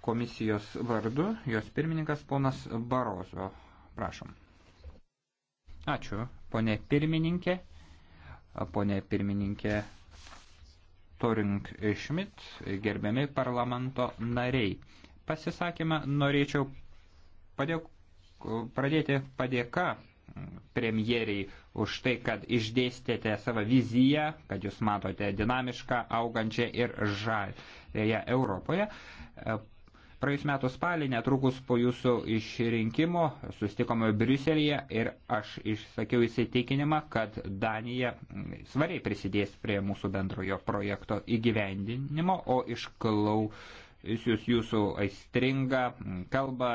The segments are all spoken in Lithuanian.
komisijos vardu, jos pirmininkas ponas Barozo. Prašom. Ačiū, ponė pirmininkė. Ponė pirmininkė Toring Šmit, gerbiami parlamento nariai. Pasisakymą norėčiau padėk, pradėti padėka premjeriai už tai, kad išdėstėte savo viziją, kad jūs matote dinamišką, augančią ir žalėje Europoje. Praėjus metų spalį, netrukus po jūsų išrinkimo, sustikome Briuselėje ir aš išsakiau įsitikinimą, kad Danija svariai prisidės prie mūsų bendrojo projekto įgyvendinimo, o išklausius jūsų aistringą kalbą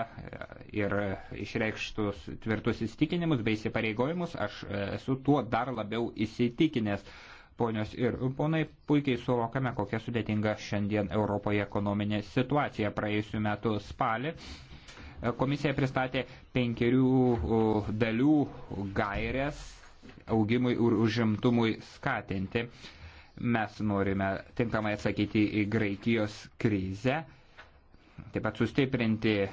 ir išreikštus tvirtus įsitikinimus bei įsipareigojimus, aš esu tuo dar labiau įsitikinęs. Ponios ir ponai, puikiai suvokame, kokia sudėtinga šiandien Europoje ekonominė situacija praėjusiu metu spalį. E, komisija pristatė penkerių dalių gairės augimui ir užimtumui skatinti. Mes norime tinkamai atsakyti į Graikijos krizę, taip pat sustiprinti e,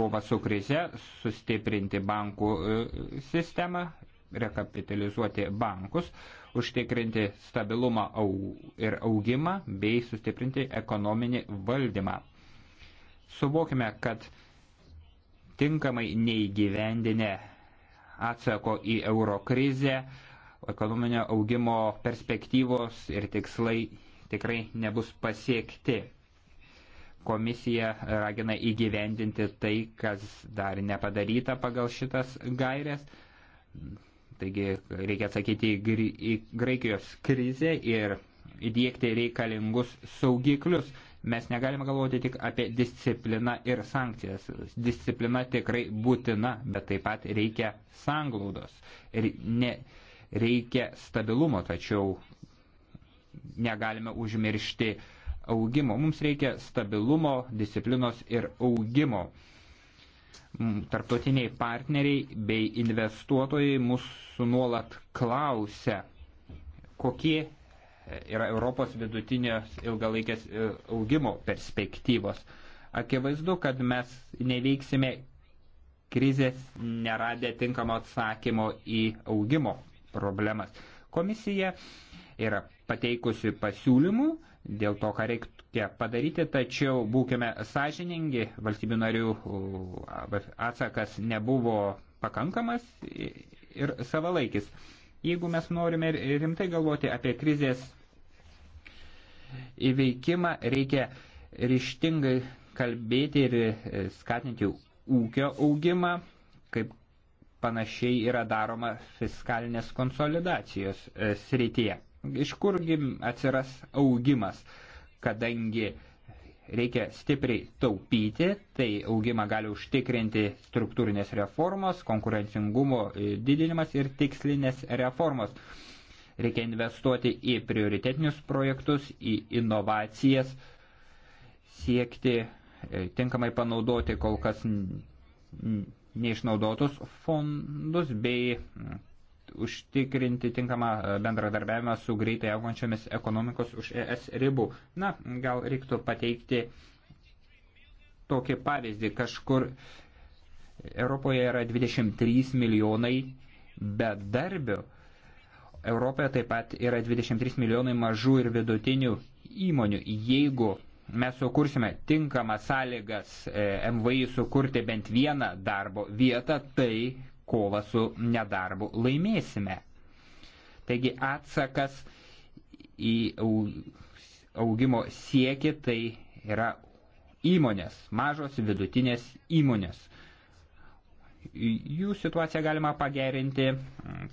kovą su krize, sustiprinti bankų e, sistemą rekapitalizuoti bankus, užtikrinti stabilumą ir augimą bei sustiprinti ekonominį valdymą. Suvokime, kad tinkamai neįgyvendinę atsako į euro krizę, ekonominio augimo perspektyvos ir tikslai tikrai nebus pasiekti. Komisija ragina įgyvendinti tai, kas dar nepadaryta pagal šitas gairias Taigi reikia atsakyti į Graikijos krizę ir įdėkti reikalingus saugiklius. Mes negalime galvoti tik apie discipliną ir sankcijas. Disciplina tikrai būtina, bet taip pat reikia sanglaudos. Ir ne, reikia stabilumo, tačiau negalime užmiršti augimo. Mums reikia stabilumo, disciplinos ir augimo tarptautiniai partneriai bei investuotojai mūsų nuolat klausia, kokie e, yra Europos vidutinės ilgalaikės e, augimo perspektyvos. Akivaizdu, kad mes neveiksime krizės neradę tinkamo atsakymo į augimo problemas. Komisija yra pateikusi pasiūlymų dėl to, ką reiktų tiek padaryti, tačiau būkime sąžiningi, valstybių narių atsakas nebuvo pakankamas ir savalaikis. Jeigu mes norime rimtai galvoti apie krizės įveikimą, reikia ryštingai kalbėti ir skatinti ūkio augimą, kaip panašiai yra daroma fiskalinės konsolidacijos e, srityje. Iš kurgi atsiras augimas? kadangi reikia stipriai taupyti, tai augimą gali užtikrinti struktūrinės reformos, konkurencingumo e, didinimas ir tikslinės reformos. Reikia investuoti į prioritetinius projektus, į inovacijas, siekti e, tinkamai panaudoti kol kas neišnaudotus fondus bei užtikrinti tinkamą e, bendradarbiavimą su greitai augančiomis ekonomikos už ES ribų. Na, gal reiktų pateikti tokį pavyzdį. Kažkur Europoje yra 23 milijonai bedarbių. Europoje taip pat yra 23 milijonai mažų ir vidutinių įmonių. Jeigu mes sukursime tinkamas sąlygas e, MVI sukurti bent vieną darbo vietą, tai kovą su nedarbu laimėsime. Taigi atsakas į augimo siekį tai yra įmonės, mažos vidutinės įmonės. Jų situaciją galima pagerinti,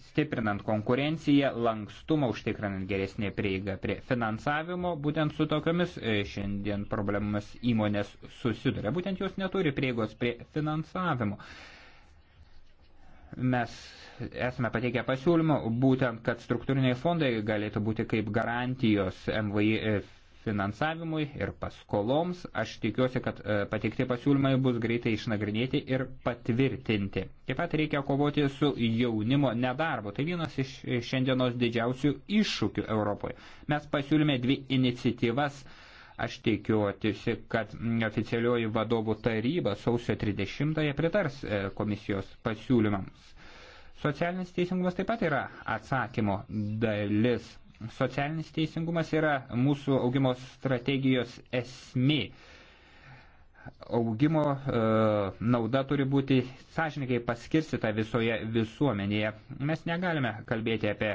stiprinant konkurenciją, lankstumą, užtikrinant geresnį prieigą prie finansavimo. Būtent su tokiamis e, šiandien problemas įmonės susiduria. Būtent jos neturi prieigos prie finansavimo. Mes esame pateikę pasiūlymą būtent, kad struktūriniai fondai galėtų būti kaip garantijos MVI e, finansavimui ir paskoloms. Aš tikiuosi, kad e, pateikti pasiūlymai bus greitai išnagrinėti ir patvirtinti. Taip pat reikia kovoti su jaunimo nedarbu. Tai vienas iš e, šiandienos didžiausių iššūkių Europoje. Mes pasiūlėme dvi iniciatyvas Aš tikiuosi, kad oficialioji vadovų taryba sausio 30-ąją pritars e, komisijos pasiūlymams. Socialinis teisingumas taip pat yra atsakymo dalis. Socialinis teisingumas yra mūsų augimo strategijos esmė augimo e, nauda turi būti sąžininkai paskirstyta visoje visuomenėje. Mes negalime kalbėti apie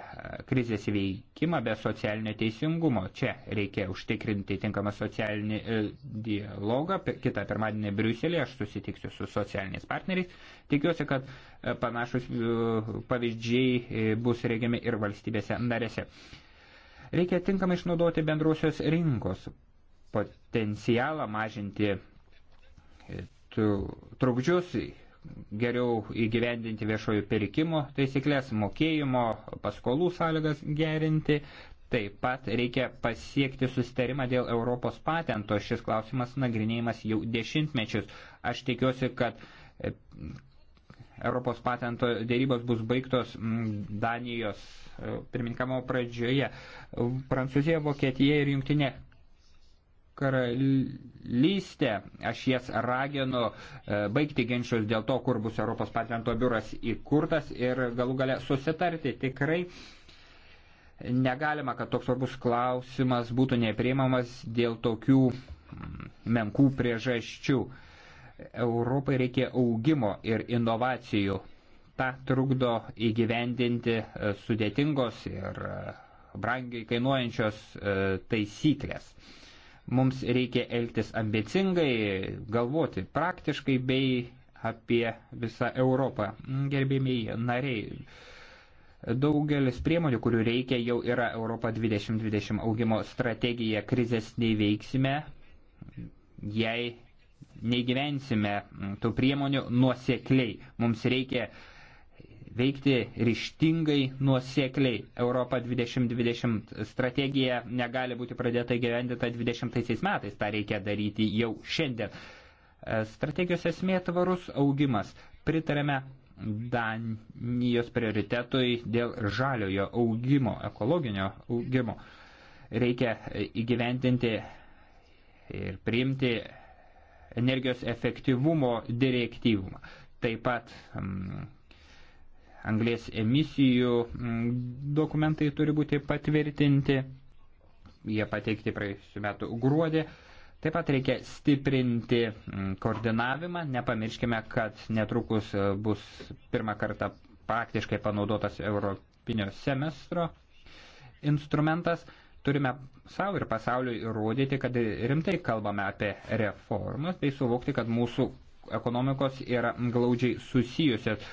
krizės įveikimą be socialinio teisingumo. Čia reikia užtikrinti tinkamą socialinį e, dialogą. Kita pirmadienį Briuselėje aš susitiksiu su socialiniais partneriais. Tikiuosi, kad e, panašus pavyzdžiai bus reigiami ir valstybėse narėse. Reikia tinkamai išnaudoti bendrusios rinkos potencialą mažinti trukdžius geriau įgyvendinti viešojų pirkimo taisyklės, mokėjimo, paskolų sąlygas gerinti. Taip pat reikia pasiekti sustarimą dėl Europos patento. Šis klausimas nagrinėjimas jau dešimtmečius. Aš tikiuosi, kad e, Europos patento dėrybos bus baigtos Danijos e, pirminkamo pradžioje. Prancūzija, Vokietija ir Junktinė karalystę. Aš jas raginu e, baigti ginčius dėl to, kur bus Europos patento biuras įkurtas ir galų gale susitarti tikrai. Negalima, kad toks svarbus klausimas būtų nepriimamas dėl tokių mm, menkų priežasčių. Europai reikia augimo ir inovacijų. Ta trukdo įgyvendinti e, sudėtingos ir e, brangiai kainuojančios taisyklės. Mums reikia elgtis ambicingai, galvoti praktiškai bei apie visą Europą. Gerbėmiai nariai, daugelis priemonių, kurių reikia, jau yra Europa 2020 augimo strategija. Krizės neįveiksime, jei neįgyvensime tų priemonių nuosekliai. Mums reikia veikti ryštingai, nuosekliai. Europa 2020 strategija negali būti pradėta gyvendita 20 metais, tą reikia daryti jau šiandien. E, strategijos esmė tvarus augimas. Pritarėme Danijos prioritetui dėl žaliojo augimo, ekologinio augimo. Reikia įgyvendinti ir priimti energijos efektyvumo direktyvumą. Taip pat mm, anglės emisijų mm, dokumentai turi būti patvirtinti, jie pateikti praėjusiu metu gruodį. Taip pat reikia stiprinti mm, koordinavimą, nepamirškime, kad netrukus e, bus pirmą kartą praktiškai panaudotas Europinio semestro instrumentas. Turime savo ir pasauliui įrodyti, kad rimtai kalbame apie reformas, bei suvokti, kad mūsų ekonomikos yra glaudžiai susijusios.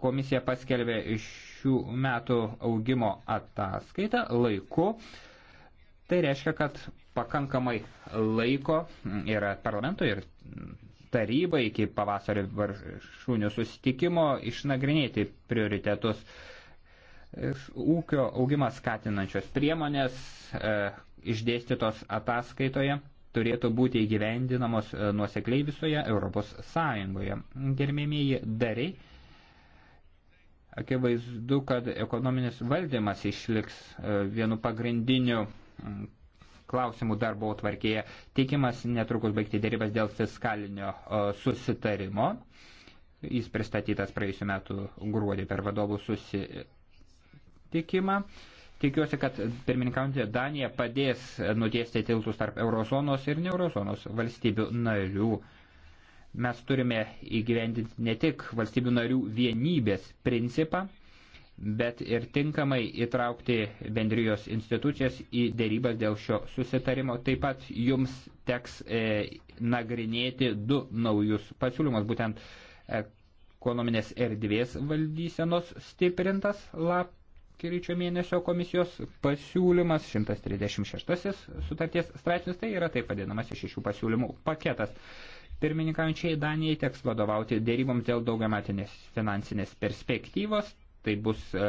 Komisija paskelbė šių metų augimo ataskaitą laiku. Tai reiškia, kad pakankamai laiko yra parlamento ir taryba iki pavasario varšūnių susitikimo išnagrinėti prioritetus ūkio augimą skatinančios priemonės e, išdėstytos ataskaitoje turėtų būti įgyvendinamos e, nuosekliai visoje Europos Sąjungoje. Gerbėmėji dariai, Akivaizdu, kad ekonominis valdymas išliks e, vienu pagrindiniu klausimų darbo tvarkėje. Tikimas netrukus baigti dėrybas dėl fiskalinio e, susitarimo. Jis pristatytas praėjusiu metu gruodį per vadovų susitikimą. Tikiuosi, kad pirmininkaujantė Danija padės nutiesti tiltus tarp eurozonos ir neurozonos valstybių narių. Mes turime įgyvendinti ne tik valstybių narių vienybės principą, bet ir tinkamai įtraukti bendrijos institucijas į dėrybas dėl šio susitarimo. Taip pat jums teks e, nagrinėti du naujus pasiūlymus, būtent ekonominės erdvės valdysenos stiprintas lap. Kiryčio mėnesio komisijos pasiūlymas 136 sutarties straipsnis, tai yra taip vadinamas šešių pasiūlymų paketas. Pirmininkaujančiai Danijai teks vadovauti dėryboms dėl daugiamatinės finansinės perspektyvos, Tai bus e,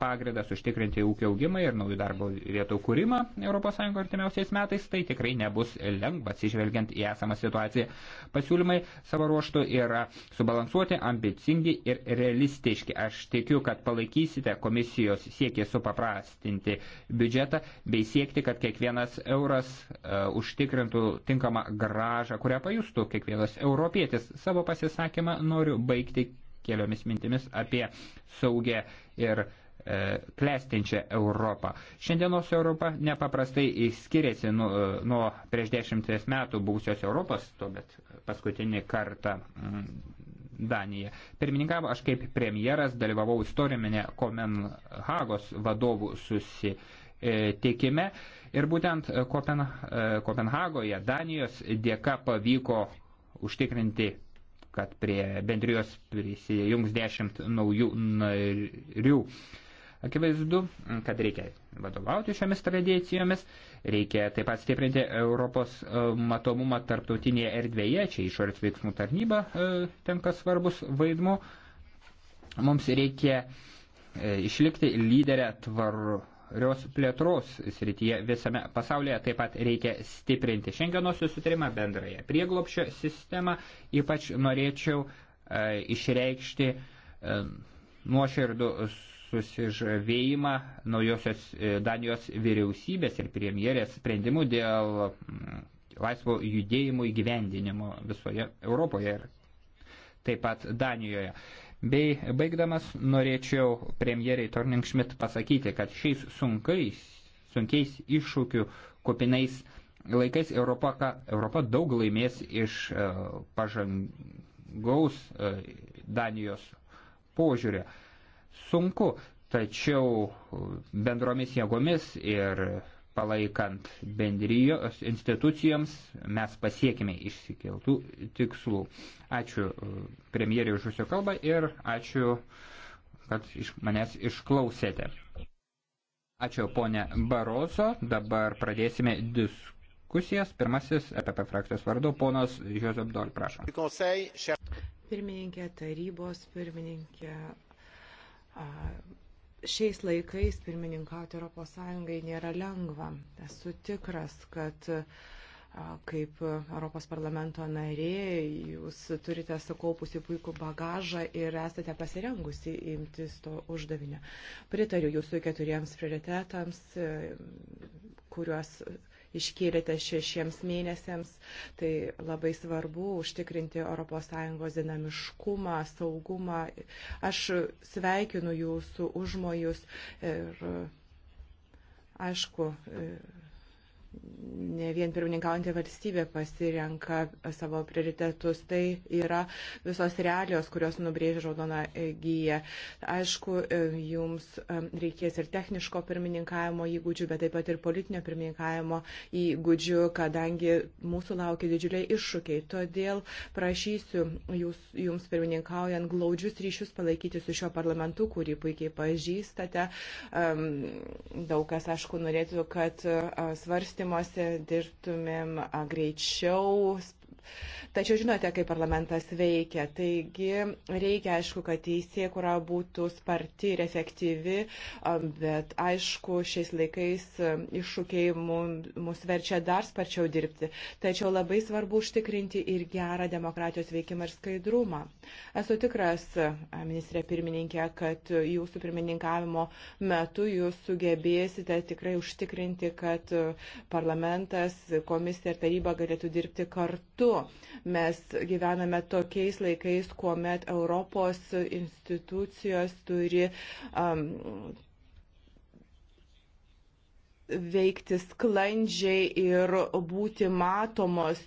pagrindas užtikrinti ūkio augimą ir naujų darbo vietų kūrimą ES artimiausiais metais. Tai tikrai nebus lengva, atsižvelgiant į esamą situaciją. Pasiūlymai savo ruoštų yra subalansuoti, ambicingi ir realistiški. Aš tikiu, kad palaikysite komisijos siekį supaprastinti biudžetą bei siekti, kad kiekvienas euras uh, užtikrintų tinkamą gražą, kurią pajustų kiekvienas europietis. Savo pasisakymą noriu baigti keliomis mintimis apie saugę ir e, klestinčią Europą. Šiandienos Europa nepaprastai skiriasi nuo, nuo prieš dešimties metų buvusios Europos, tuomet paskutinį kartą m, mm, Danija. Pirmininkavo aš kaip premjeras, dalyvavau istorinėme Kopenhagos vadovų susitikime ir būtent Kopenhagoje Danijos dėka pavyko užtikrinti kad prie bendrijos prisijungs dešimt naujų narių. Akivaizdu, kad reikia vadovauti šiomis tradicijomis, reikia taip pat stiprinti Europos e, matomumą tarptautinėje erdvėje, čia išorės veiksmų tarnyba e, tenka svarbus vaidmo. Mums reikia e, išlikti lyderę tvaru tvarios plėtros srityje visame pasaulyje taip pat reikia stiprinti Šengeno susitarimą, bendrąją prieglopščio sistemą. Ypač norėčiau e, išreikšti e, nuoširdų susižavėjimą naujosios e, Danijos vyriausybės ir premjerės sprendimų dėl m, mm, laisvo judėjimo įgyvendinimo visoje Europoje ir taip pat Danijoje. E, Bei baigdamas norėčiau premjeriai Torning Schmidt pasakyti, kad šiais sunkais, sunkiais iššūkių kupinais laikais Europa, ką, Europa daug laimės iš uh, pažangaus uh, Danijos požiūrio. Sunku, tačiau bendromis jėgomis ir palaikant bendrijos institucijoms, mes pasiekime išsikeltų tikslų. Ačiū e, premjeriai už jūsų kalbą ir ačiū, kad iš manęs išklausėte. Ačiū ponė Baroso, dabar pradėsime diskusijas. Pirmasis EPP frakcijos vardu, ponas Josep Dol, prašom. Pirmininkė tarybos, pirmininkė. A, šiais laikais pirmininkauti ES nėra lengva. Esu tikras, kad kaip Europos parlamento narė jūs turite sukaupusi puikų bagažą ir esate pasirengusi imtis to uždavinio. Pritariu jūsų keturiems prioritetams, kuriuos iškėlėte šešiems mėnesiams. Tai labai svarbu užtikrinti ES dinamiškumą, saugumą. Aš sveikinu jūsų užmojus ir aišku. E, ne vien pirmininkaujantį valstybę pasirenka savo prioritetus, tai yra visos realios, kurios nubrėžia raudona gyja. Aišku, jums reikės ir techniško pirmininkavimo įgūdžių, bet taip pat ir politinio pirmininkavimo įgūdžių, kadangi mūsų laukia didžiuliai iššūkiai. Todėl prašysiu jūs, jums pirmininkaujant glaudžius ryšius palaikyti su šio parlamentu, kurį puikiai pažįstate. Daug kas, aišku, norėtų, kad e, svarstymai klausimuose dirbtumėm greičiau, Tačiau žinote, kaip parlamentas veikia. Taigi reikia, aišku, kad teisėkura būtų sparti ir efektyvi, bet aišku, šiais laikais iššūkiai mus verčia dar sparčiau dirbti. Tačiau labai svarbu užtikrinti ir gerą demokratijos veikimą ir skaidrumą. Esu tikras, ministrė pirmininkė, kad jūsų pirmininkavimo metu jūs sugebėsite tikrai užtikrinti, kad parlamentas, komisija ir taryba galėtų dirbti kartu. Mes gyvename tokiais laikais, kuomet Europos institucijos turi um, veikti sklandžiai ir būti matomos.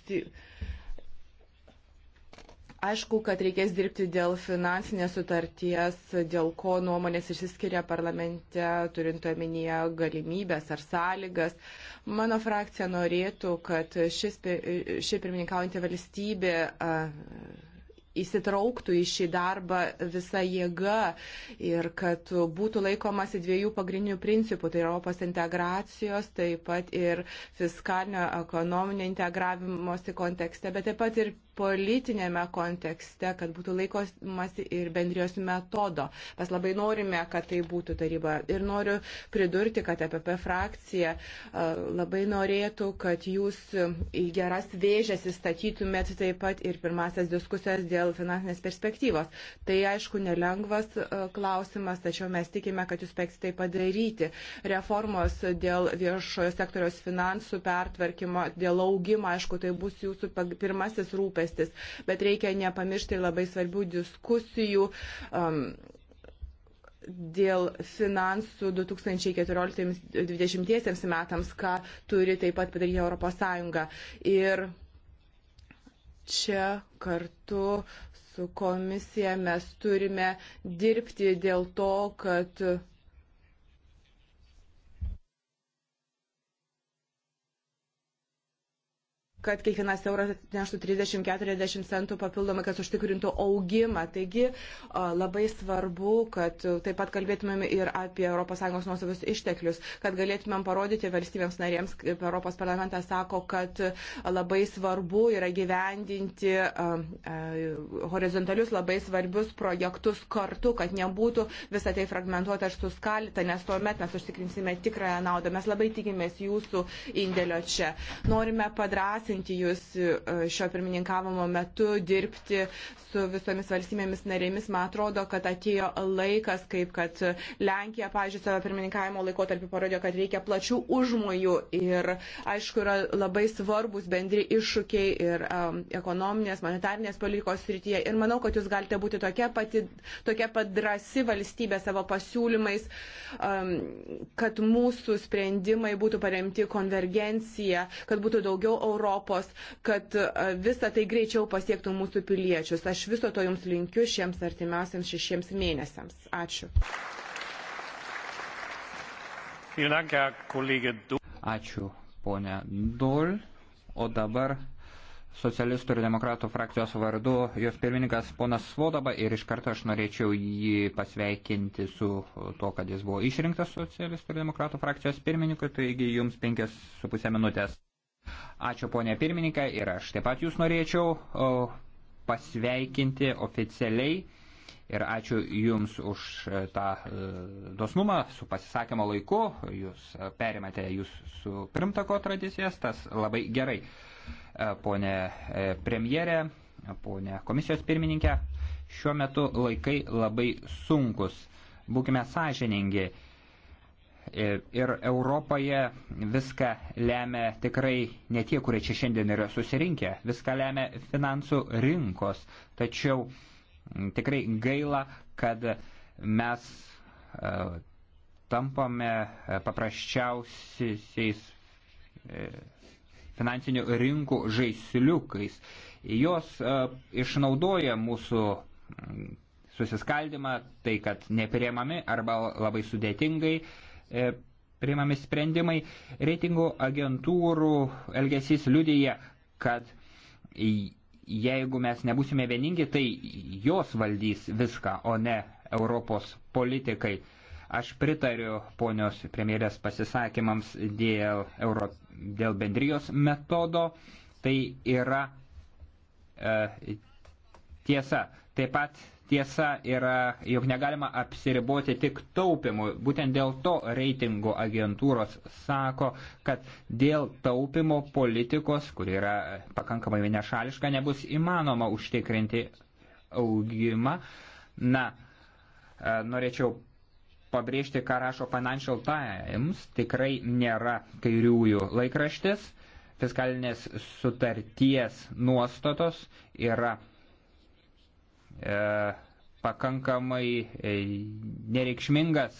Aišku, kad reikės dirbti dėl finansinės sutarties, dėl ko nuomonės išsiskiria parlamente, turint omenyje galimybės ar sąlygas. Mano frakcija norėtų, kad šis, ši pirmininkaujantį valstybė įsitrauktų į šį darbą visą jėgą ir kad būtų laikomasi dviejų pagrindinių principų, tai Europos integracijos, taip pat ir fiskalinio ekonominio integravimosi kontekste, bet taip pat ir politinėme kontekste, kad būtų laikomasi ir bendrijos metodo. Mes labai norime, kad tai būtų taryba. Ir noriu pridurti, kad EPP frakcija e, labai norėtų, kad jūs į geras vėžės įstatytumėt taip pat ir pirmasias diskusijas dėl finansinės perspektyvos. Tai aišku nelengvas e, klausimas, tačiau mes tikime, kad jūs spėksite tai padaryti. Reformos dėl viešojo sektoriaus finansų pertvarkymo, dėl augimo, aišku, tai bus jūsų pirmasis rūpestis rūpestis, bet reikia nepamiršti labai svarbių diskusijų. Um, Dėl finansų 2014-2020 metams, ką turi taip pat padaryti ES. Ir čia kartu su komisija mes turime dirbti dėl to, kad kad kiekvienas euras atneštų 30-40 centų papildomai, kas užtikrintų augimą. Taigi labai svarbu, kad taip pat kalbėtumėm ir apie ES nuosavus išteklius, kad galėtumėm parodyti valstybėms narėms, kaip Europos parlamentas sako, kad labai svarbu yra gyvendinti horizontalius labai svarbius projektus kartu, kad nebūtų visą tai fragmentuota ar suskalita, nes tuomet mes užtikrinsime tikrąją naudą. Mes labai tikimės jūsų indėlio čia. Norime padrasinti padrasinti jūs e, šio pirmininkavimo metu dirbti su visomis valstybėmis narėmis. Man atrodo, kad atėjo laikas, kaip kad Lenkija, pažiūrėjau, savo pirmininkavimo laikotarpį parodė, kad reikia plačių užmojų ir, aišku, yra labai svarbus bendri iššūkiai ir um, ekonominės, monetarnės politikos srityje. Ir manau, kad jūs galite būti tokia pati, tokia padrasi valstybė savo pasiūlymais, um, kad mūsų sprendimai būtų paremti konvergencija, kad būtų daugiau Europos Europos, kad visa tai greičiau pasiektų mūsų piliečius. Aš viso to jums linkiu šiems artimiausiams šešiems mėnesiams. Ačiū. Ačiū, ponė Dol. O dabar socialistų ir demokratų frakcijos vardu jos pirmininkas ponas Svodaba ir iš karto aš norėčiau jį pasveikinti su to, kad jis buvo išrinktas socialistų ir demokratų frakcijos pirmininku, taigi jums penkias su pusė minutės. Ačiū ponė pirmininkė ir aš taip pat jūs norėčiau pasveikinti oficialiai ir ačiū Jums už e, tą e, dosnumą su pasisakymo laiku. Jūs e, perimate Jūsų primtako tradicijas, tas labai gerai. Pone premjerė, pone komisijos pirmininkė, šiuo metu laikai labai sunkus. Būkime sąžiningi ir Europoje viską lemia tikrai ne tie, kurie čia šiandien yra susirinkę, viską lemia finansų rinkos. Tačiau tikrai gaila, kad mes e, tampame paprasčiausiais e, finansinių rinkų žaisliukais. Jos e, išnaudoja mūsų susiskaldimą, tai kad nepriemami arba labai sudėtingai uh, E, priimami sprendimai. Reitingų agentūrų elgesys liudyja, kad jeigu mes nebusime vieningi, tai jos valdys viską, o ne Europos politikai. Aš pritariu ponios premjerės pasisakymams dėl, Euro, dėl bendrijos metodo. Tai yra e, tiesa. Taip pat Tiesa yra, jog negalima apsiriboti tik taupimu. Būtent dėl to reitingo agentūros sako, kad dėl taupimo politikos, kur yra pakankamai nešališka, nebus įmanoma užtikrinti augimą. Na, e, norėčiau pabrėžti, ką rašo Financial Times, tikrai nėra kairiųjų laikraštis. Fiskalinės sutarties nuostatos yra E, pakankamai e, nereikšmingas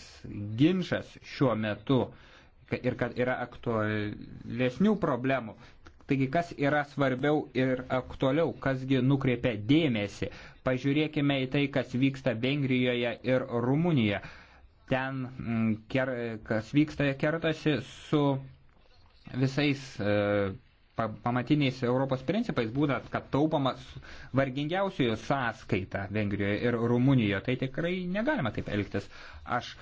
ginčas šiuo metu ir kad yra aktualesnių problemų. Taigi, kas yra svarbiau ir aktualiau, kasgi nukreipia dėmesį. Pažiūrėkime į tai, kas vyksta Vengrijoje ir Rumunijoje. Ten, mm, kas vyksta, kertasi su visais e, pamatiniais Europos principais, būtent, kad taupamas vargingiausiųjų sąskaita Vengrijoje ir Rumunijoje. Tai tikrai negalima taip elgtis. Aš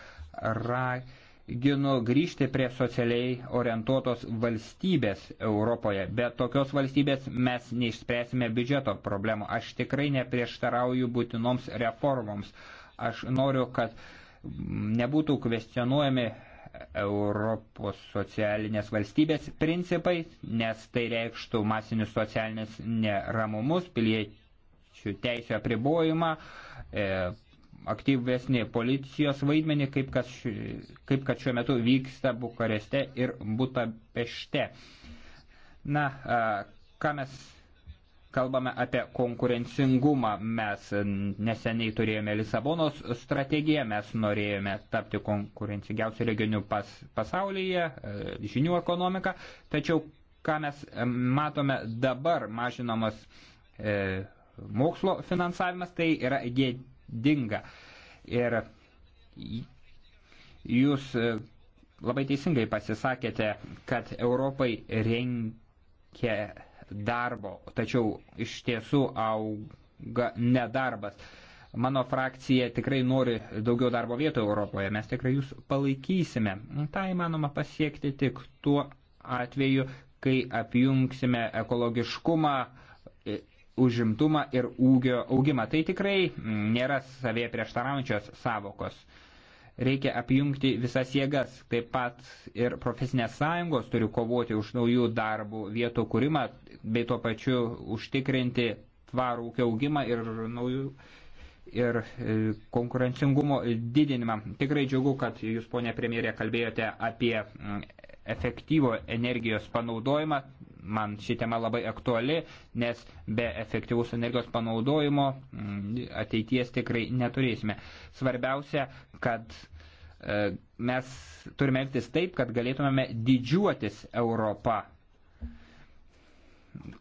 raginu grįžti prie socialiai orientuotos valstybės Europoje. Be tokios valstybės mes neišspręsime biudžeto problemų. Aš tikrai neprieštarauju būtinoms reformoms. Aš noriu, kad nebūtų kvestionuojami Europos socialinės valstybės principai, nes tai reikštų masinius socialinius neramumus, piliečių teisų apribojimą, e, aktyvesnį policijos vaidmenį, kaip, kas, kaip kad šiuo metu vyksta Bukareste ir Butapešte. Na, a, ką mes kalbame apie konkurencingumą. Mes neseniai turėjome Lisabonos strategiją, mes norėjome tapti konkurencingiausių regionių pas, pasaulyje, e, žinių ekonomiką, tačiau ką mes e, matome dabar mažinamas e, mokslo finansavimas, tai yra gėdinga. Ir jūs e, labai teisingai pasisakėte, kad Europai reikia darbo, tačiau iš tiesų auga nedarbas. Mano frakcija tikrai nori daugiau darbo vietų Europoje, mes tikrai jūs palaikysime. Ta įmanoma pasiekti tik tuo atveju, kai apjungsime ekologiškumą, e, užimtumą ir ūgio augimą. Tai tikrai nėra savie prieštaraujančios savokos reikia apjungti visas jėgas. Taip pat ir profesinės sąjungos turi kovoti už naujų darbų vietų kūrimą, bei tuo pačiu užtikrinti tvarų ūkio augimą ir naujų ir e, konkurencingumo didinimą. Tikrai džiugu, kad jūs, ponė premjerė, kalbėjote apie efektyvo energijos panaudojimą. Man ši tema labai aktuali, nes be efektyvus energijos panaudojimo mm, ateities tikrai neturėsime. Svarbiausia, kad e, mes turime elgtis taip, kad galėtumėme didžiuotis Europą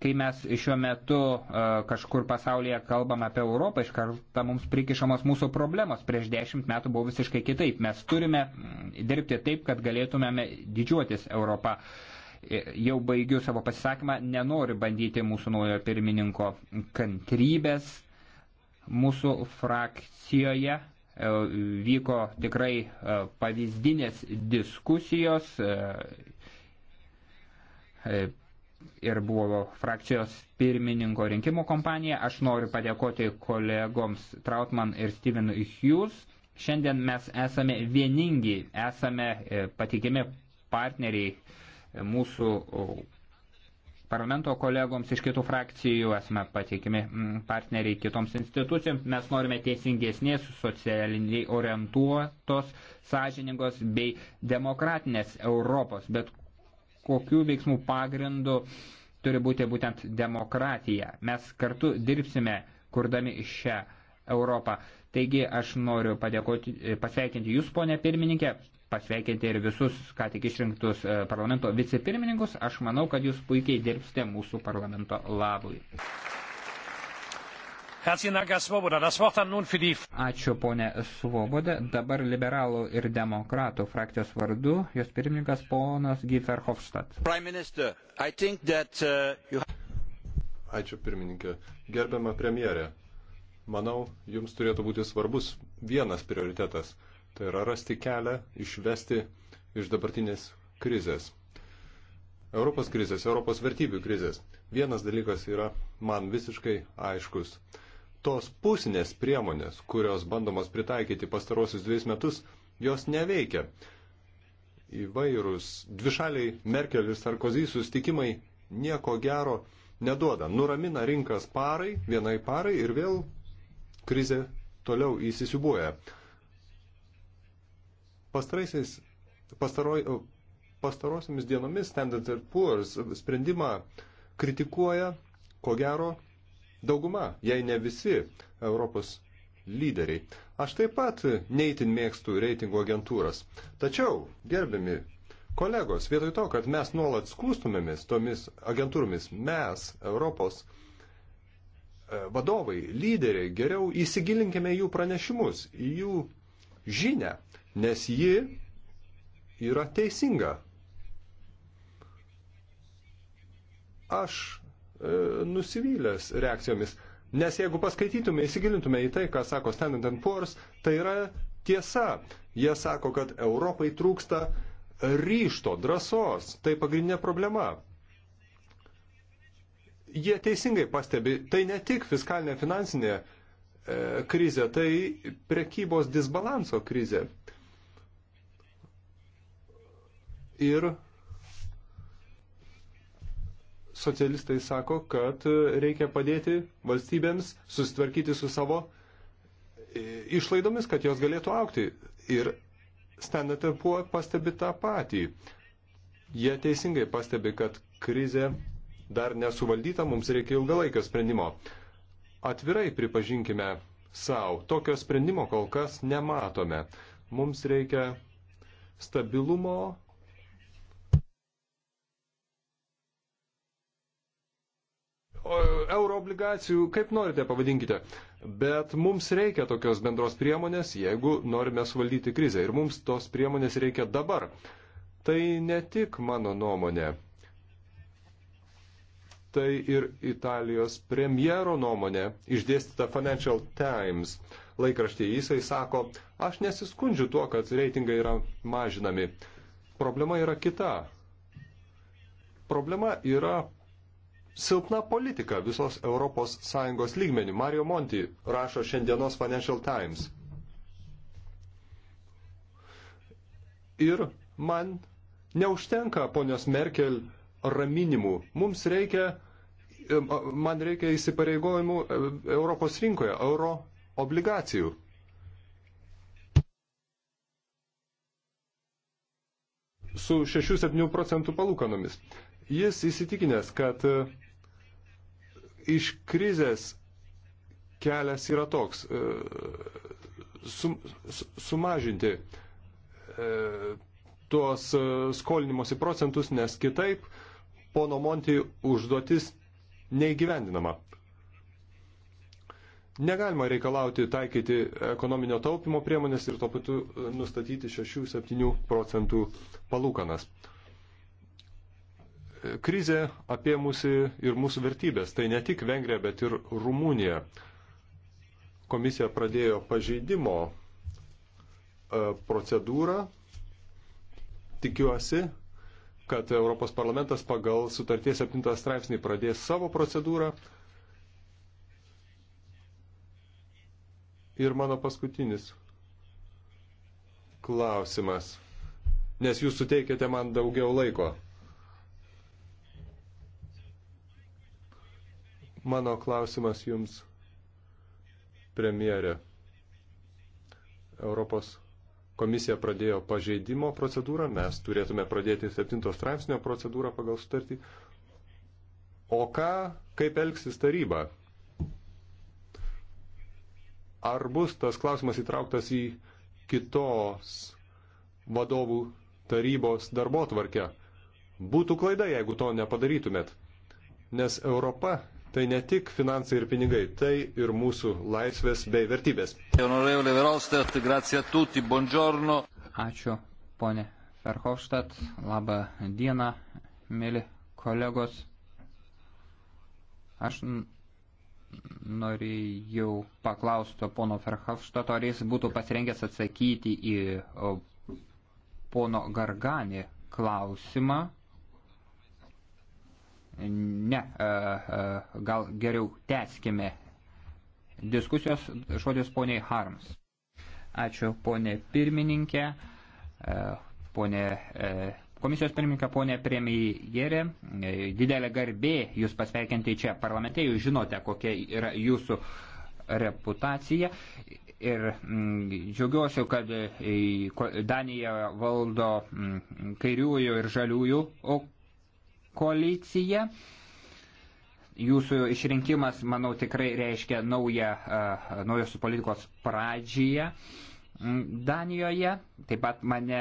kai mes šiuo metu e, kažkur pasaulyje kalbam apie Europą, iš karto mums prikišamos mūsų problemos. Prieš dešimt metų buvo visiškai kitaip. Mes turime mm, dirbti taip, kad galėtumėme didžiuotis Europą. E, jau baigiu savo pasisakymą, nenoriu bandyti mūsų naujo pirmininko kantrybės. Mūsų frakcijoje e, vyko tikrai pavyzdinės diskusijos ir buvo frakcijos pirmininko rinkimų kompanija. Aš noriu padėkoti kolegoms Trautman ir Steven Hughes. Šiandien mes esame vieningi, esame e, patikimi partneriai e, mūsų parlamento kolegoms iš kitų frakcijų, esame patikimi partneriai kitoms institucijoms. Mes norime teisingesnės, socialiniai orientuotos, sąžiningos bei demokratinės Europos, bet kokių veiksmų pagrindų turi būti būtent demokratija. Mes kartu dirbsime, kurdami šią Europą. Taigi aš noriu padėkoti, e, pasveikinti Jūs, ponė pirmininkė, pasveikinti ir visus, ką tik išrinktus e, parlamento vicepirmininkus. Aš manau, kad Jūs puikiai dirbsite mūsų parlamento labui. Ačiū ponė Svoboda. Dabar liberalų ir demokratų frakcijos vardu jos pirmininkas ponas Giefer Hofstadt. Uh, Ačiū pirmininkė. Gerbiama premjerė, manau, jums turėtų būti svarbus vienas prioritetas. Tai yra rasti kelią išvesti iš dabartinės krizės. Europos krizės, Europos vertybių krizės. Vienas dalykas yra man visiškai aiškus tos pusinės priemonės, kurios bandomos pritaikyti pastarosius dviejus metus, jos neveikia. Įvairūs dvišaliai Merkel ir Sarkozy sustikimai nieko gero neduoda. Nuramina rinkas parai, vienai parai ir vėl krizė toliau įsisiubuoja. Pastaraisiais, pastaroj, pastarosiamis dienomis Standard Poor's sprendimą kritikuoja, ko gero, dauguma, jei ne visi Europos lyderiai. Aš taip pat neįtin mėgstu reitingų agentūras. Tačiau, gerbiami kolegos, vietoj to, kad mes nuolat skūstumėmės tomis agentūromis, mes, Europos e, vadovai, lyderiai, geriau įsigilinkime jų pranešimus, į jų žinę, nes ji yra teisinga. Aš E, nusivylęs reakcijomis. Nes jeigu paskaitytume, įsigilintume į tai, ką sako Standard Poor's, tai yra tiesa. Jie sako, kad Europai trūksta ryšto, drąsos. Tai pagrindinė problema. Jie teisingai pastebi, tai ne tik fiskalinė finansinė e, krizė, tai prekybos disbalanso krizė. Ir socialistai sako, kad reikia padėti valstybėms susitvarkyti su savo e, išlaidomis, kad jos galėtų aukti. Ir Standard Poor pastebi tą patį. Jie teisingai pastebi, kad krizė dar nesuvaldyta, mums reikia ilgalaikio sprendimo. Atvirai pripažinkime savo, tokio sprendimo kol kas nematome. Mums reikia stabilumo euro obligacijų, kaip norite pavadinkite. Bet mums reikia tokios bendros priemonės, jeigu norime suvaldyti krizę. Ir mums tos priemonės reikia dabar. Tai ne tik mano nuomonė. Tai ir Italijos premjero nuomonė, išdėstyta Financial Times laikraštyje. Jisai sako, aš nesiskundžiu tuo, kad reitingai yra mažinami. Problema yra kita. Problema yra silpna politika visos ES lygmenių. Mario Monti rašo šiandienos Financial Times. Ir man neužtenka ponios Merkel raminimų. Mums reikia, man reikia įsipareigojimų Europos rinkoje, euro obligacijų. Su 6-7 procentų palūkanomis. Jis įsitikinęs, kad iš krizės kelias yra toks e, sum, sumažinti e, tuos e, skolinimosi procentus, nes kitaip pono Monti užduotis neįgyvendinama. Negalima reikalauti taikyti ekonominio taupimo priemonės ir to patu nustatyti 6-7 procentų palūkanas krizė apėmusi ir mūsų vertybės. Tai ne tik Vengrija, bet ir Rumunija. Komisija pradėjo pažeidimo e, procedūrą. Tikiuosi, kad Europos parlamentas pagal sutarties 7 straipsnį pradės savo procedūrą. Ir mano paskutinis klausimas, nes jūs suteikėte man daugiau laiko. Mano klausimas jums, premjerė. Europos komisija pradėjo pažeidimo procedūrą, mes turėtume pradėti 7 straipsnio procedūrą pagal sutartį. O ką, kaip elgsis taryba? Ar bus tas klausimas įtrauktas į kitos vadovų tarybos darbo tvarkę? Būtų klaida, jeigu to nepadarytumėt, nes Europa Tai ne tik finansai ir pinigai, tai ir mūsų laisvės bei vertybės. Ačiū, ponė Verhofstadt. Labą dieną, mėly kolegos. Aš norėjau paklausti pono Verhofstadt, ar jis būtų pasirengęs atsakyti į pono Gargani klausimą Ne, e, e, gal geriau tęskime diskusijos žodis poniai Harms. Ačiū ponė pirmininkė, e, ponė komisijos pirmininkė, ponė premjerė. Didelė garbė jūs pasveikinti čia parlamente, jūs žinote, kokia yra jūsų reputacija. Ir mm, džiaugiuosi, kad Danija valdo mm, kairiųjų ir žaliųjų koalicija. Jūsų išrinkimas, manau, tikrai reiškia naują, naujos politikos pradžią. Danijoje. Taip pat mane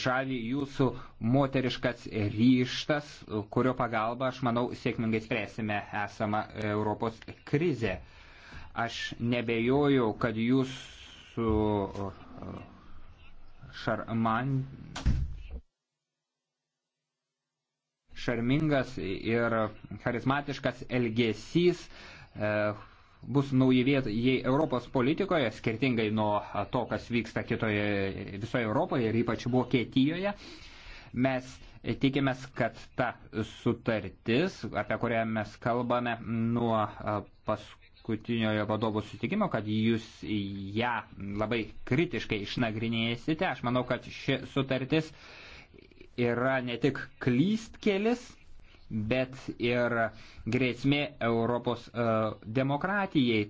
žavi jūsų moteriškas ryštas, kurio pagalba, aš manau, sėkmingai spręsime esamą Europos krizę. Aš nebejoju, kad jūsų šarman šarmingas ir charizmatiškas elgesys e, bus nauji vietai Europos politikoje, skirtingai nuo to, kas vyksta kitoje visoje Europoje ir ypač Vokietijoje. Mes tikimės, kad ta sutartis, apie kurią mes kalbame nuo e, paskutiniojo vadovų sutikimo, kad jūs ją labai kritiškai išnagrinėsite. Aš manau, kad ši sutartis uh, yra ne tik klystkelis, bet ir grėsmė Europos uh, demokratijai.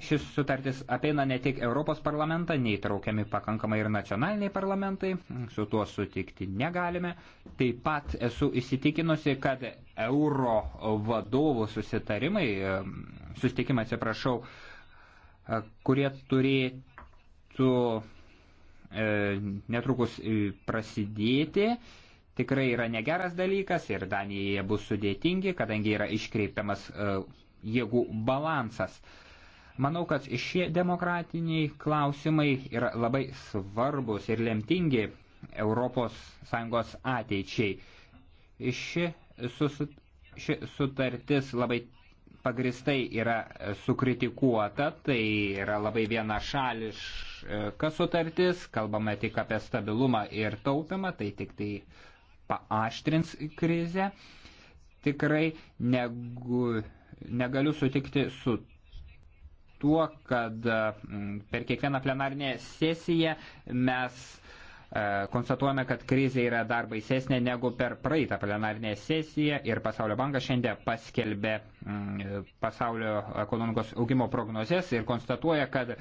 Šis sutartis apeina ne tik Europos parlamentą, neįtraukiami pakankamai ir nacionaliniai parlamentai, su tuo sutikti negalime. Taip pat esu įsitikinusi, kad euro vadovų susitarimai, e, sustikimai atsiprašau, e, kurie turėtų E, netrukus e, prasidėti. Tikrai yra negeras dalykas ir Danijoje bus sudėtingi, kadangi yra iškreipiamas e, jėgų balansas. Manau, kad šie demokratiniai klausimai yra labai svarbus ir lemtingi ES ateičiai. Ši, susit, ši sutartis labai pagristai yra sukritikuota, tai yra labai vienašališka E, kas sutartis, kalbame tik apie stabilumą ir taupimą, tai tik tai paaštrins krizę. Tikrai negu, negaliu sutikti su tuo, kad per kiekvieną plenarinę sesiją mes uh, E, konstatuojame, kad krizė yra dar baisesnė negu per praeitą plenarinę sesiją ir Pasaulio bankas šiandien paskelbė mm, pasaulio ekonomikos augimo prognozes ir konstatuoja, kad e,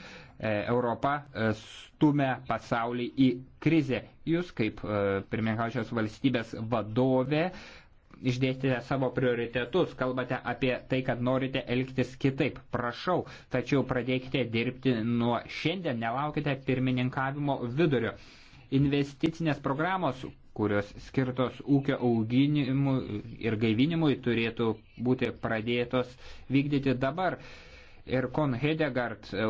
Europa e, stumia pasaulį į krizę. Jūs kaip pirmininkaučios valstybės vadovė išdėstėte savo prioritetus, kalbate apie tai, kad norite elgtis kitaip. Prašau, tačiau pradėkite dirbti nuo šiandien, nelaukite pirmininkavimo vidurio. Investicinės programos, kurios skirtos ūkio auginimui ir gaivinimui, turėtų būti pradėtos vykdyti dabar. Ir Kon Hedegard e,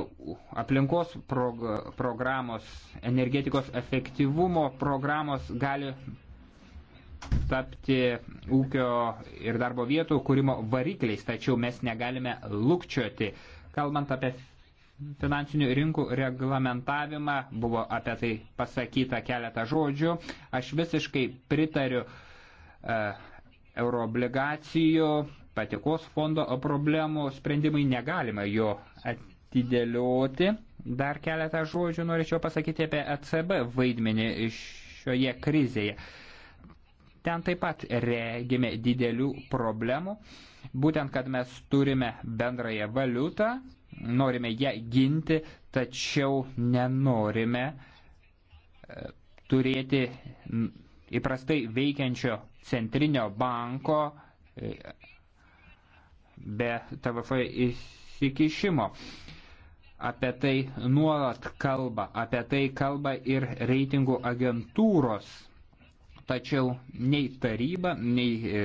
aplinkos prog programos, energetikos efektyvumo programos gali tapti ūkio ir darbo vietų kūrimo varikliais, tačiau mes negalime lukčioti. Kalbant apie finansinių rinkų reglamentavimą, buvo apie tai pasakyta keletą žodžių. Aš visiškai pritariu e, euroobligacijų, patikos fondo problemų sprendimai negalima jo atidėlioti. Dar keletą žodžių norėčiau pasakyti apie ECB vaidmenį šioje krizėje. Ten taip pat regime didelių problemų, būtent kad mes turime bendrąją valiutą, norime ją ginti, tačiau nenorime e, turėti įprastai veikiančio centrinio banko e, be TVF įsikišimo. Apie tai nuolat kalba, apie tai kalba ir reitingų agentūros Tačiau nei taryba, nei e,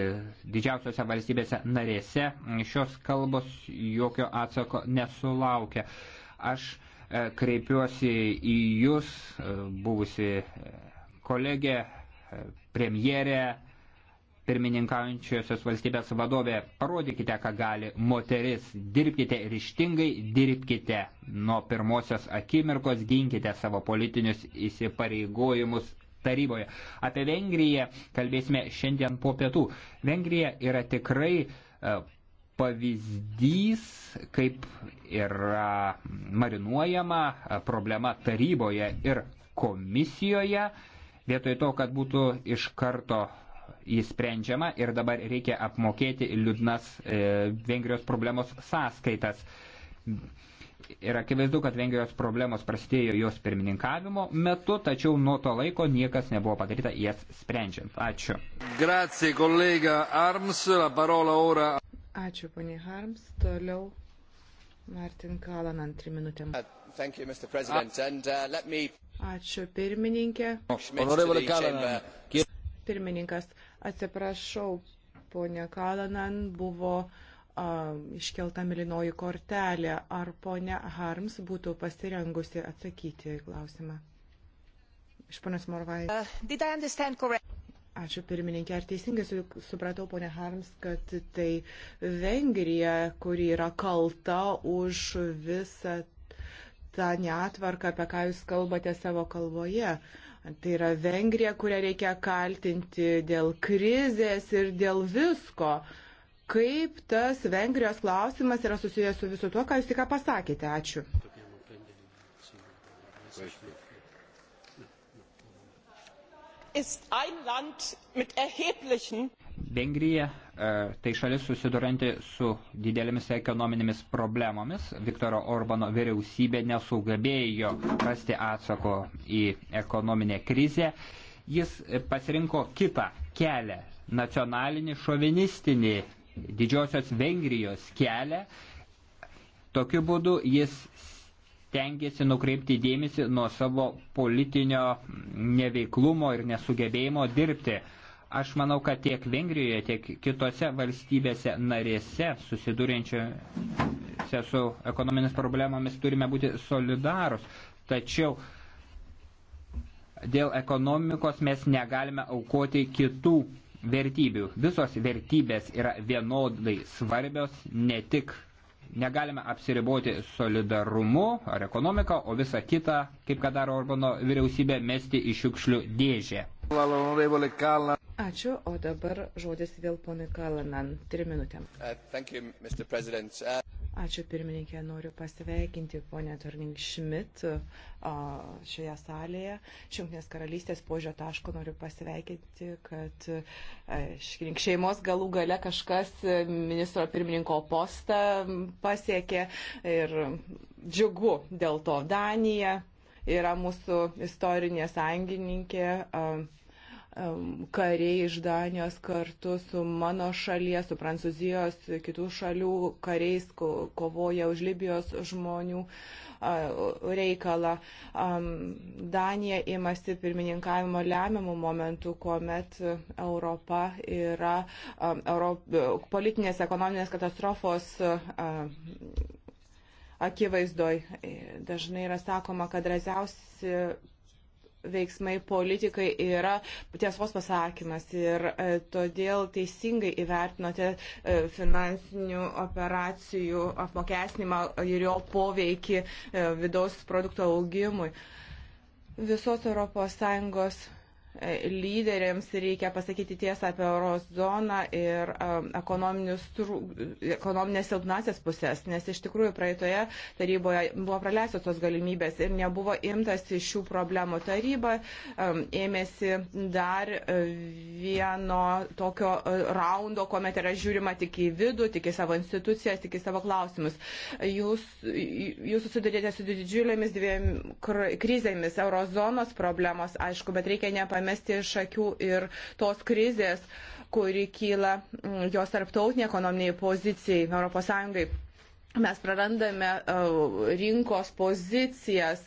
didžiausiose valstybėse narėse šios kalbos jokio atsako nesulaukia. Aš e, kreipiuosi į Jūs, e, buvusi kolegė, premjerė, pirmininkaujančiosios valstybės vadovė, parodykite, ką gali moteris, dirbkite ryštingai, dirbkite nuo pirmosios akimirkos, ginkite savo politinius įsipareigojimus taryboje. Apie Vengriją kalbėsime šiandien po pietų. Vengrija yra tikrai e, pavyzdys, kaip yra marinuojama e, problema taryboje ir komisijoje, vietoj to, kad būtų iš karto įsprendžiama ir dabar reikia apmokėti liūdnas e, Vengrijos problemos sąskaitas. Ir akivaizdu, kad Vengrijos problemos prasidėjo jos pirmininkavimo metu, tačiau nuo to laiko niekas nebuvo padaryta jas sprendžiant. Ačiū. Grazie, kolega Arms. La parola ora. Ačiū, ponė Harms. Toliau Martin Kalan antrį minutę. Uh, thank you, Mr. President. Ah. And uh, let me... Ačiū, pirmininkė. Honorable Kalanan. Pirmininkas, atsiprašau, ponė Kalanan buvo iškelta milinoji kortelė. Ar ponia Harms būtų pasirengusi atsakyti į klausimą? Iš ponios Morvai. Uh, Ačiū pirmininkė. Ar teisingai supratau, ponia Harms, kad tai Vengrija, kuri yra kalta už visą tą netvarką, apie ką jūs kalbate savo kalboje? Tai yra Vengrija, kurią reikia kaltinti dėl krizės ir dėl visko. Uh, kaip tas Vengrijos klausimas yra susijęs su visu tuo, ką jūs tik pasakėte. Ačiū. Vengrija e, tai šalis susiduranti su didelėmis ekonominėmis problemomis. Viktoro Orbano vyriausybė nesugebėjo rasti atsako į ekonominę krizę. Jis pasirinko kitą kelią - nacionalinį šovinistinį didžiosios Vengrijos kelią. Tokiu būdu jis tengiasi nukreipti dėmesį nuo savo politinio neveiklumo ir nesugebėjimo dirbti. Aš manau, kad tiek Vengrijoje, tiek kitose valstybėse narėse susidūrėčiose su ekonominės problemomis turime būti solidarus. Tačiau dėl ekonomikos mes negalime aukoti kitų vertybių. Visos vertybės yra vienodai svarbios, ne tik negalime apsiriboti solidarumu ar ekonomika, o visą kitą, kaip ką daro Orbano vyriausybė, mesti į šiukšlių dėžę. Ačiū, o dabar žodis vėl ponui Kalanan. Trim minutėm. Uh, uh, Ačiū pirmininkė, noriu pasveikinti ponę Turning Schmidt uh, šioje salėje. Šimtinės karalystės požio taško noriu pasveikinti, kad šeimos galų gale kažkas ministro pirmininko postą um, pasiekė ir džiugu dėl to Danija yra mūsų istorinė sąjungininkė. A, um, kariai iš Danijos kartu su mano šalies, su Prancūzijos, kitų šalių kariais kovoja už Libijos žmonių reikalą. Danija imasi pirmininkavimo lemiamų momentų, kuomet Europa yra Europ, politinės ekonominės katastrofos akivaizdoj. Dažnai yra sakoma, kad raziausi veiksmai politikai yra tiesos pasakymas ir e, todėl teisingai įvertinote e, finansinių operacijų apmokesnimą ir jo poveikį e, vidaus produkto augimui. Visos ES E, lyderiams reikia pasakyti tiesą apie eurozoną ir e, ekonominės silpnasias pusės, nes iš tikrųjų praeitoje taryboje buvo praleistos tos galimybės ir nebuvo imtasi šių problemų. Taryba e, ėmėsi dar vieno tokio raundo, kuomet yra žiūrima tik į vidų, tik į savo institucijas, tik į savo klausimus. Jūs, jūs susidurėte su didžiulėmis dviem krizėmis, eurozonos problemos, aišku, bet reikia nepamiršti nemesti iš akių ir tos krizės, kuri kyla mm, jos tarptautinė ekonominiai pozicijai ES. Mes prarandame e, rinkos pozicijas,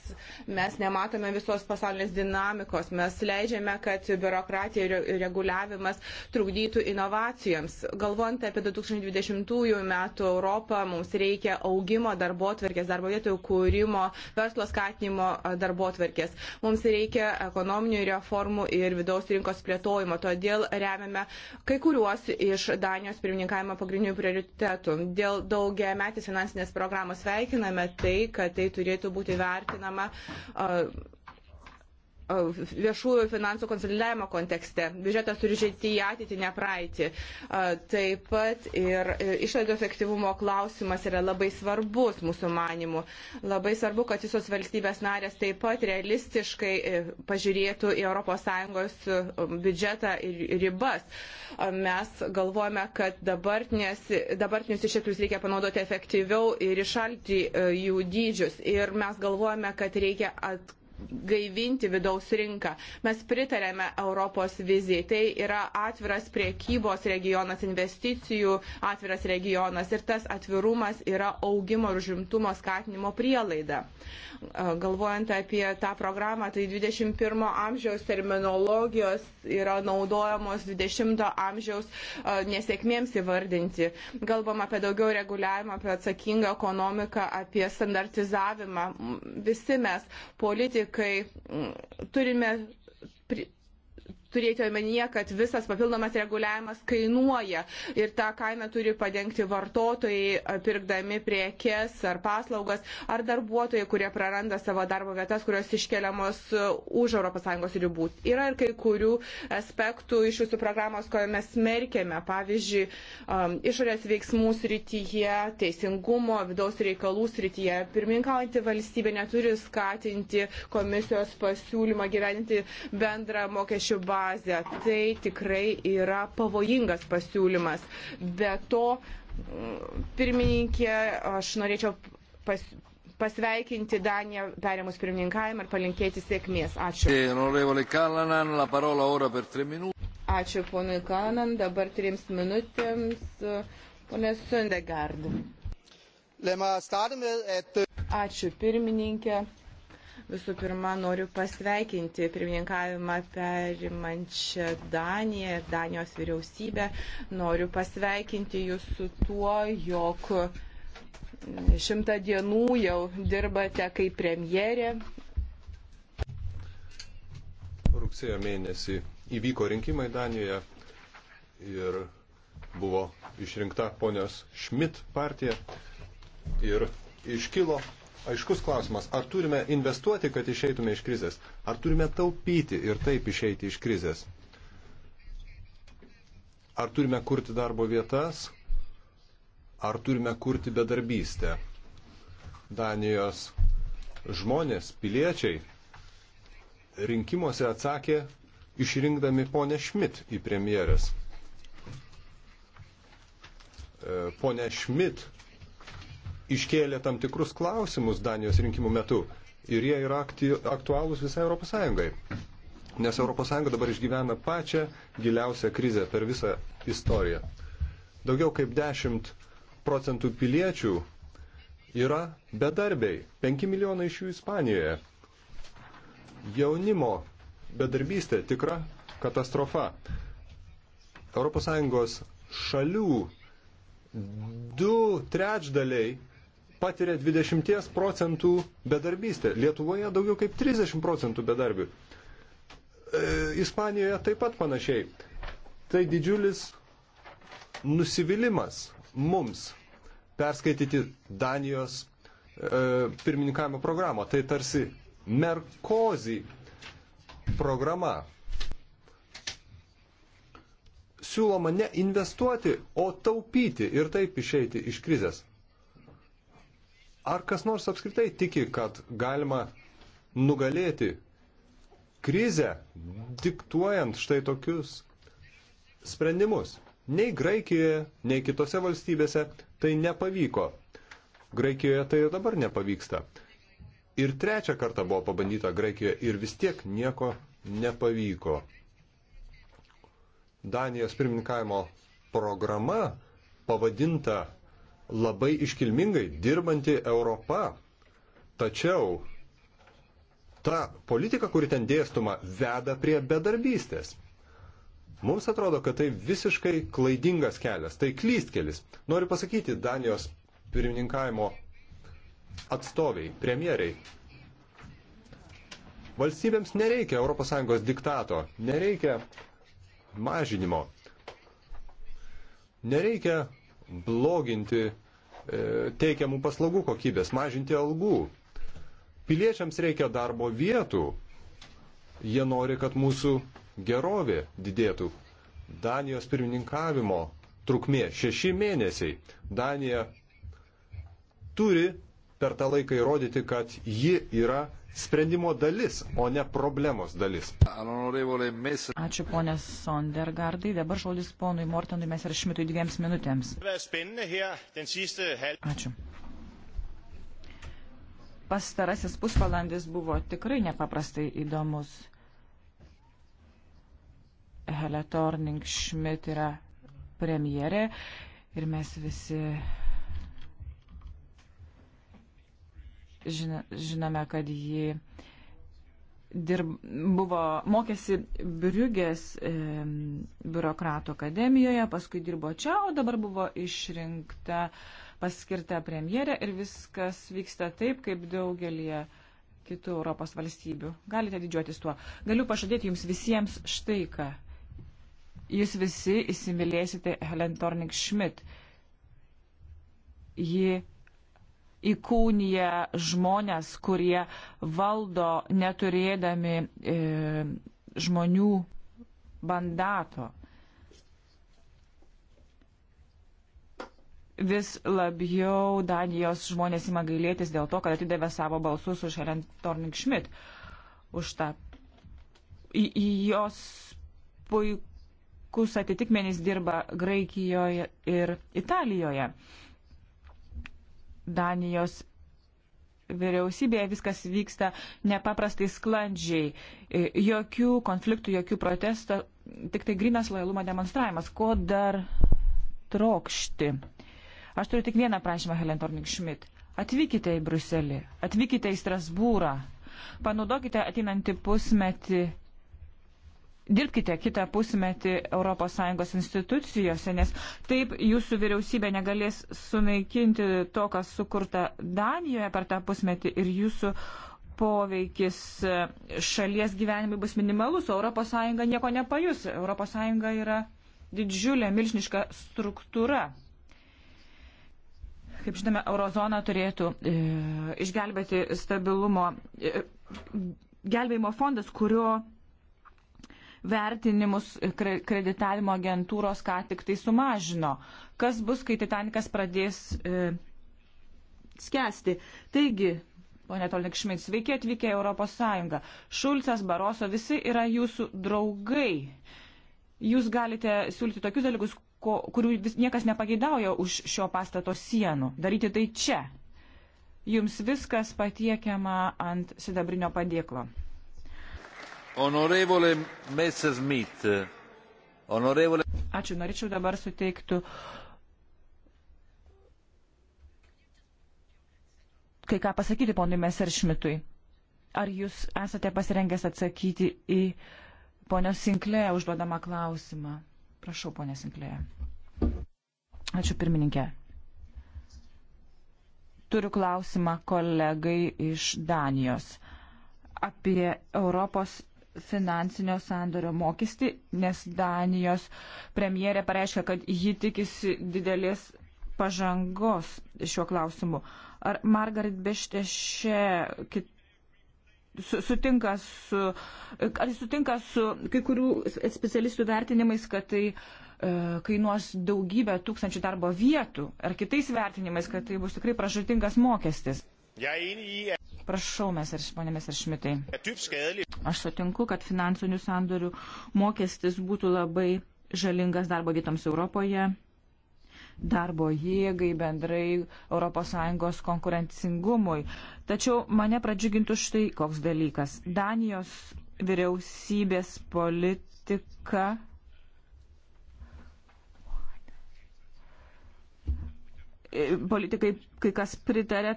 mes nematome visos pasaulinės dinamikos, mes leidžiame, kad biurokratija ir reguliavimas trukdytų inovacijoms. Galvojant apie 2020 metų Europą, mums reikia augimo darbo atverkės, darbo vietų kūrimo, verslo skatinimo e, darbo atverkės. Mums reikia ekonominių reformų ir vidaus rinkos plėtojimo. Todėl remiame kai kuriuos iš Danijos pirmininkavimo pagrindinių prioritetų. Dėl daugia metys finansinės programos. Sveikiname tai, kad tai turėtų būti vertinama. Uh, viešųjų finansų konsolidavimo kontekste. Biudžetas turi žiūrėti į ateitį, ne praeitį. Taip pat ir e, išlaidų efektyvumo klausimas yra labai svarbus mūsų manimu. Labai svarbu, kad visos valstybės narės taip pat realistiškai e, pažiūrėtų į ES e, biudžetą ir ribas. Mes galvojame, kad dabartinius išteklius reikia panaudoti efektyviau ir išalti jų dydžius. Ir mes galvojame, kad reikia atkartoti atgaivinti vidaus rinką. Mes pritarėme Europos vizijai. Tai yra atviras priekybos regionas, investicijų atviras regionas ir tas atvirumas yra augimo ir žimtumo skatinimo prielaida. Galvojant apie tą programą, tai 21 amžiaus terminologijos yra naudojamos 20 amžiaus nesėkmėms įvardinti. Galbam apie daugiau reguliavimą, apie atsakingą ekonomiką, apie standartizavimą. Visi mes, politikai, politikai turime pri turėti omenyje, kad visas papildomas reguliavimas kainuoja ir tą kainą turi padengti vartotojai, pirkdami priekes ar paslaugas, ar darbuotojai, kurie praranda savo darbo vietas, kurios iškeliamos už ES ribų. Yra ir kai kurių aspektų iš jūsų programos, ko mes smerkėme, pavyzdžiui, išorės veiksmų srityje, teisingumo, vidaus reikalų srityje. Pirminkaujantį valstybę neturi skatinti komisijos pasiūlymą gyveninti bendrą mokesčių bazę bazę, tai tikrai yra pavojingas pasiūlymas. Be to, pirmininkė, aš norėčiau pas, pasveikinti Daniją perėmus pirmininkavimą ir palinkėti sėkmės. Ačiū. E, Ačiū ponui Kanan, dabar trims minutėms. Pone Sundegard. Øh, Ačiū pirmininkė. Visų pirma, noriu pasveikinti pirmininkavimą perimančią Daniją ir Danijos vyriausybę. Noriu pasveikinti jūs su tuo, jog šimtą dienų jau dirbate kaip premjerė. Rugsėjo mėnesį įvyko rinkimai Danijoje ir buvo išrinkta ponios Šmit partija ir iškilo aiškus klausimas, ar turime investuoti, kad išeitume iš krizės, ar turime taupyti ir taip išeiti iš krizės, ar turime kurti darbo vietas, ar turime kurti bedarbystę. Danijos žmonės, piliečiai rinkimuose atsakė išrinkdami ponę Šmit į premjerės. E, Pone Šmit iškėlė tam tikrus klausimus Danijos rinkimų metu ir jie yra akti, aktualūs visai ES. Nes ES dabar išgyvena pačią giliausią krizę per visą istoriją. Daugiau kaip 10 procentų piliečių yra bedarbiai, 5 milijonai iš jų Ispanijoje. Jaunimo bedarbystė tikra katastrofa. ES šalių du trečdaliai patiria 20 procentų bedarbystę. Lietuvoje daugiau kaip 30 procentų bedarbių. E, Ispanijoje taip pat panašiai. Tai didžiulis nusivylimas mums perskaityti Danijos e, pirmininkavimo programą. Tai tarsi Merkozy programa. Siūloma ne investuoti, o taupyti ir taip išeiti iš krizės. Ar kas nors apskritai tiki, kad galima nugalėti krizę, diktuojant štai tokius sprendimus? Nei Graikijoje, nei kitose valstybėse tai nepavyko. Graikijoje tai ir dabar nepavyksta. Ir trečią kartą buvo pabandyta Graikijoje ir vis tiek nieko nepavyko. Danijos pirmininkavimo programa pavadinta labai iškilmingai dirbanti Europa. Tačiau ta politika, kuri ten dėstoma, veda prie bedarbystės. Mums atrodo, kad tai visiškai klaidingas kelias, tai klystkelis. Noriu pasakyti Danijos pirmininkavimo atstoviai, premjeriai. Valstybėms nereikia ES diktato, nereikia mažinimo, nereikia bloginti e, teikiamų paslaugų kokybės, mažinti algų. Piliečiams reikia darbo vietų. Jie nori, kad mūsų gerovė didėtų. Danijos pirmininkavimo trukmė - šeši mėnesiai. Danija turi per tą laiką įrodyti, kad ji yra sprendimo dalis, o ne problemos dalis. Ačiū ponė Sondergardai. Dabar žodis ponui Mortonui mes ir šmitui dviems minutėms. Ačiū. Pastarasis pusvalandis buvo tikrai nepaprastai įdomus. Hele Torning Schmidt yra premjerė ir mes visi Žino, žinome, kad ji dirb, buvo, mokėsi Briugės e, biurokratų akademijoje, paskui dirbo čia, o dabar buvo išrinkta, paskirta premjerė ir viskas vyksta taip, kaip daugelie kitų Europos valstybių. Galite didžiuotis tuo. Galiu pažadėti jums visiems štai ką. Jūs visi įsimylėsite Helen Tornik Schmidt. Ji įkūnyje žmonės, kurie valdo neturėdami e, žmonių bandato. Vis labiau Danijos žmonės ima gailėtis dėl to, kad atidavė savo balsus už Helen Torning Schmidt, už tą į, į jos puikus atitikmenys dirba Graikijoje ir Italijoje. E, Danijos vyriausybėje viskas vyksta nepaprastai sklandžiai. E, jokių konfliktų, jokių protestų, tik tai grinas lojalumo demonstravimas. Ko dar trokšti? Aš turiu tik vieną prašymą, Helen Tornik Šmit. Atvykite į Bruselį, atvykite į Strasbūrą, panaudokite ateinantį pusmetį dirbkite kitą pusmetį ES institucijose, nes taip jūsų vyriausybė negalės sunaikinti to, kas sukurta Danijoje per tą pusmetį ir jūsų poveikis e, šalies gyvenimui bus minimalus, o ES nieko nepajus. ES yra didžiulė, milžiniška struktūra. Kaip žinome, eurozona turėtų e, išgelbėti stabilumo, e, gelbėjimo fondas, kurio vertinimus kreditavimo agentūros ką tik tai sumažino. Kas bus, kai Titanikas pradės e, skęsti? Taigi, ponė Tolnik Šmit, sveiki atvykę į Europos Sąjungą. Šulcas, Baroso, visi yra jūsų draugai. Jūs galite siūlyti tokius dalykus, ko, kurių vis, niekas nepageidauja už šio pastato sienų. Daryti tai čia. Jums viskas patiekiama ant sidabrinio padėklo. Honorevole Messerschmidt. Honorevole... Ačiū, norėčiau dabar suteiktų kai ką pasakyti ponui Messerschmittui. Ar jūs esate pasirengęs atsakyti į ponios Sinklėje užduodamą klausimą? Prašau, ponė Sinklėje. Ačiū pirmininkė. Turiu klausimą kolegai iš Danijos apie Europos finansinio sandorio mokestį, nes Danijos premjerė pareiškia, kad ji tikisi didelės pažangos šiuo klausimu. Ar Margaret Beštešė kit... sutinka su, ar sutinka su kai kurių specialistų vertinimais, kad tai e, kainuos daugybę tūkstančių darbo vietų, ar kitais vertinimais, kad tai bus tikrai pražutingas mokestis? Er Prašau, mes ir ponėmės ir šmitai. Aš sutinku, kad finansinių sandorių mokestis būtų labai žalingas darbo vietoms Europoje, darbo jėgai, bendrai ES konkurencingumui. Tačiau mane pradžiugintų štai koks dalykas. Danijos vyriausybės politika politikai kai kas pritarė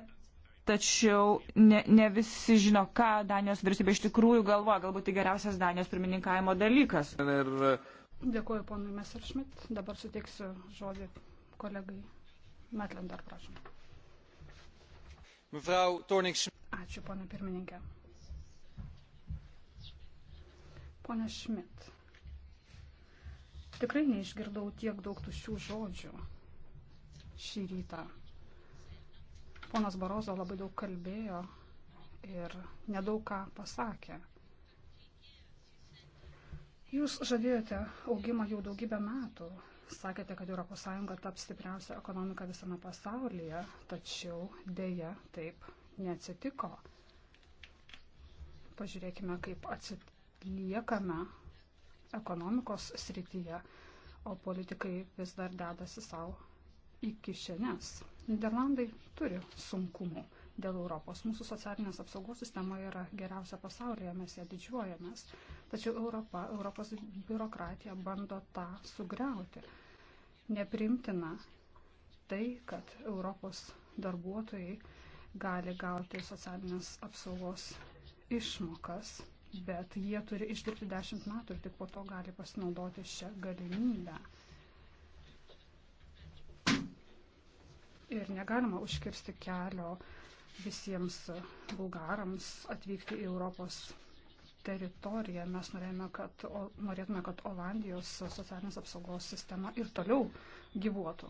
tačiau ne, ne visi žino, ką Danijos vyriausybė iš tikrųjų galvoja. Galbūt tai geriausias Danijos pirmininkavimo dalykas. Ir... Dėkuoju ponui Messerschmidt. Dabar suteiksiu žodį kolegai Metlendar, prašom. Mevrouw Torniks. Ačiū, ponė pirmininkė. Pone Šmit, tikrai neišgirdau tiek daug tuščių žodžių šį rytą. Ponas Barozo labai daug kalbėjo ir nedaug ką pasakė. Jūs žadėjote augimą jau daugybę metų. Sakėte, kad ES taps stipriausia ekonomika visame pasaulyje, tačiau dėja taip neatsitiko. Pažiūrėkime, kaip atsiliekame ekonomikos srityje, o politikai vis dar dedasi savo į kišenes. Niderlandai turi sunkumų dėl Europos. Mūsų socialinės apsaugos sistema yra geriausia pasaulyje, mes ją didžiuojamės. Tačiau Europa, Europos biurokratija bando tą sugriauti. Neprimtina tai, kad Europos darbuotojai gali gauti socialinės apsaugos išmokas, bet jie turi išdirbti 10 metų ir tik po to gali pasinaudoti šią galimybę. ir negalima užkirsti kelio visiems bulgarams atvykti į Europos teritoriją. Mes norėjome, kad, o, norėtume, kad Olandijos socialinės apsaugos sistema ir toliau gyvuotų.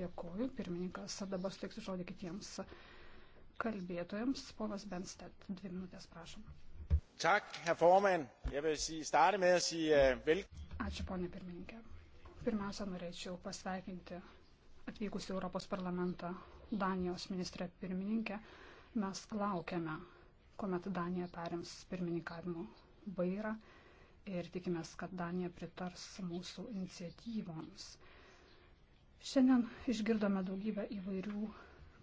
Dėkuoju, pirmininkas. Dabar suteiksiu žodį kitiems kalbėtojams. Ponas Benstedt, dvi minutės, prašom. Øh, Ačiū, ponė pirmininkė. Pirmiausia, norėčiau pasveikinti atvykusi Europos parlamentą Danijos ministrė pirmininkė, mes laukiame, kuomet Danija perims pirmininkavimo vairą ir tikimės, kad Danija pritars mūsų iniciatyvoms. Šiandien išgirdome daugybę įvairių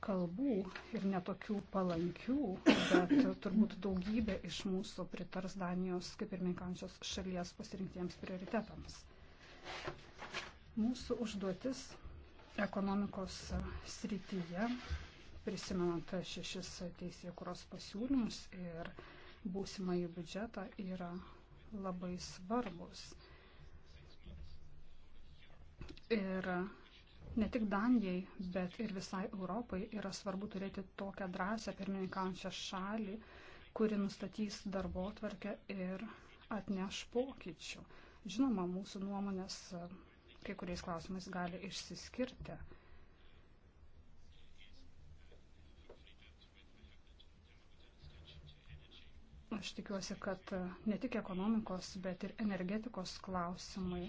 kalbų ir netokių palankių, bet turbūt daugybė iš mūsų pritars Danijos kaip pirmininkančios šalies pasirinktiems prioritetams. Mūsų užduotis ekonomikos e, srityje, prisimenant šešis teisėkuros pasiūlymus ir būsimąjį biudžetą, yra labai svarbus. Ir ne tik Danijai, bet ir visai Europai yra svarbu turėti tokią drąsią pirmininkaujančią šalį, kuri nustatys darbo tvarkę ir atneš pokyčių. Žinoma, mūsų nuomonės kai kuriais klausimais gali išsiskirti. Aš tikiuosi, kad ne tik ekonomikos, bet ir energetikos klausimai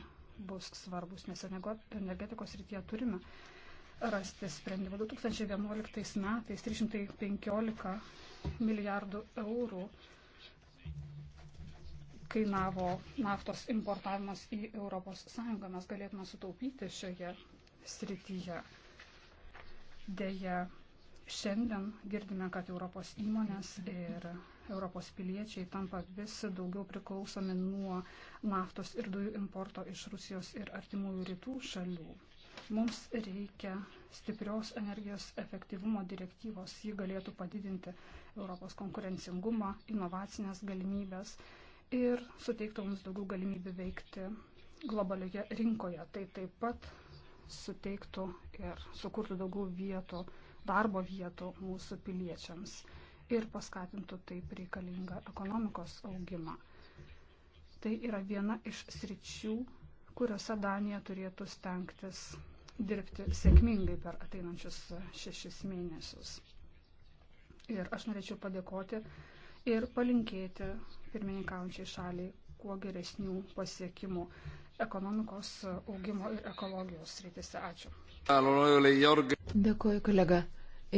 bus svarbus, nes energetikos rytyje turime rasti sprendimą. 2011 metais 315 milijardų eurų kainavo naftos importavimas į ES. Mes galėtume sutaupyti šioje srityje. Deja, šiandien girdime, kad Europos įmonės ir Europos piliečiai tampa vis daugiau priklausomi nuo naftos ir dujų importo iš Rusijos ir artimųjų rytų šalių. Mums reikia stiprios energijos efektyvumo direktyvos, ji galėtų padidinti Europos konkurencingumą, inovacinės galimybės, ir suteiktų mums daugiau galimybių veikti globalioje rinkoje. Tai taip pat suteiktų ir sukurtų daugiau vietų, darbo vietų mūsų piliečiams ir paskatintų taip reikalingą ekonomikos augimą. Tai yra viena iš sričių, kuriuose Danija turėtų stengtis dirbti sėkmingai per ateinančius šešis mėnesius. Ir aš norėčiau padėkoti ir palinkėti pirmininkaujančiai šaliai kuo geresnių pasiekimų ekonomikos augimo ir ekologijos rytise. Ačiū. Dėkuoju, kolega.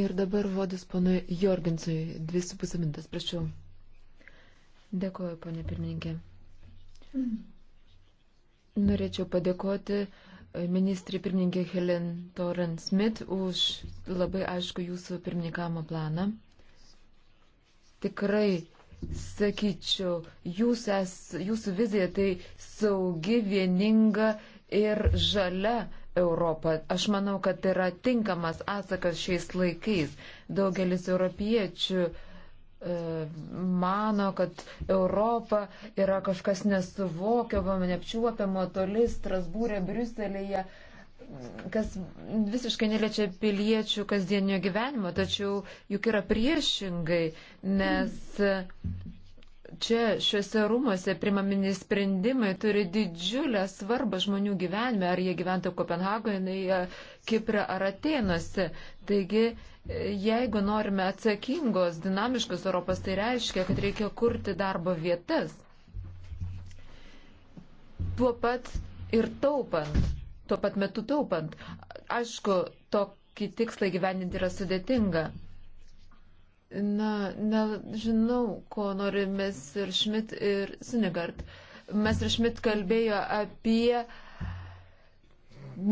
Ir dabar vodis ponui Jorgensui, dvi su pusė mintas, prašau. Dėkuoju, ponė pirmininkė. Norėčiau padėkoti e, ministrė pirmininkė Helen Toren Smith už labai aišku jūsų pirmininkamo planą. Tikrai sakyčiau, jūs es, jūsų vizija tai saugi, vieninga ir žalia Europa. Aš manau, kad tai yra tinkamas atsakas šiais laikais. Daugelis europiečių e, mano, kad Europa yra kažkas nesuvokiamo, neapčiuopiamo toli Strasbūrė, Briuselėje. E, kas visiškai neliečia piliečių kasdienio gyvenimo, tačiau juk yra priešingai, nes čia šiuose rūmose primamini sprendimai turi didžiulę svarbą žmonių gyvenime, ar jie gyventų Kopenhagoje, Kiprė ar Atenuose. Taigi, jeigu norime atsakingos, dinamiškos Europos, tai reiškia, kad reikia kurti darbo vietas. Tuo pat ir taupant tuo pat metu taupant. Aišku, tokį tikslą gyveninti yra sudėtinga. Na, nežinau, ko norimės ir Šmit ir Sinigart. Mes ir Šmit kalbėjo apie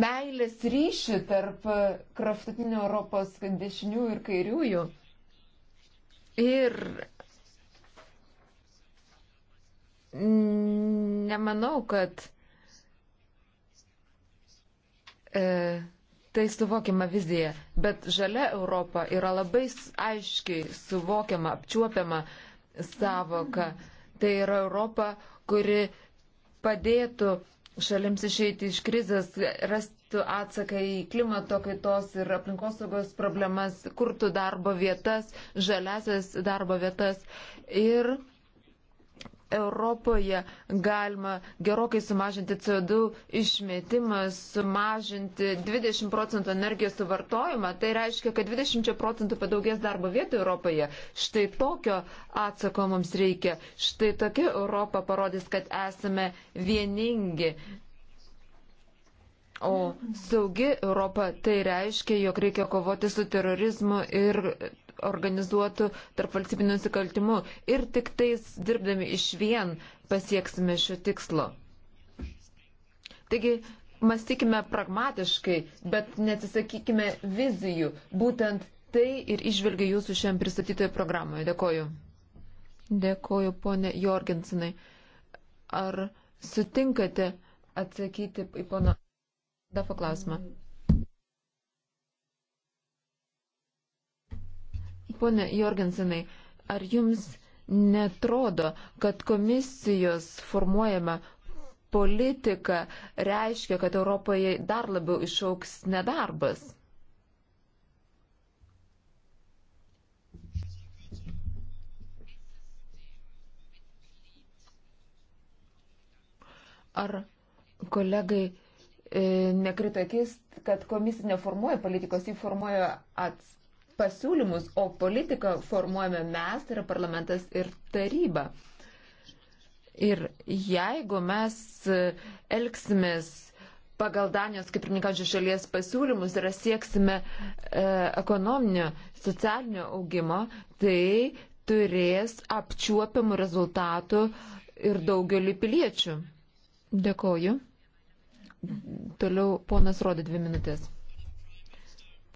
meilės ryšį tarp kraftutinio Europos dešinių ir kairiųjų. Ir nemanau, kad e, tai suvokiama vizija, bet žalia Europa yra labai aiškiai suvokiama, apčiuopiama savoka. Tai yra Europa, kuri padėtų šalims išeiti iš krizės, rastų atsaką į klimato kaitos ir aplinkosaugos problemas, kurtų darbo vietas, žaliasias darbo vietas ir Europoje galima gerokai sumažinti CO2 išmetimą, sumažinti 20 procentų energijos suvartojimą, tai reiškia, kad 20 procentų padaugės darbo vietų Europoje. Štai tokio atsako mums reikia. Štai tokia Europa parodys, kad esame vieningi. O saugi Europa tai reiškia, jog reikia kovoti su terorizmu ir organizuotų tarp valstybinių nusikaltimų. Ir tik tais dirbdami iš vien pasieksime šio tikslo. Taigi, mąstykime pragmatiškai, bet netisakykime vizijų. Būtent tai ir išvelgia jūsų šiandien pristatytoje programoje. Dėkoju. Dėkoju, ponė Jorgensinai. Ar sutinkate atsakyti į pono Dafo klausimą? Pone Jorgensenai, ar jums netrodo, kad komisijos formuojama politika reiškia, kad Europoje dar labiau išauks nedarbas? Ar kolegai e, nekrito akis, kad komisija neformuoja politikos, ji formuoja atskirą? pasiūlymus, o politiką formuojame mes, tai yra parlamentas ir taryba. Ir jeigu mes elgsimės pagal Danijos kaip pirmininkančio šalies pasiūlymus ir sieksime e, ekonominio, socialinio augimo, tai turės apčiuopiamų rezultatų ir daugeliu piliečių. Dėkoju. Toliau ponas rodė dvi minutės.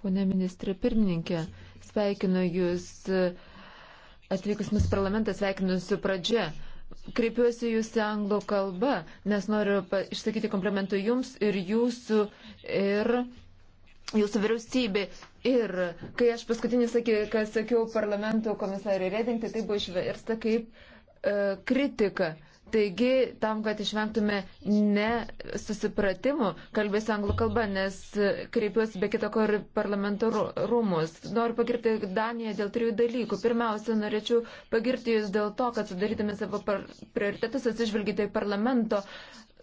Pone ministrė pirmininkė, sveikinu Jūs atvykus mūsų parlamentą, sveikinu su pradžia. Kreipiuosi Jūs į anglų kalbą, nes noriu išsakyti komplementų Jums ir Jūsų ir Jūsų vyriausybė. Ir kai aš paskutinį sakė, sakiau parlamento komisarį Redingti, tai buvo išversta kaip e, kritika. E, Taigi, tam, kad išvengtume nesusipratimų, kalbėsiu anglų kalbą, nes kreipiuosi be kitako ir parlamento rūmus. Noriu pagirti Daniją dėl trijų dalykų. Pirmiausia, norėčiau pagirti Jūs dėl to, kad sudarydami savo prioritetus atsižvelgite į parlamento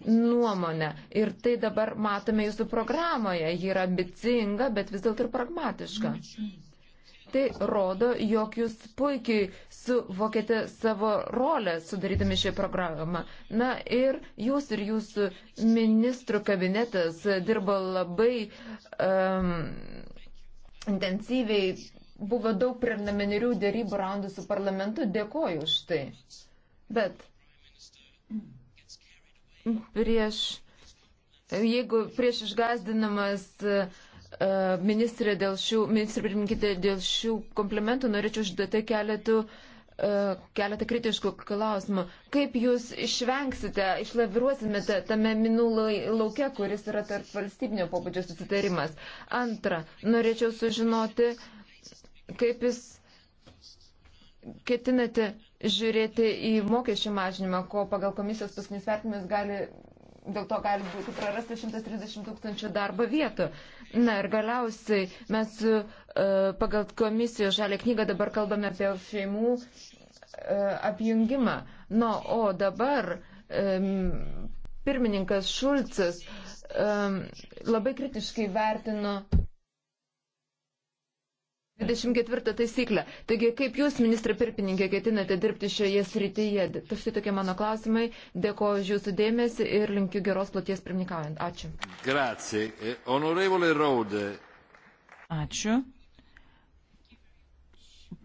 nuomonę. Ir tai dabar matome Jūsų programoje. Ji yra ambicinga, bet vis dėlto ir pragmatiška. Mm -hmm. Tai rodo, jog jūs puikiai suvokėte savo rolę sudarydami šią programą. Na ir jūs ir jūsų ministrų kabinetas dirbo labai um, intensyviai, buvo daug preliminarių dėrybų raundų su parlamentu. Dėkoju už tai. Bet prieš, jeigu prieš išgazdinamas uh, E, ministrė dėl šių, ministrė pirmininkė dėl šių komplementų norėčiau užduoti keletų e, keletą kritiškų klausimų. Kaip jūs išvengsite, išlaviruosimėte tame minų laukia, kuris yra tarp valstybinio pobūdžio susitarimas? Antra, norėčiau sužinoti, kaip jūs ketinate žiūrėti į mokesčių mažinimą, ko pagal komisijos paskutinis vertinimas gali, dėl to gali būti prarasta 130 tūkstančių darbo vietų. Uh, Na ir galiausiai mes e, pagal komisijos žalę knygą dabar kalbame apie šeimų e, apjungimą. Na, o dabar pirmininkas Šulcas labai kritiškai vertino 24 taisyklė. Taigi, kaip Jūs, ministra pirpininkė, ketinate dirbti šioje srityje? Tai štai tokie mano klausimai. Dėkoju už Jūsų dėmesį ir linkiu geros ploties pirmininkaujant. Ačiū. Grazie. Honorevole e, Rode. Ačiū.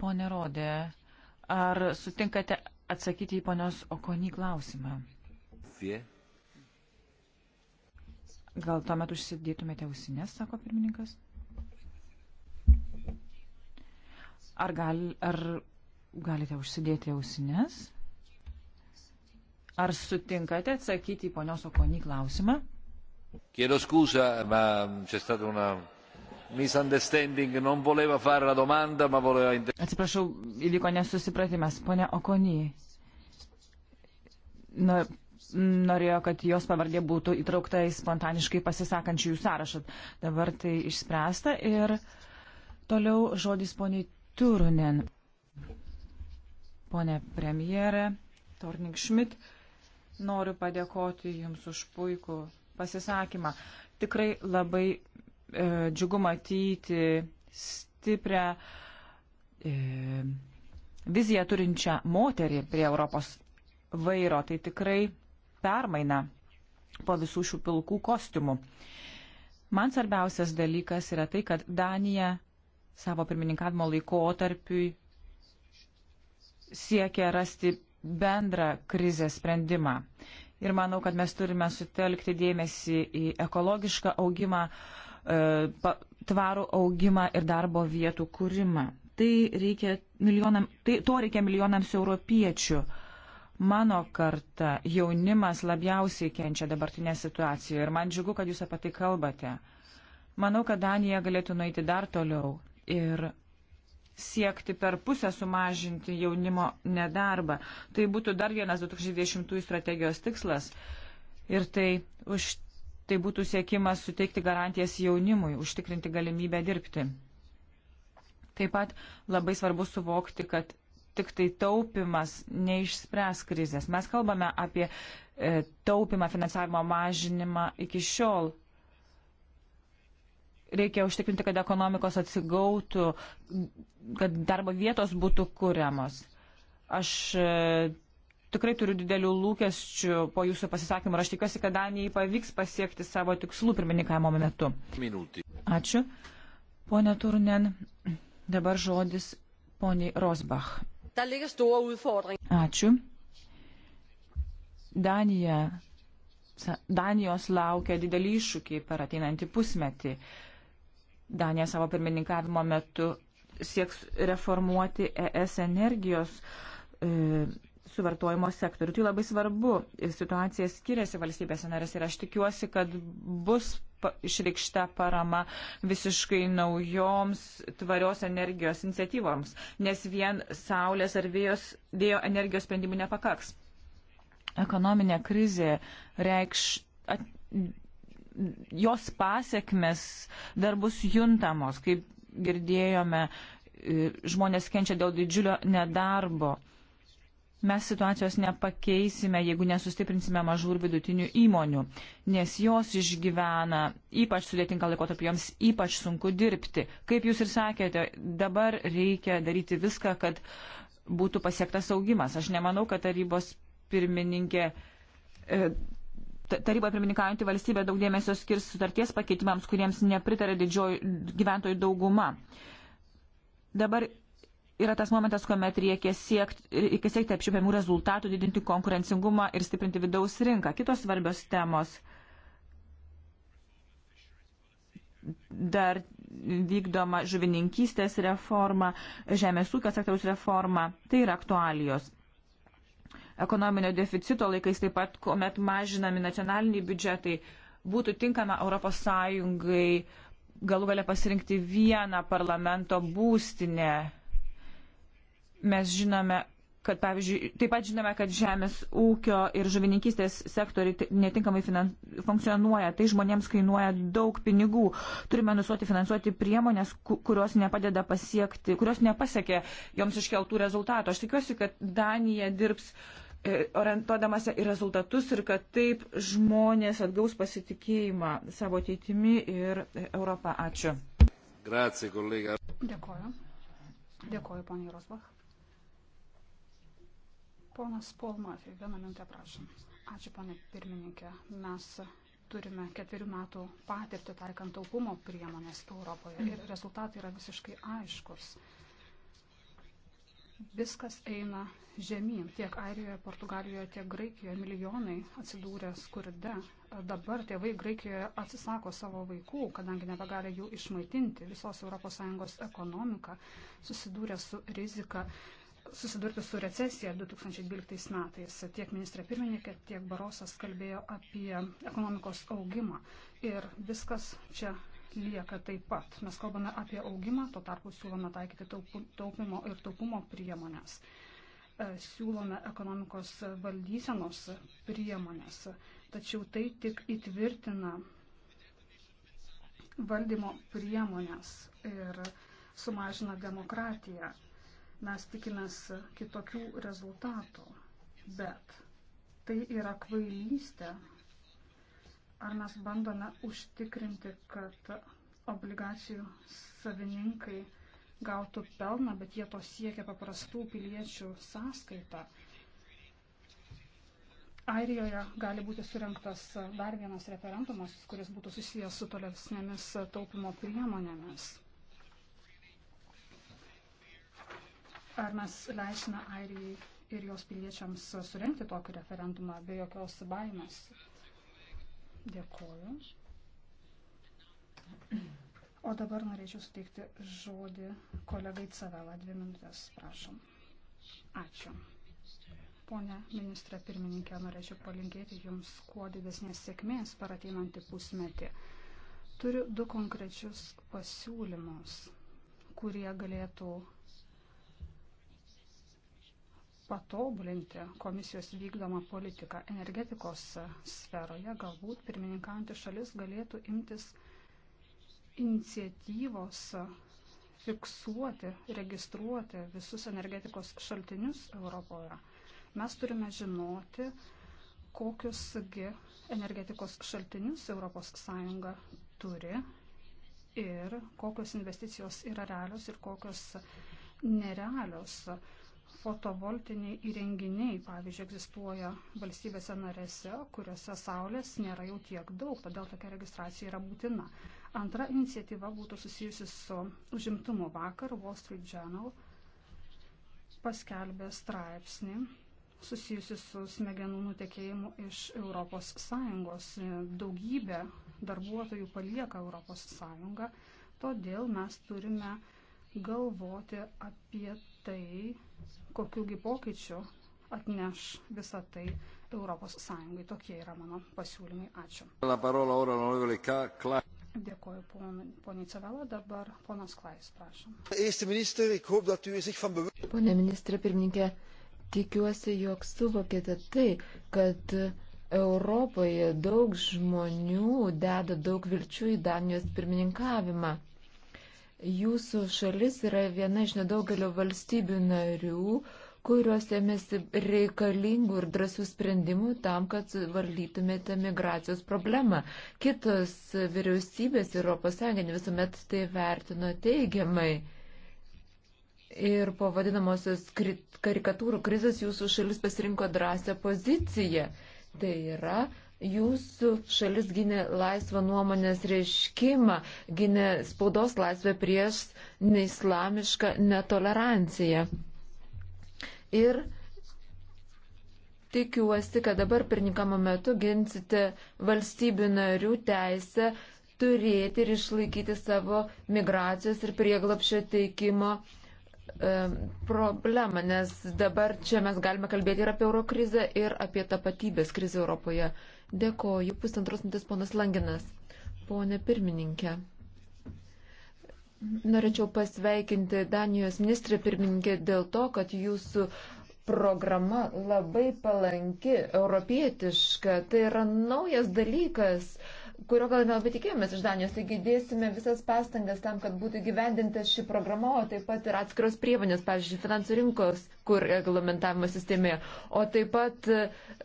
Pone Rode, ar sutinkate atsakyti į ponios Okonį klausimą? Vie. Gal tuomet užsidėtumėte ausinės, sako pirmininkas? Ar, gal, ar galite užsidėti ausines? Ar sutinkate atsakyti į ponios Okonį klausimą? Chiedo scusa, ma c'è stata una misunderstanding, non voleva fare la domanda, ma voleva intervenire. Atsiprašau, įvyko nesusipratimas. Pone Okonį, na, norėjo, kad jos pavardė būtų įtraukta į spontaniškai pasisakančiųjų sąrašą. Dabar tai išspręsta ir toliau žodis poniai Turunen. Pone premjere, Torning Šmit, noriu padėkoti Jums už puikų pasisakymą. Tikrai labai e, džiugu matyti stiprią e, viziją turinčią moterį prie Europos vairo. Tai tikrai permaina po visų šių pilkų kostiumų. Man svarbiausias dalykas yra tai, kad Danija savo pirmininkavimo laikotarpiui siekia rasti bendrą krizės sprendimą. Ir manau, kad mes turime sutelkti dėmesį į ekologišką augimą, e, tvarų augimą ir darbo vietų kūrimą. Tai, reikia milijonam, tai to reikia milijonams europiečių. Mano karta jaunimas labiausiai kenčia dabartinę situaciją ir man džiugu, kad jūs apie tai kalbate. Manau, kad Danija galėtų nueiti dar toliau ir siekti per pusę sumažinti jaunimo nedarbą. Tai būtų dar vienas 2020 strategijos tikslas ir tai, už, tai būtų siekimas suteikti garantijas jaunimui, užtikrinti galimybę dirbti. Taip pat labai svarbu suvokti, kad tik tai taupimas neišspręs krizės. Mes kalbame apie e, taupimą, finansavimo mažinimą iki šiol, reikia užtikrinti, kad ekonomikos atsigautų, kad darbo vietos būtų kuriamos. Aš e, tikrai turiu didelių lūkesčių po jūsų pasisakymų ir aš tikiuosi, kad Danijai pavyks pasiekti savo tikslų pirmininkavimo metu. Minutį. Ačiū. Pone Turnen, dabar žodis poniai Rosbach. Ačiū. Danija Danijos laukia dideli iššūkiai per ateinantį pusmetį. Danija savo pirmininkavimo metu sieks reformuoti ES energijos e, suvartojimo sektorių. Tai labai svarbu. Situacija skiriasi valstybėse narės ir aš tikiuosi, kad bus išreikšta parama visiškai naujoms tvarios energijos iniciatyvoms, nes vien saulės ar vėjos, vėjo energijos sprendimų nepakaks. Ekonominė krizė reikš at, jos pasiekmes dar bus juntamos, kaip girdėjome, e, žmonės kenčia dėl didžiulio nedarbo. Mes situacijos nepakeisime, jeigu nesustiprinsime mažų ir vidutinių įmonių, nes jos išgyvena ypač sudėtingą laikotarpį, joms ypač sunku dirbti. Kaip jūs ir sakėte, dabar reikia daryti viską, kad būtų pasiektas augimas. Aš nemanau, kad tarybos pirmininkė e, taryba pirmininkaujantį valstybę daug dėmesio skirs sutarties pakeitimams, kuriems nepritarė didžioji gyventojų dauguma. Dabar yra tas momentas, kuomet reikia siekti, reikia siekti apčiupiamų rezultatų, didinti konkurencingumą ir stiprinti vidaus rinką. Kitos svarbios temos dar vykdoma žuvininkystės reforma, žemės ūkio sektoriaus reforma. Tai yra aktualijos ekonominio deficito laikais, taip pat, kuomet mažinami nacionaliniai biudžetai, būtų tinkama ES galų galę pasirinkti vieną parlamento būstinę. Mes žinome, kad, pavyzdžiui, taip pat žinome, kad žemės ūkio ir žuvininkystės sektoriai netinkamai finan... funkcionuoja, tai žmonėms kainuoja daug pinigų. Turime nusoti finansuoti priemonės, kurios nepadeda pasiekti, kurios nepasiekė joms iškeltų rezultatų. Aš tikiuosi, kad Danija dirbs uh, E, orientuodamasi į rezultatus ir kad taip žmonės atgaus pasitikėjimą savo ateitimi ir Europą. Ačiū. Grazie, kolega. Dėkoju. Dėkoju, ponė Rosbach. Ponas Paul Murphy, vieną minutę prašom. Ačiū, ponė pirmininkė. Mes turime ketverių metų patirtį taikant taupumo priemonės Europoje ir rezultatai yra visiškai aiškus. Viskas eina žemyn. Tiek Airijoje, Portugalijoje, tiek Graikijoje milijonai atsidūrė skurde. Dabar tėvai Graikijoje atsisako savo vaikų, kadangi nebegali jų išmaitinti. Visos ES ekonomika susidūrė su rizika susidurti su recesija 2012 metais. Tiek ministrė pirmininkė, tiek Barosas kalbėjo apie ekonomikos augimą. Ir viskas čia lieka taip pat. Mes kalbame apie augimą, tuo tarpu siūlome taikyti taupimo ir taupumo priemonės. E, siūlome ekonomikos valdysenos priemonės, tačiau tai tik įtvirtina valdymo priemonės ir sumažina demokratiją. Mes tikimės kitokių rezultatų, bet tai yra kvailystė ar mes bandome užtikrinti, kad obligacijų savininkai gautų pelną, bet jie to siekia paprastų piliečių sąskaitą. Airijoje gali būti surinktas dar vienas referendumas, kuris būtų susijęs su tolesnėmis taupimo priemonėmis. Ar mes leisime Airijai ir jos piliečiams surinkti tokį referendumą be jokios baimės? Dėkoju. O dabar norėčiau suteikti žodį kolegai Cavela. Dvi minutės, prašom. Ačiū. Pone ministrė pirmininkė, norėčiau palinkėti Jums kuo didesnės sėkmės per ateinantį pusmetį. Turiu du konkrečius pasiūlymus, kurie galėtų patobulinti komisijos vykdomą politiką energetikos sferoje, galbūt pirmininkantį šalis galėtų imtis iniciatyvos fiksuoti, registruoti visus energetikos šaltinius Europoje. Mes turime žinoti, kokiusgi energetikos šaltinius ES turi ir kokios investicijos yra realios ir kokios nerealios fotovoltiniai įrenginiai, pavyzdžiui, egzistuoja valstybėse narėse, kuriuose saulės nėra jau tiek daug, todėl tokia registracija yra būtina. Antra iniciatyva būtų susijusi su užimtumu vakar Wall Street Journal paskelbė straipsnį susijusi su smegenų nutekėjimu iš ES. Daugybė darbuotojų palieka ES, todėl mes turime galvoti apie tai, kokiųgi pokyčių atneš visą tai Europos Sąjungai. Tokie yra mano pasiūlymai. Ačiū. Dėkoju poniai Cavela, dabar ponas Klais, prašom. Pone ministrė pirmininkė, tikiuosi, jog suvokėte tai, kad Europoje daug žmonių deda daug vilčių į Danijos pirmininkavimą. Jūsų šalis yra viena iš nedaugelio valstybių narių, kurios ėmėsi reikalingų ir drąsių sprendimų tam, kad valdytumėte migracijos problemą. Kitos vyriausybės ES visuomet tai vertino teigiamai. Ir po vadinamosios karikatūrų krizės jūsų šalis pasirinko drąsią poziciją. Tai yra Jūsų šalis gynė laisvą nuomonės reiškimą, gynė spaudos laisvę prieš neislamišką netoleranciją. Ir tikiuosi, kad dabar pirmininkamo metu ginsite valstybių narių teisę turėti ir išlaikyti savo migracijos ir prieglapšio teikimo uh, E, problemą, nes dabar čia mes galime kalbėti ir apie euro krizę, ir apie tapatybės krizę Europoje. Dėkoju. Pusantros mintis ponas Langinas. Pone pirmininkė. Norėčiau pasveikinti Danijos ministrė pirmininkė dėl to, kad jūsų programa labai palanki, europietiška. Tai yra naujas dalykas. Uh, kurio gal nelabai tikėjomės iš Danijos. Taigi dėsime visas pastangas tam, kad būtų gyvendinta ši programa, o taip pat ir atskiros priemonės, pavyzdžiui, finansų rinkos, kur reglamentavimo sistemė, o taip pat.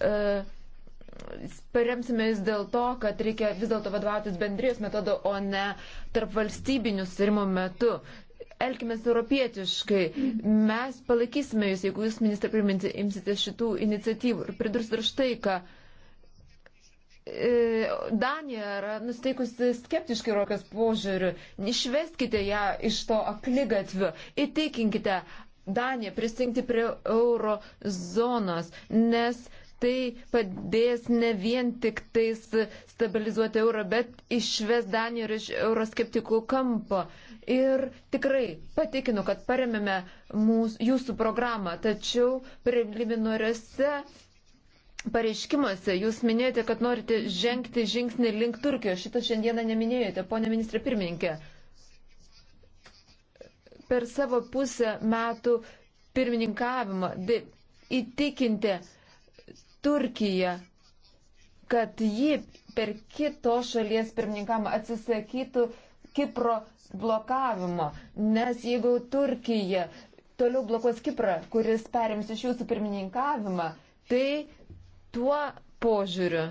Uh, paremsime vis dėl to, kad reikia vis dėlto vadovautis bendrijos metodu, o ne tarp valstybinių susirimo metu. Elkime europietiškai. Mes palaikysime jūs, jeigu jūs, ministrė, priminti, imsite šitų iniciatyvų. Ir pridurs ir štai, kad E, Danija yra nusteikusi skeptiškai rokas požiūrių. Išveskite ją iš to aklygatvio. Įtikinkite Daniją prisijungti prie euro zonos, nes tai padės ne vien tik tais stabilizuoti eurą, bet išves Daniją iš euroskeptikų kampo. Ir tikrai patikinu, kad paremėme mūsų, jūsų programą, tačiau preliminariuose pareiškimuose jūs minėjote, kad norite žengti žingsnį link Turkijos. Šitą šiandieną neminėjote, ponė ministrė pirmininkė. Per savo pusę metų pirmininkavimą įtikinti Turkiją, kad ji per kito šalies pirmininkamą atsisakytų Kipro blokavimo. Nes jeigu Turkija toliau blokuos Kiprą, kuris perims iš jūsų pirmininkavimą, tai tuo požiūriu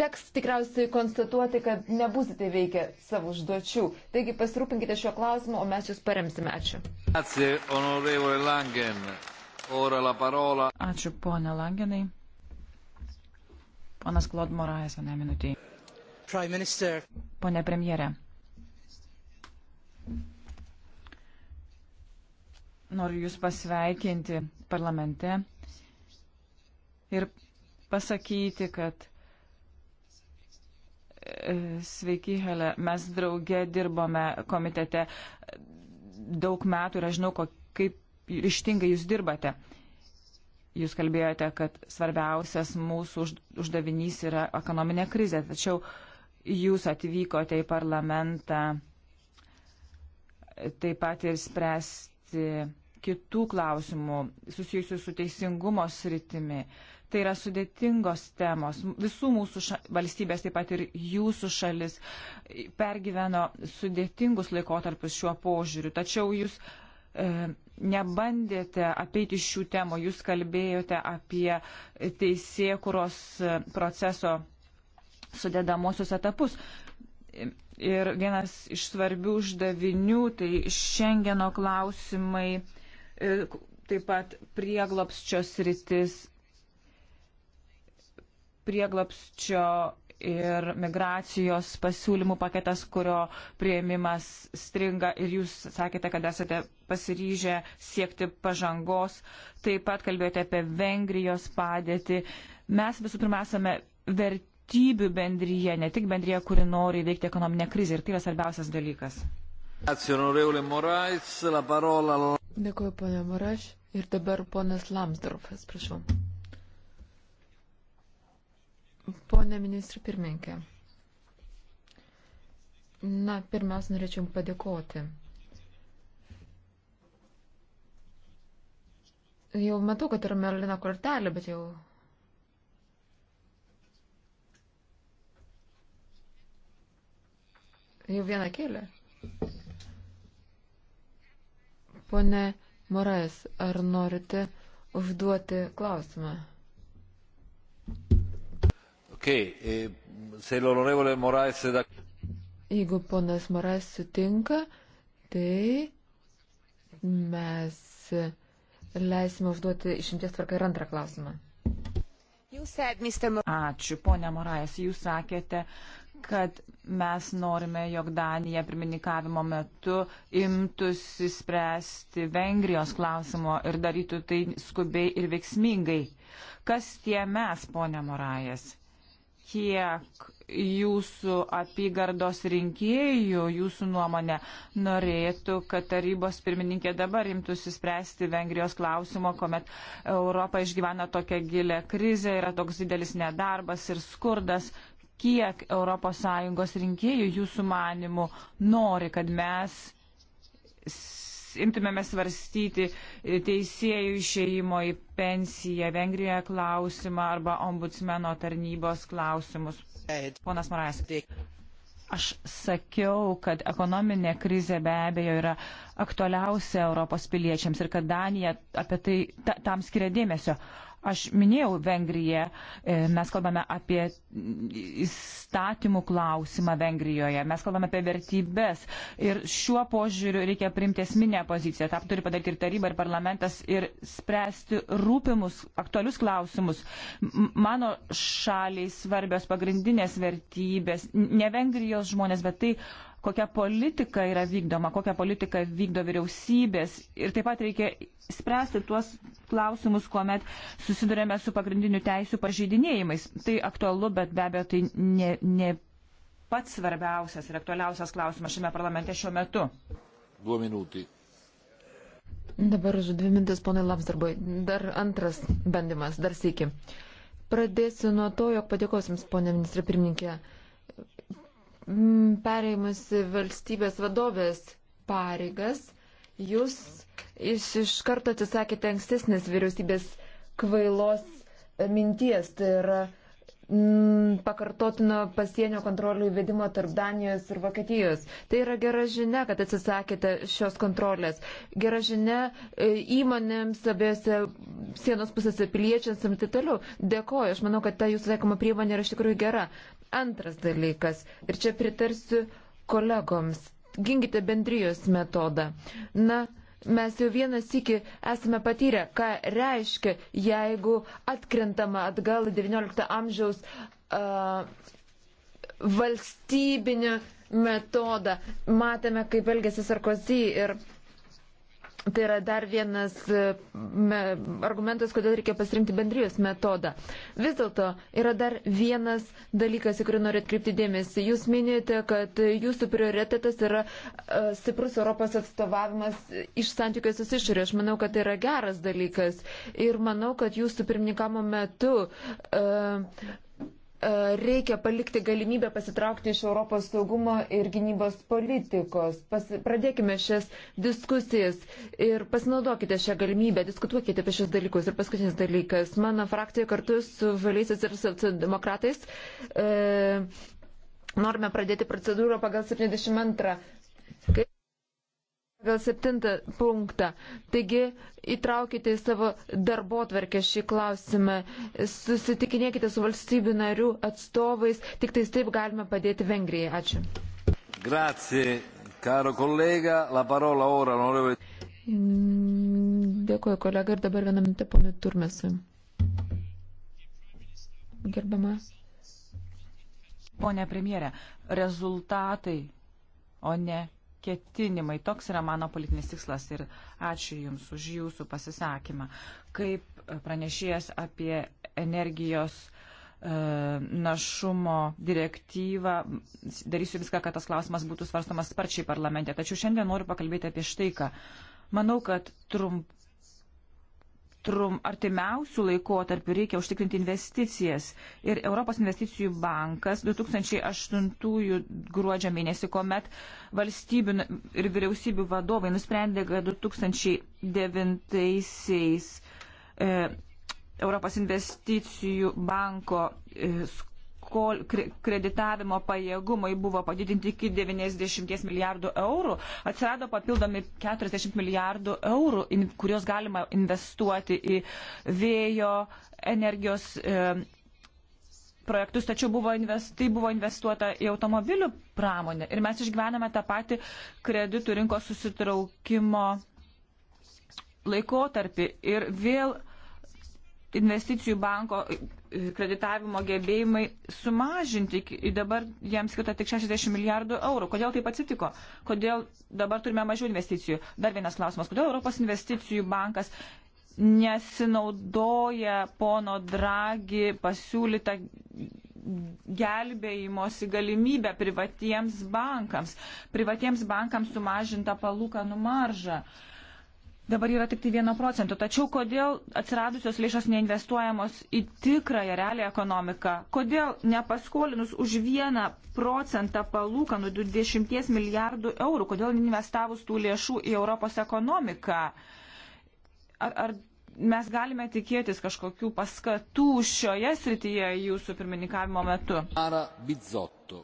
teks tikriausiai konstatuoti, kad nebūsite veikę savo užduočių. Taigi pasirūpinkite šiuo klausimu, o mes jūs paremsime. Ačiū. Ačiū, ponė Langenai. Ponas Klod Morajas, vieną minutį. Pone premjerė. Noriu Jūs pasveikinti parlamente ir pasakyti, kad e, sveiki, Hele, mes drauge dirbome komitete daug metų ir aš žinau, kaip ryštingai Jūs dirbate. Jūs kalbėjote, kad svarbiausias mūsų uždavinys yra ekonominė krizė, tačiau Jūs atvykote į parlamentą taip pat ir spręsti kitų klausimų susijusių su teisingumo sritimi. Tai yra sudėtingos temos. Visų mūsų ša, valstybės, taip pat ir jūsų šalis, pergyveno sudėtingus laikotarpius šiuo požiūriu. Tačiau jūs e, nebandėte apeiti šių temų, jūs kalbėjote apie teisėkuros e, proceso sudėdamosius etapus. Ir vienas iš svarbių uždavinių tai Šengeno klausimai taip pat prieglopščio sritis, prieglopščio ir migracijos pasiūlymų paketas, kurio prieimimas stringa ir jūs sakėte, kad esate pasiryžę siekti pažangos. Taip pat kalbėjote apie Vengrijos padėtį. Mes visų pirma esame vertybių bendryje, ne tik bendryje, kuri nori įveikti ekonominę krizę ir tai yra svarbiausias dalykas. Dėkuoju, ponė Moraš. Ir dabar ponas Lamsdorfas, prašau. Pone ministrų pirmininkė. Na, pirmiausia, norėčiau padėkoti. Jau matau, kad yra Merlina kortelė, bet jau. Jau vieną kėlę. Pone Morais, ar norite užduoti klausimą? Okay. E, Morais... Jeigu ponas Morais sutinka, tai mes leisime užduoti išimties tvarką ir antrą klausimą. Ačiū, ponia Morais, jūs sakėte, kad mes norime, jog Danija pirmininkavimo metu imtųsi spręsti Vengrijos klausimo ir darytų tai skubiai ir veiksmingai. Kas tie mes, ponė Morajas? Kiek jūsų apygardos rinkėjų, jūsų nuomonė, norėtų, kad tarybos pirmininkė dabar imtųsi spręsti Vengrijos klausimo, kuomet Europa išgyvena tokią gilę krizę, yra toks didelis nedarbas ir skurdas kiek ES rinkėjų jūsų manimų nori, kad mes imtumėme svarstyti teisėjų išėjimo į pensiją Vengrijoje klausimą arba ombudsmeno tarnybos klausimus. Ponas Marais. Aš sakiau, kad ekonominė krizė be abejo yra aktualiausia Europos piliečiams ir kad Danija apie tai ta, tam skiria dėmesio. Aš minėjau Vengriją, e, mes kalbame apie įstatymų klausimą Vengrijoje, mes kalbame apie vertybės ir šiuo požiūriu reikia primti esminę poziciją. Ta turi padaryti ir taryba, ir parlamentas ir spręsti rūpimus, aktualius klausimus. Mano šaliai svarbios pagrindinės vertybės, ne Vengrijos žmonės, bet tai kokia politika yra vykdoma, kokią politiką vykdo vyriausybės. Ir taip pat reikia spręsti tuos klausimus, kuomet susidurėme su pagrindinių teisų pažeidinėjimais. Tai aktualu, bet be abejo tai ne, ne pats svarbiausias ir aktualiausias klausimas šiame parlamente šiuo metu. Du minutį. Dabar už dvi mintis, ponai Lapsdarbui. Dar antras bandymas, dar sėki. Pradėsiu nuo to, jog padėkosiu Jums, ponė ministrė pirmininkė. Mm, pereimus valstybės vadovės pareigas, jūs iš, iš karto atsisakėte ankstesnės vyriausybės kvailos minties, tai yra Mm, pakartotino pasienio kontrolių įvedimo tarp Danijos ir Vokietijos. Tai yra gera žinia, kad atsisakėte šios kontrolės. Gera žinia e, įmonėms abiejose sienos pusėse piliečiams ir taip toliau. Dėkoju, aš manau, kad ta jūsų taikoma priemonė yra iš tikrųjų gera. Antras dalykas, ir čia pritarsiu kolegoms, ginkite bendrijos metodą. Na, Mes jau vienas iki esame patyrę, ką reiškia, jeigu atkrentama atgal į XIX amžiaus uh, valstybinį metodą. Matėme, kaip elgėsi Sarkozy ir Tai yra dar vienas e, argumentas, kodėl reikia pasirinkti bendrijos metodą. Vis dėlto yra dar vienas dalykas, į kurį noriu atkreipti dėmesį. Jūs minėjote, kad jūsų prioritetas yra e, stiprus Europos atstovavimas iš santykios su išorė. Aš manau, kad tai yra geras dalykas. Ir manau, kad jūsų pirmininkamo metu. Uh, E, reikia palikti galimybę pasitraukti iš Europos saugumo ir gynybos politikos. Pas, pradėkime šias diskusijas ir pasinaudokite šią galimybę, diskutuokite apie šios dalykus. Ir paskutinis dalykas, mano frakcija kartu su žaliaisiais ir socialdemokratais e, norime pradėti procedūrą pagal 72 Gal septintą punktą. Taigi įtraukite į savo darbo tvarkę šį klausimą, susitikinėkite su valstybių narių atstovais, tik tais taip galime padėti Vengrijai. Ačiū. Grazie, karo kolega, la parola ora, onorevole. Dėkuoju, kolega, ir dabar vieną minutę ponui Turmesui. Gerbama. Pone premjere, rezultatai, o ne ketinimai. Toks yra mano politinis tikslas ir ačiū Jums už Jūsų pasisakymą. Kaip pranešėjas apie energijos e, našumo direktyvą. Darysiu viską, kad tas klausimas būtų svarstamas sparčiai parlamente. Tačiau šiandien noriu pakalbėti apie štai ką. Manau, kad trump, trum, artimiausių laikotarpių reikia užtikrinti investicijas. Ir Europos investicijų bankas 2008 gruodžio mėnesį, kuomet valstybių ir vyriausybių vadovai nusprendė, kad 2009 e, Europos investicijų banko e, kol kreditavimo pajėgumai buvo padidinti iki 90 milijardų eurų, atsirado papildomi 40 milijardų eurų, kuriuos galima investuoti į vėjo energijos e, projektus, tačiau buvo invest, tai buvo investuota į automobilių pramonę. Ir mes išgyvename tą patį kreditų rinkos susitraukimo laikotarpį. Ir vėl investicijų banko kreditavimo gebėjimai sumažinti, dabar jiems skirta tik 60 milijardų eurų. Kodėl taip atsitiko? Kodėl dabar turime mažiau investicijų? Dar vienas klausimas. Kodėl Europos investicijų bankas nesinaudoja pono Dragi pasiūlytą gelbėjimosi galimybę privatiems bankams, privatiems bankams sumažinta palūkanų maržą? Uh, dabar yra tik tai 1 procentų. Tačiau kodėl atsiradusios lėšos neinvestuojamos į tikrąją realią ekonomiką? Kodėl nepaskolinus už 1 procentą palūkanų 20 milijardų eurų, kodėl investavus tų lėšų į Europos ekonomiką? Ar, ar mes galime tikėtis kažkokių paskatų šioje srityje jūsų pirmininkavimo metu? Ara Bizotto.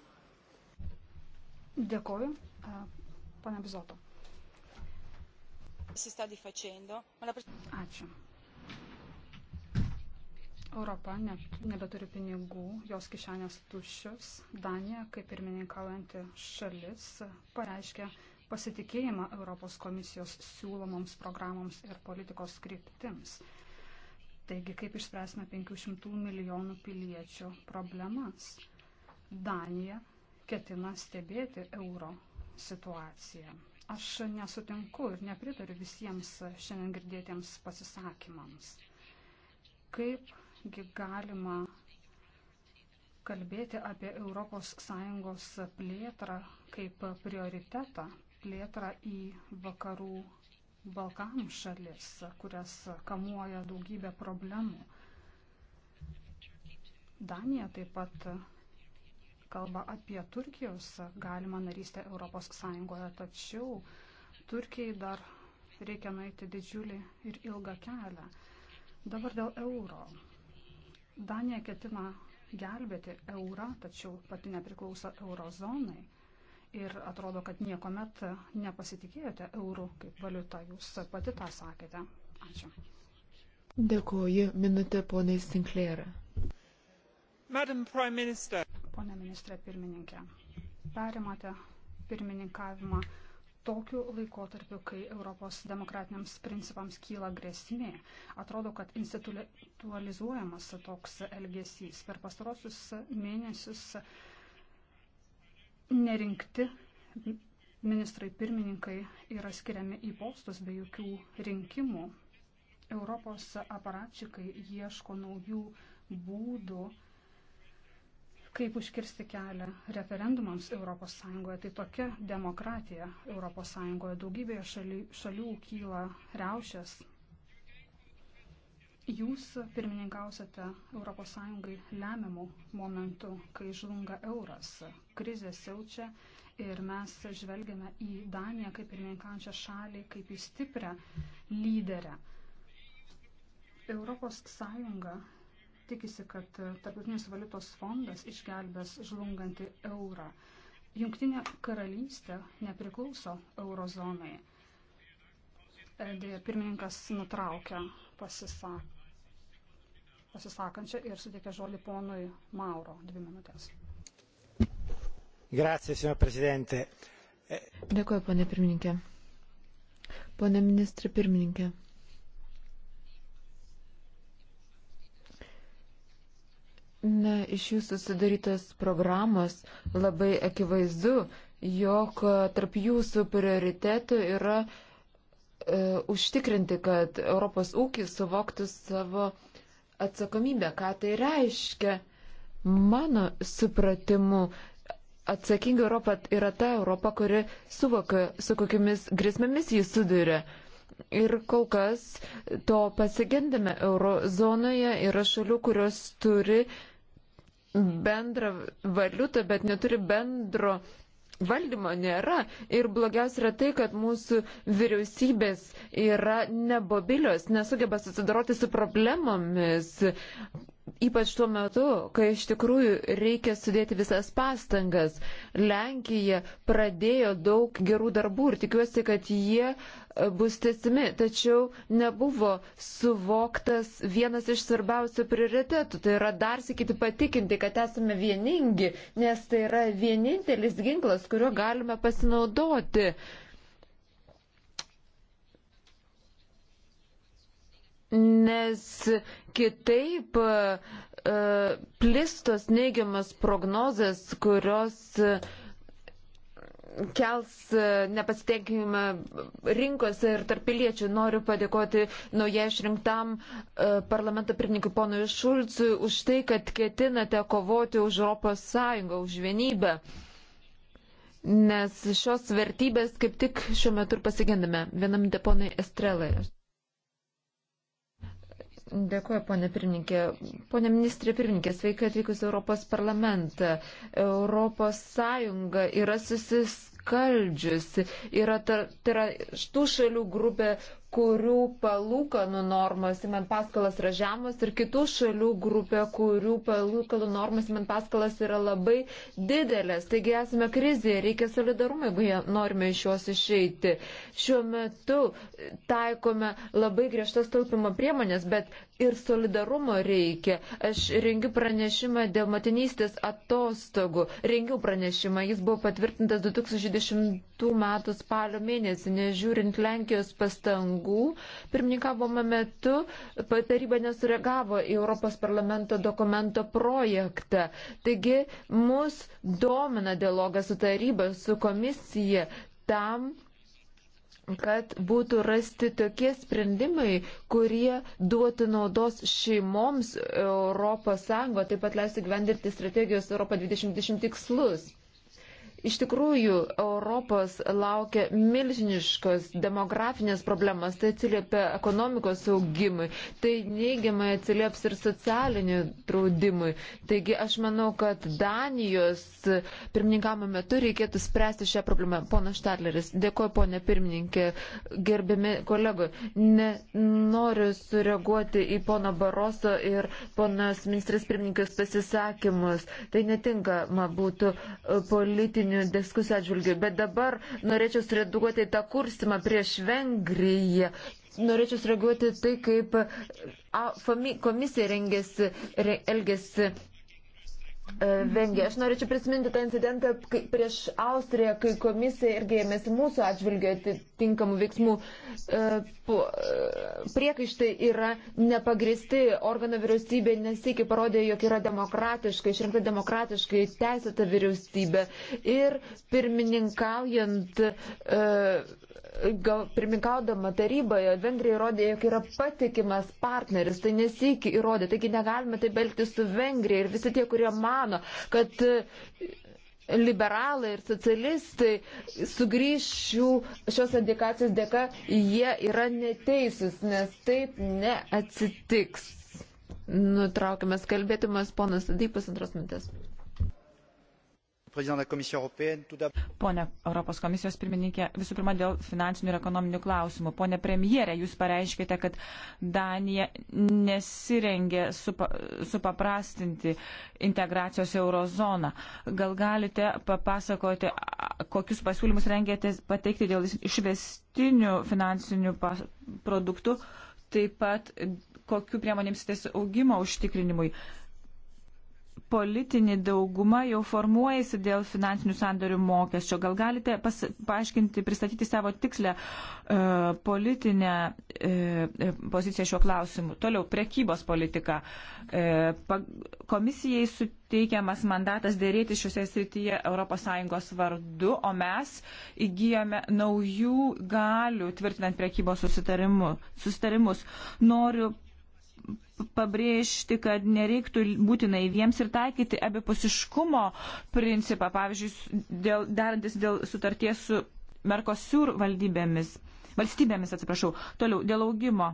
Dėkoju. Pane Bizoto si sta difacendo. Ma la... Ačiū. Europa ne, nebeturi pinigų, jos kišenės tuščios. Danija, kaip pirmininkaujanti šalis, pareiškia pasitikėjimą Europos komisijos siūlomoms programoms ir politikos kryptims. Taigi, kaip išspręsime 500 milijonų piliečių problemas? Danija ketina stebėti euro situaciją. Aš nesutinku ir nepritariu visiems šiandien girdėtiems pasisakymams. Kaipgi galima kalbėti apie ES plėtrą kaip prioritetą, plėtrą į vakarų Balkanų šalis, kurias kamuoja daugybė problemų. Danija taip pat kalba apie Turkijos galimą narystę Europos Sąjungoje, tačiau Turkijai dar reikia nueiti didžiulį ir ilgą kelią. Dabar dėl euro. Danija ketina gelbėti eurą, tačiau pati nepriklauso eurozonai. Ir atrodo, kad niekuomet nepasitikėjote eurų kaip valiuta, jūs pati tą sakėte. Ačiū. Dėkuoju, minutė poniai Sinclairą ponė ministrė pirmininkė. Perimate pirmininkavimą tokiu laikotarpiu, kai Europos demokratiniams principams kyla grėsmė. Atrodo, kad institualizuojamas toks elgesys. Per pastarosius mėnesius nerinkti ministrai pirmininkai yra skiriami į postus be jokių rinkimų. Europos aparatčikai ieško naujų būdų kaip užkirsti kelią referendumams ES. Tai tokia demokratija ES. Daugybėje šalių, šalių kyla reušės. Jūs pirmininkausite ES lemiamų momentų, kai žlunga euras, krizė siaučia ir mes žvelgiame į Daniją kaip pirmininkančią šalį, kaip į stiprią lyderę. ES tikisi, kad Tarptautinis valiutos fondas išgelbės žlungantį eurą. Junktinė karalystė nepriklauso eurozonai. E, dėja, pirmininkas nutraukia pasisa... pasisakančią ir suteikia žodį ponui Mauro dvi minutės. Grazie, signor Presidente. E- Dėkuoju, ponė pirmininkė. Pone ministrė pirmininkė. Na, iš jūsų sudarytos programos labai akivaizdu, jog e, tarp jūsų prioritetų yra e, užtikrinti, kad Europos ūkis suvoktų savo atsakomybę. Ką tai reiškia? Mano supratimu, atsakinga Europa yra ta Europa, kuri suvokia, su kokiamis grėsmėmis jis suduria. Ir kol kas to pasigendame eurozonoje yra šalių, kurios turi uh, Mhm. bendrą valiutą, bet neturi bendro valdymo nėra. Ir blogiausia yra tai, kad mūsų vyriausybės yra nebobilios, nesugeba susidoroti su problemomis. Ypač tuo metu, kai iš tikrųjų reikia sudėti visas pastangas. Lenkija pradėjo daug gerų darbų ir tikiuosi, kad jie e, bus tesimi. Tačiau nebuvo suvoktas vienas iš svarbiausių prioritetų. Tai yra dar sakyti patikinti, kad esame vieningi, nes tai yra vienintelis ginklas, kuriuo galime pasinaudoti. nes kitaip e, plistos neigiamas prognozes, kurios kels e, nepasitenkinimą rinkose ir tarp piliečių. Noriu padėkoti naujai išrinktam e, parlamento pirmininkui ponui Šulcui už tai, kad ketinate kovoti už Europos Sąjungą, už vienybę. Nes šios vertybės kaip tik šiuo metu ir pasigendame. Vienam deponai Estrelai. Dėkuoju, ponė pirmininkė. Pone ministrė pirmininkė, sveika atvykus Europos parlamentą. Europos Sąjunga yra susiskaldžiusi. Yra ta, tai yra tų šalių grupė, kurių palūkanų normos įman paskolas yra žemos ir kitų šalių grupė, kurių palūkanų normos įman paskolas yra labai didelės. Taigi esame krizėje, reikia solidarumą, jeigu norime iš juos išeiti. Šiuo metu taikome labai griežtas taupimo priemonės, bet ir solidarumo reikia. Aš rengiu pranešimą dėl motinystės atostogų. Rengiu pranešimą, jis buvo patvirtintas 2010 m. spalio mėnesį, nežiūrint Lenkijos pastangų spragų. Pirmininkavome metu taryba nesureagavo į Europos parlamento dokumento projektą. Taigi mus domina dialogas su taryba, su komisija tam, kad būtų rasti tokie sprendimai, kurie duotų naudos šeimoms ES, taip pat leisti gyvendinti strategijos Europą 2020 tikslus. Iš tikrųjų, Europos laukia milžiniškos demografinės problemas, tai atsiliepia ekonomikos augimui, tai neigiamai atsilieps ir socialiniu draudimui. Taigi aš manau, kad Danijos pirmininkamo metu reikėtų spręsti šią problemą. Pona Štatleris, dėkoju, ponė pirmininkė, gerbiami kolego. Ne, noriu sureaguoti į pono Baroso ir ponas ministras pirmininkės pasisakymus. Tai netinkama būtų politinė politinių diskusijų atžvilgių, bet dabar norėčiau sureduoti tą kursimą prieš Vengriją. Norėčiau sureaguoti tai, kaip komisija rengėsi, re, elgėsi E, Vengija. Aš norėčiau prisiminti tą incidentą kai, prieš Austriją, kai komisija irgi ėmėsi mūsų atžvilgio atitinkamų veiksmų. E, e, priekaištai yra nepagristi. Organo vyriausybė nesikį parodė, jog yra demokratiškai, išrinkta demokratiškai teisėta vyriausybė. Ir pirmininkaujant. Uh, gal pirmininkaudama taryboje Vengrija įrodė, jog yra patikimas partneris, tai nesikį įrodė, taigi negalime taip elgtis su Vengrija ir visi tie, kurie mano, kad e, liberalai ir socialistai sugrįš šių, šios indikacijos dėka, jie yra neteisūs, nes taip neatsitiks. Nutraukime skalbėtimas ponas Dypas antros mintis. Pone Europos komisijos pirmininkė, visų pirma dėl finansinių ir ekonominių klausimų. Pone premjerė, jūs pareiškite, kad Danija nesirengė supa, supaprastinti integracijos eurozoną. Gal galite papasakoti, kokius pasiūlymus rengėte pateikti dėl išvestinių finansinių produktų, taip pat kokiu priemonėms augimo užtikrinimui politinė dauguma jau formuojasi dėl finansinių sandorių mokesčio. Gal galite pas, paaiškinti, pristatyti savo tikslę e, politinę e, e, poziciją šiuo klausimu. Toliau, prekybos politika. E, pa, komisijai suteikiamas mandatas dėrėti šiuose srityje ES vardu, o mes įgyjame naujų galių tvirtinant prekybos susitarimu, susitarimus. Noriu pabrėžti, kad nereiktų būti naiviems ir taikyti abipusiškumo principą, pavyzdžiui, dėl, darantis dėl sutarties su Merkosiur valdybėmis, valstybėmis, atsiprašau, toliau dėl augimo.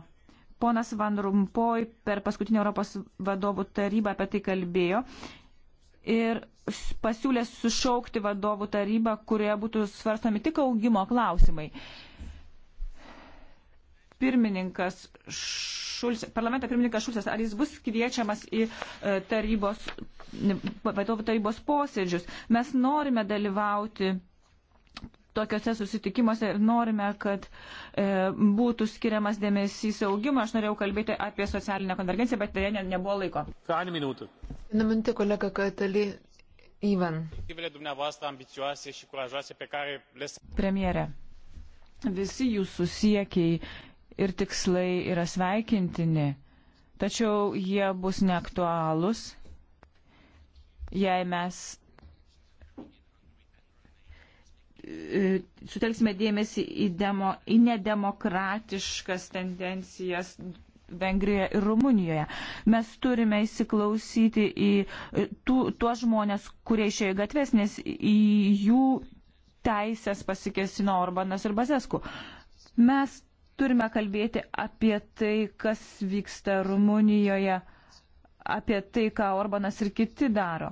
Ponas Van Rumpoj per paskutinį Europos vadovų tarybą apie tai kalbėjo ir pasiūlė sušaukti vadovų tarybą, kurioje būtų svarstami tik augimo klausimai. Uh, pirmininkas Šulcas, parlamento pirmininkas Šulcas, ar jis bus kviečiamas į e, tarybos, vadovų tarybos posėdžius. Mes norime dalyvauti tokiuose susitikimuose ir norime, kad e, būtų skiriamas dėmesys augimą. Aš norėjau kalbėti apie socialinę konvergenciją, bet tai ne, nebuvo laiko. Vieną minutę. Vieną minutę, kolega Katali Ivan. Premjere, visi jūsų siekiai ir tikslai yra sveikintini, tačiau jie bus neaktualūs, jei mes e, sutelksime dėmesį į, demo, į nedemokratiškas tendencijas Vengrijoje ir Rumunijoje. Mes turime įsiklausyti į e, tų, tuos žmonės, kurie išėjo į gatves, nes į jų teisės pasikesino Orbanas ir Bazesku. Mes turime kalbėti apie tai, kas vyksta Rumunijoje, apie tai, ką Orbanas ir kiti daro.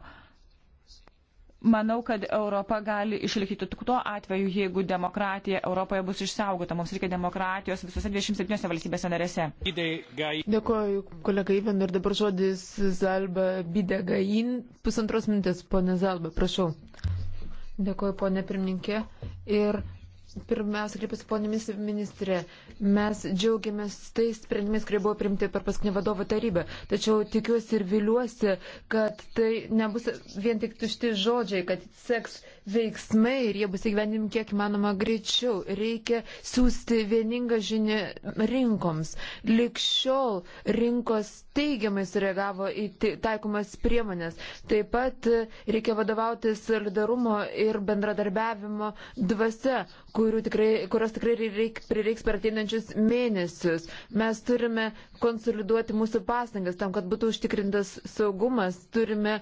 Manau, kad Europa gali išlikti tik tuo atveju, jeigu demokratija Europoje bus išsaugota. Mums reikia demokratijos visose 27 valstybėse narėse. Dėkuoju kolegai Ivan ir dabar žodis Zalba Bidegain. Pusantros minutės, ponė Zalba, prašau. Dėkuoju, ponė pirmininkė. Ir Pirmiausia, kreipiuosi ponimis ministrė, mes džiaugiamės tais sprendimais, kurie buvo primti per paskutinį vadovo tarybą. Tačiau tikiuosi ir viliuosi, kad tai nebus vien tik tušti žodžiai, kad seks veiksmai ir jie bus įgyvendim kiek manoma greičiau. Reikia siūsti vieningą žinią rinkoms. Likščiol rinkos teigiamai sureagavo į taikomas priemonės. Taip pat reikia vadovautis solidarumo ir bendradarbiavimo dvasia, tikrai, kurios tikrai reik, prireiks per ateinančius mėnesius. Mes turime konsoliduoti mūsų pastangas tam, kad būtų užtikrintas saugumas, turime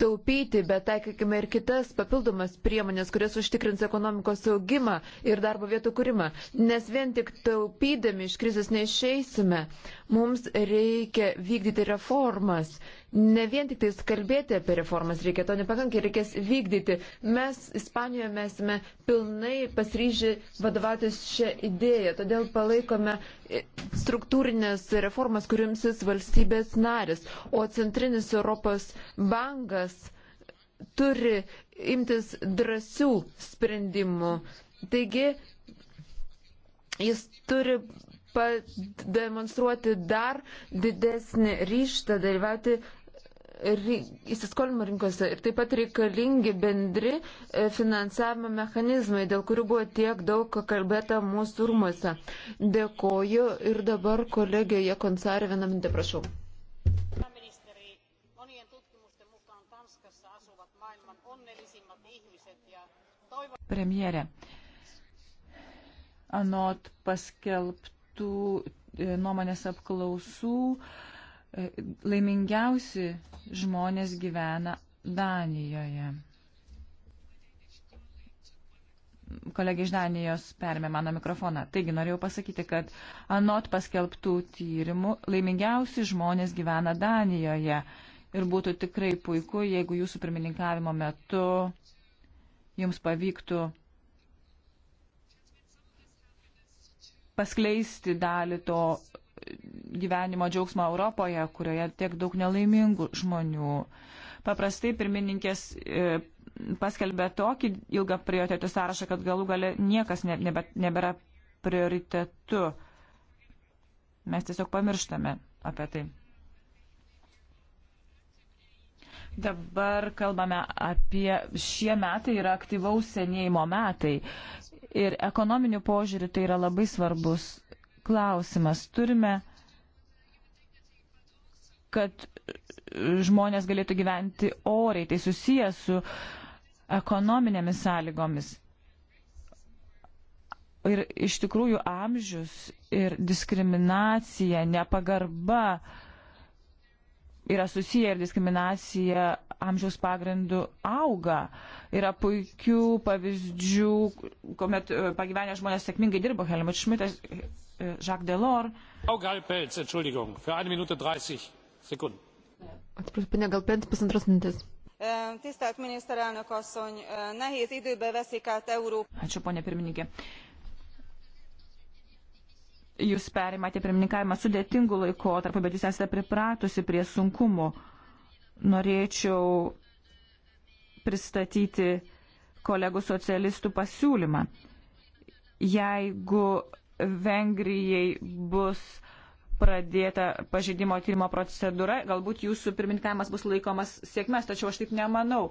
taupyti, bet taikykime ir kitas papildomas priemonės, kurias užtikrins ekonomikos augimą ir darbo vietų kūrimą. Nes vien tik taupydami iš krizės neišeisime. Mums reikia vykdyti reformas ne vien tik tais kalbėti apie reformas reikia, to nepakankai reikės vykdyti. Mes Ispanijoje mesime pilnai pasiryžę vadovautis šią idėją, todėl palaikome struktūrinės reformas, kuriumsis valstybės narės, o Centrinis Europos bankas turi imtis drąsių sprendimų. Taigi, jis turi pademonstruoti dar didesnį ryštą dalyvauti įsiskolinimo rinkose ir taip pat reikalingi bendri e, finansavimo mechanizmai, dėl kurių buvo tiek daug kalbėta mūsų rūmose. Dėkoju ir dabar kolegė Jekonsarė vieną minutę, prašau. Premjerė, anot paskelbtų e, nuomonės apklausų, laimingiausi žmonės gyvena Danijoje. Kolegė iš Danijos permė mano mikrofoną. Taigi norėjau pasakyti, kad anot paskelbtų tyrimų laimingiausi žmonės gyvena Danijoje. Ir būtų tikrai puiku, jeigu jūsų pirmininkavimo metu jums pavyktų paskleisti dalį to gyvenimo džiaugsmo Europoje, kurioje tiek daug nelaimingų žmonių. Paprastai pirmininkės e, paskelbė tokį ilgą prioritetų sąrašą, kad galų gale niekas nebe, nebėra prioritetu. Mes tiesiog pamirštame apie tai. Dabar kalbame apie šie metai yra aktyvaus senėjimo metai. Ir ekonominių požiūrių tai yra labai svarbus klausimas. Turime kad e, žmonės galėtų gyventi oriai, tai susijęs su ekonominėmis sąlygomis. Ir iš tikrųjų amžius ir diskriminacija, nepagarba yra susiję ir diskriminacija amžiaus pagrindų auga. Yra puikių pavyzdžių, kuomet e, pagyvenę žmonės sėkmingai dirbo, Helmut Schmidtas, e, Jacques Delors. Frau Galpelz, entschuldigung, für 1 Minute 30. Sekund. Atsiprašau, ponia, gal bent pusantros minutės. E, tisztelt miniszterelnök asszony, e, nehéz időbe veszik át Európa. Ačiū, ponia pirmininkė. Jūs perimate pirmininkavimą sudėtingų laikotarpių, bet jūs esate pripratusi prie sunkumų. Norėčiau pristatyti kolegų socialistų pasiūlymą. Jeigu Vengrijai bus uh, pradėta pažeidimo tyrimo procedūra, galbūt jūsų pirmininkavimas bus laikomas sėkmės, tačiau aš taip nemanau.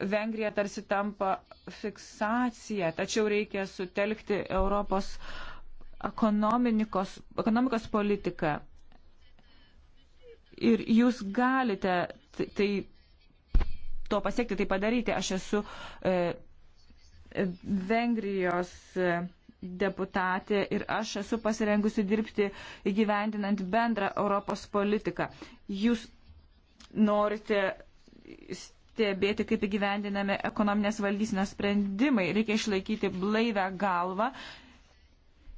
Vengrija tarsi tampa fiksacija, tačiau reikia sutelkti Europos ekonomikos, ekonomikos politiką. Ir jūs galite tai, to pasiekti, tai padaryti. Aš esu e, Vengrijos. E, deputatė ir aš esu pasirengusi dirbti įgyvendinant bendrą Europos politiką. Jūs norite stebėti, kaip įgyvendinami ekonominės valdysinos sprendimai. Reikia išlaikyti blaivę galvą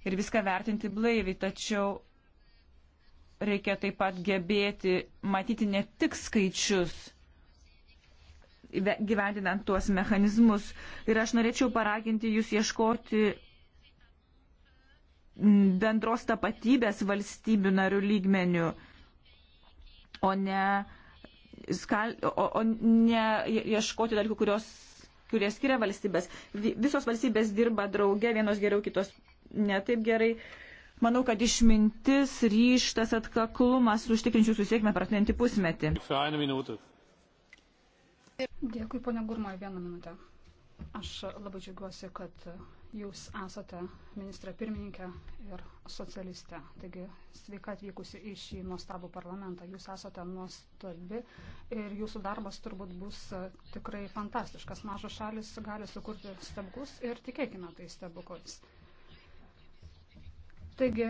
ir viską vertinti blaiviai, tačiau reikia taip pat gebėti matyti ne tik skaičius gyvendinant tuos mechanizmus. Ir aš norėčiau paraginti jūs ieškoti bendros tapatybės valstybių narių lygmenių, o ne, skal, o, o ne ieškoti dalykų, kurios, kurie skiria valstybės. Visos valstybės dirba drauge, vienos geriau, kitos netaip gerai. Manau, kad išmintis, ryštas, atkaklumas užtikrinčių susiekmę per atmintį pusmetį. Dėkui, ponia Gurma, vieną minutę. Aš labai džiaugiuosi, kad Jūs esate ministrė pirmininkė ir socialistė. Taigi sveika atvykusi į šį nuostabų parlamentą. Jūs esate nuostabi ir jūsų darbas turbūt bus e, tikrai fantastiškas. Mažos šalis gali sukurti stebuklus ir tikėkime tai stebuklais. Taigi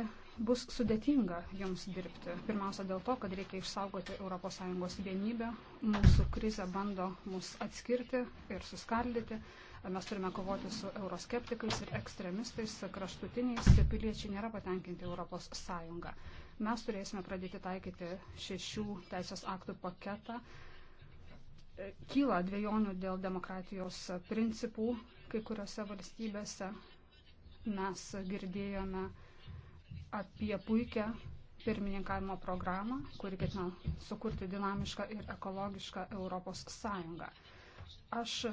bus sudėtinga jums dirbti. Pirmiausia dėl to, kad reikia išsaugoti ES vienybę. Mūsų krize bando mus atskirti ir suskaldyti. Mes turime kovoti su euroskeptikais ir ekstremistais, kraštutiniais. Piliečiai nėra patenkinti Europos Sąjungą. Mes turėsime pradėti taikyti šešių teisės aktų paketą. Kyla dviejonių dėl demokratijos principų kai kuriuose valstybėse. Mes girdėjome apie puikią pirmininkavimo programą, kuri ketina sukurti dinamišką ir ekologišką Europos Sąjungą. Aš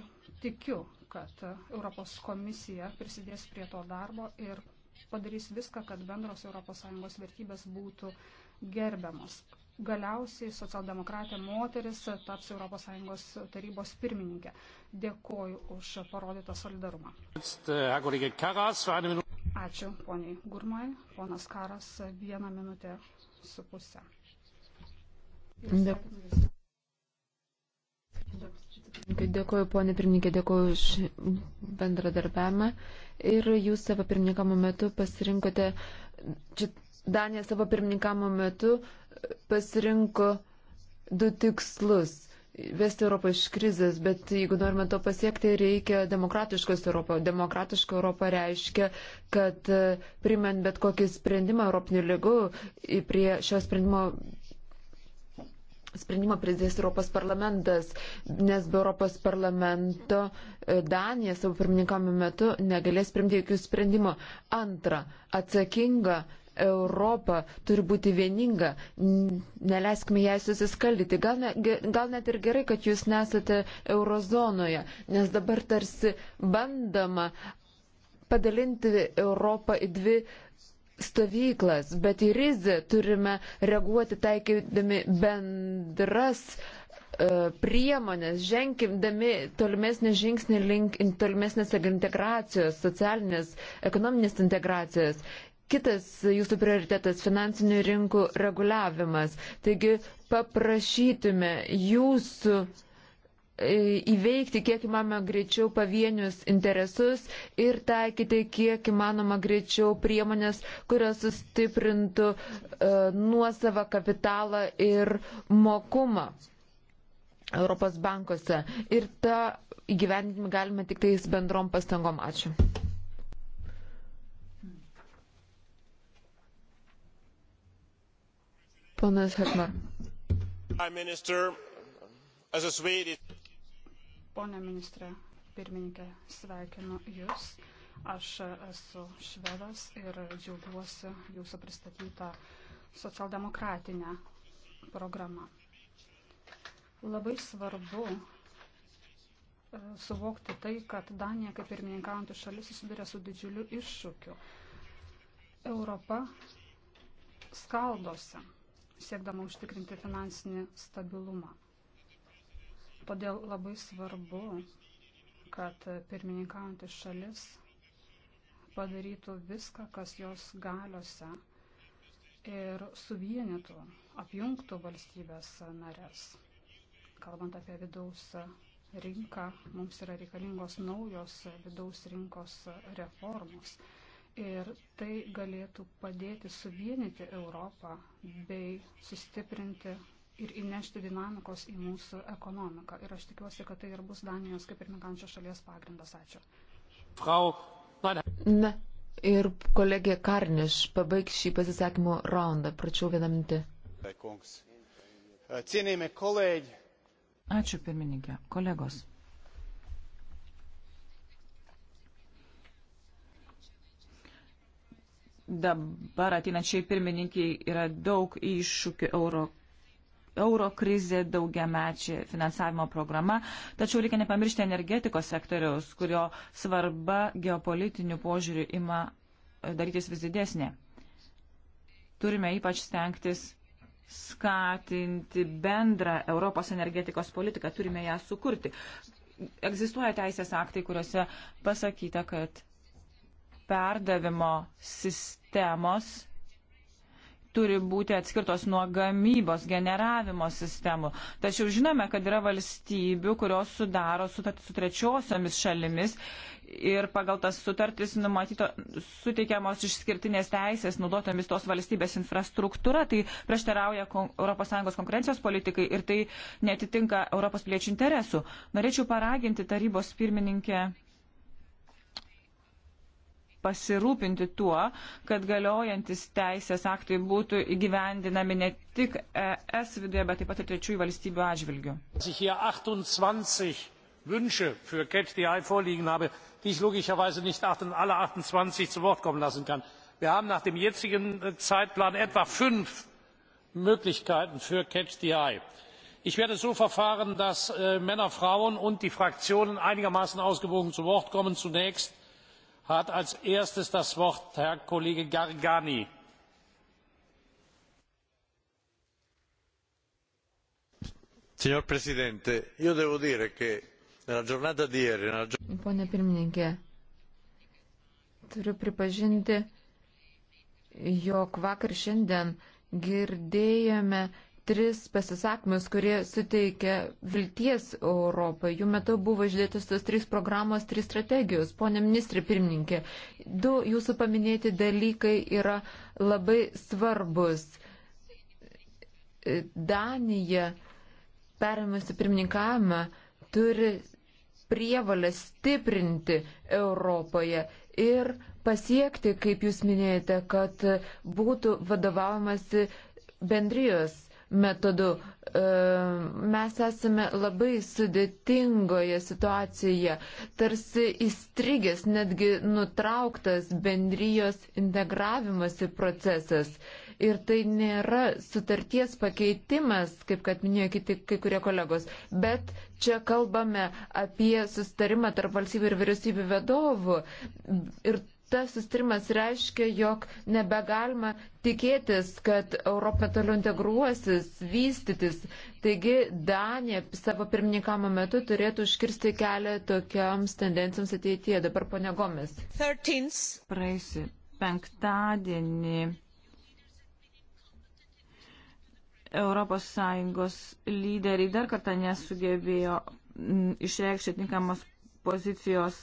tikiu, kad Europos komisija prisidės prie to darbo ir padarys viską, kad bendros ES vertybės būtų gerbiamos. Galiausiai socialdemokratė moteris taps ES tarybos pirmininkė. Dėkoju už parodytą solidarumą. Äh, Ačiū poniai Gurmai, ponas Karas vieną minutę su pusę. Dėkui. Dėkuoju, ponė pirmininkė, dėkuoju už bendradarbiavimą. Ir jūs savo pirmininkamo metu pasirinkote, čia Danija savo pirmininkamo metu pasirinko du tikslus vesti Europą iš krizės, bet jeigu norime to pasiekti, reikia demokratiškos Europos. Demokratiška Europa reiškia, kad e, primant bet kokį sprendimą Europinių lygų, prie šio sprendimo sprendimą pridės Europos parlamentas, nes be Europos parlamento e, Danija savo pirmininkamio metu negalės priimti jokių sprendimų. Antra, atsakinga Europa turi būti vieninga, neleiskime jai susiskaldyti. Gal, ne, gal net ir gerai, kad jūs nesate eurozonoje, nes dabar tarsi bandama padalinti Europą į dvi uh, stovyklas, bet į rizę turime reaguoti taikydami bendras e, priemonės, ženkimdami tolimesnį žingsnį link tolimesnės integracijos, socialinės, ekonominės integracijos. Kitas jūsų prioritetas - finansinių rinkų reguliavimas. Taigi paprašytume jūsų E, įveikti kiek įmanoma greičiau pavienius interesus ir taikyti kiek įmanoma greičiau priemonės, kurios sustiprintų uh, nuosavą kapitalą ir mokumą Europos bankuose. Ir tą įgyvendinimą galime tik tais bendrom pastangom. Ačiū. Ponas Hekmar. Minister, as a Swedish Pone ministrė, pirmininkė, sveikinu Jūs. Aš esu švedas ir džiaugiuosi Jūsų pristatytą socialdemokratinę programą. Labai svarbu e, suvokti tai, kad Danija kaip pirmininkaujantį šalis susiduria su didžiuliu iššūkiu. Europa skaldosi, siekdama užtikrinti finansinį stabilumą. Todėl labai svarbu, kad pirmininkaujantis šalis padarytų viską, kas jos galiuose ir suvienytų, apjungtų valstybės narės. Kalbant apie vidaus rinką, mums yra reikalingos naujos vidaus rinkos reformos. Ir tai galėtų padėti suvienyti Europą bei sustiprinti ir įnešti dinamikos į mūsų ekonomiką. Ir aš tikiuosi, kad tai ir bus Danijos kaip pirmininkančio šalies pagrindas. Ačiū. Frau. Na, ir kolegė Karniš, pabaig šį pasisakymo raundą. Pračiau vieną mintį. Ačiū pirmininkė. Kolegos. Dabar ateinančiai pirmininkiai yra daug iššūkių Euro euro krizė, daugiamečiai finansavimo programa. Tačiau reikia nepamiršti energetikos sektoriaus, kurio svarba geopolitinių požiūrių ima e, darytis vis didesnė. Turime ypač stengtis skatinti bendrą Europos energetikos politiką, turime ją sukurti. Egzistuoja teisės aktai, kuriuose pasakyta, kad perdavimo sistemos turi būti atskirtos nuo gamybos, generavimo sistemų. Tačiau žinome, kad yra valstybių, kurios sudaro sutartį su trečiosiomis šalimis ir pagal tas sutartis numatyto suteikiamos išskirtinės teisės naudotomis tos valstybės infrastruktūra. Tai prieštarauja ES konkurencijos politikai ir tai netitinka ES piliečių interesų. Norėčiau paraginti tarybos pirmininkę pasirūpinti tuo, kad galiojantis teisės aktai būtų įgyvendinami ne tik ES viduje, bet taip pat ir trečiųjų valstybių atžvilgių. Wünsche für Catch the Eye vorliegen habe, die ich logischerweise nicht alle 28 zu Wort kommen lassen kann. Wir haben nach dem jetzigen äh, Zeitplan etwa fünf Möglichkeiten für Catch the Eye ich werde so verfahren dass äh, männer frauen und die fraktionen einigermaßen ausgewogen zu wort kommen. zunächst hat als erstes das wort herr kollege gargani. signor presidente io devo dire che nella giornata di ieri nella Pone pirmininkė, turiu pripažinti, jog vakar šiandien girdėjome tris pasisakymus, kurie suteikia vilties Europai. Jų metu buvo išdėtos tos trys programos, trys strategijos. Pone ministrė pirmininkė, du jūsų paminėti dalykai yra labai svarbus. Danija, perėmusi pirmininkavimą, turi prievalę stiprinti Europoje ir pasiekti, kaip jūs minėjote, kad būtų vadovaujamasi bendrijos metodu. E, mes esame labai sudėtingoje situacijoje, tarsi įstrigęs, netgi nutrauktas bendrijos integravimosi procesas. Ir tai nėra sutarties pakeitimas, kaip kad minėjo kiti kai kurie kolegos, bet čia kalbame apie sustarimą tarp valstybių ir vyriausybių vadovų. Ir tas sustrimas reiškia, jog nebegalima tikėtis, kad Europa toliau integruosis, vystytis. Taigi Danija savo pirmininkamo metu turėtų užkirsti kelią tokiams tendencijams ateityje. Dabar ponia Gomis. 13. Praėjusi penktadienį. ES lyderiai dar kartą nesugebėjo mm, išreikšti tinkamos pozicijos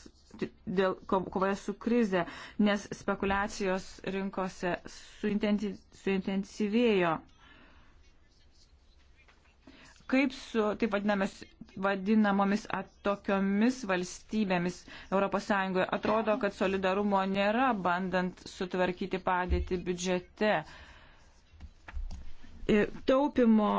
dėl kovoje su krize, nes spekulacijos rinkose suintensyvėjo. Kaip su taip vadinamomis atokiomis valstybėmis ES atrodo, kad solidarumo nėra, bandant sutvarkyti padėtį biudžete. Taupimo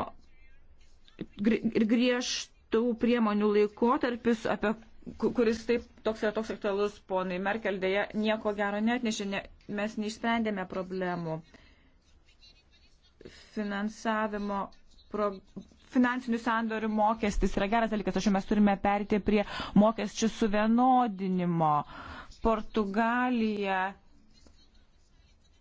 ir griežtų priemonių laikotarpis, apie kuris taip toks yra toks aktualus ponai Merkel, dėja nieko gero netnešė, ne, mes neišsprendėme problemų. Finansavimo, pro, finansinių sandorių mokestis yra geras dalykas, tačiau mes turime perėti prie mokesčių suvienodinimo. Portugalija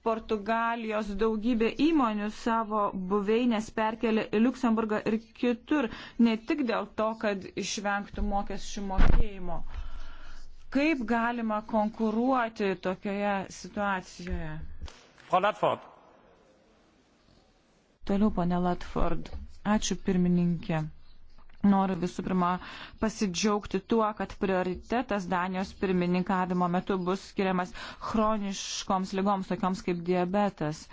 Portugalijos daugybė įmonių savo buveinės perkelė į Luksemburgą ir kitur, ne tik dėl to, kad išvengtų mokesčių mokėjimo. Kaip galima konkuruoti tokioje situacijoje? Frau Latford. Toliau, ponė Latford. Ačiū pirmininkė. Noriu visų pirma pasidžiaugti tuo, kad prioritetas Danijos pirmininkavimo metu bus skiriamas chroniškoms lygoms, tokioms kaip diabetas.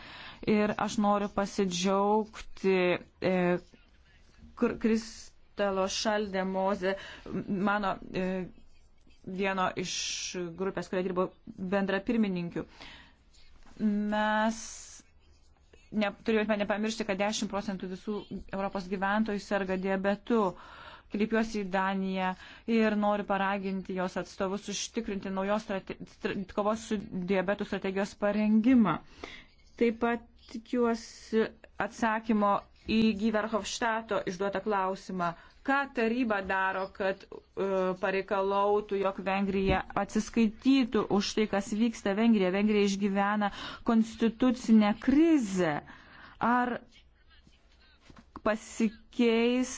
Ir aš noriu pasidžiaugti e, Kristalo Šaldemoze, mano e, vieno iš grupės, kurioje dirbo bendra pirmininkių. Mes ne, turėtume nepamiršti, kad 10 procentų visų Europos gyventojų serga diabetu. Kreipiuosi į Daniją ir noriu paraginti jos atstovus užtikrinti naujos strate, kovos su diabetu strategijos parengimą. Taip pat tikiuosi atsakymo į Gyverhofštato išduotą klausimą, Ką taryba daro, kad uh, pareikalautų, jog Vengrija atsiskaitytų už tai, kas vyksta Vengrija? Vengrija išgyvena konstitucinę krizę. Ar pasikeis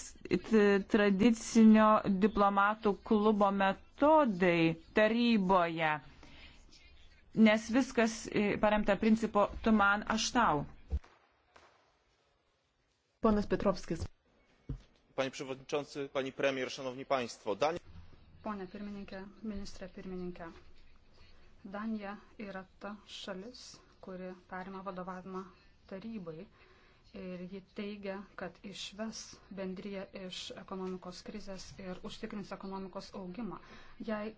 tradicinio diplomatų klubo metodai taryboje? Nes viskas e, paremta principo tu man, aš tau. Ponas Petrovskis panie przewodniczący pani premier szanowni państwo! danija pone pirmininke ministre pirmininke danija yra ta šalis kuri perima vadovavimą tarybai ir ji teigia kad išves bendriją iš ekonomikos krizės ir užtikrins ekonomikos augimą jai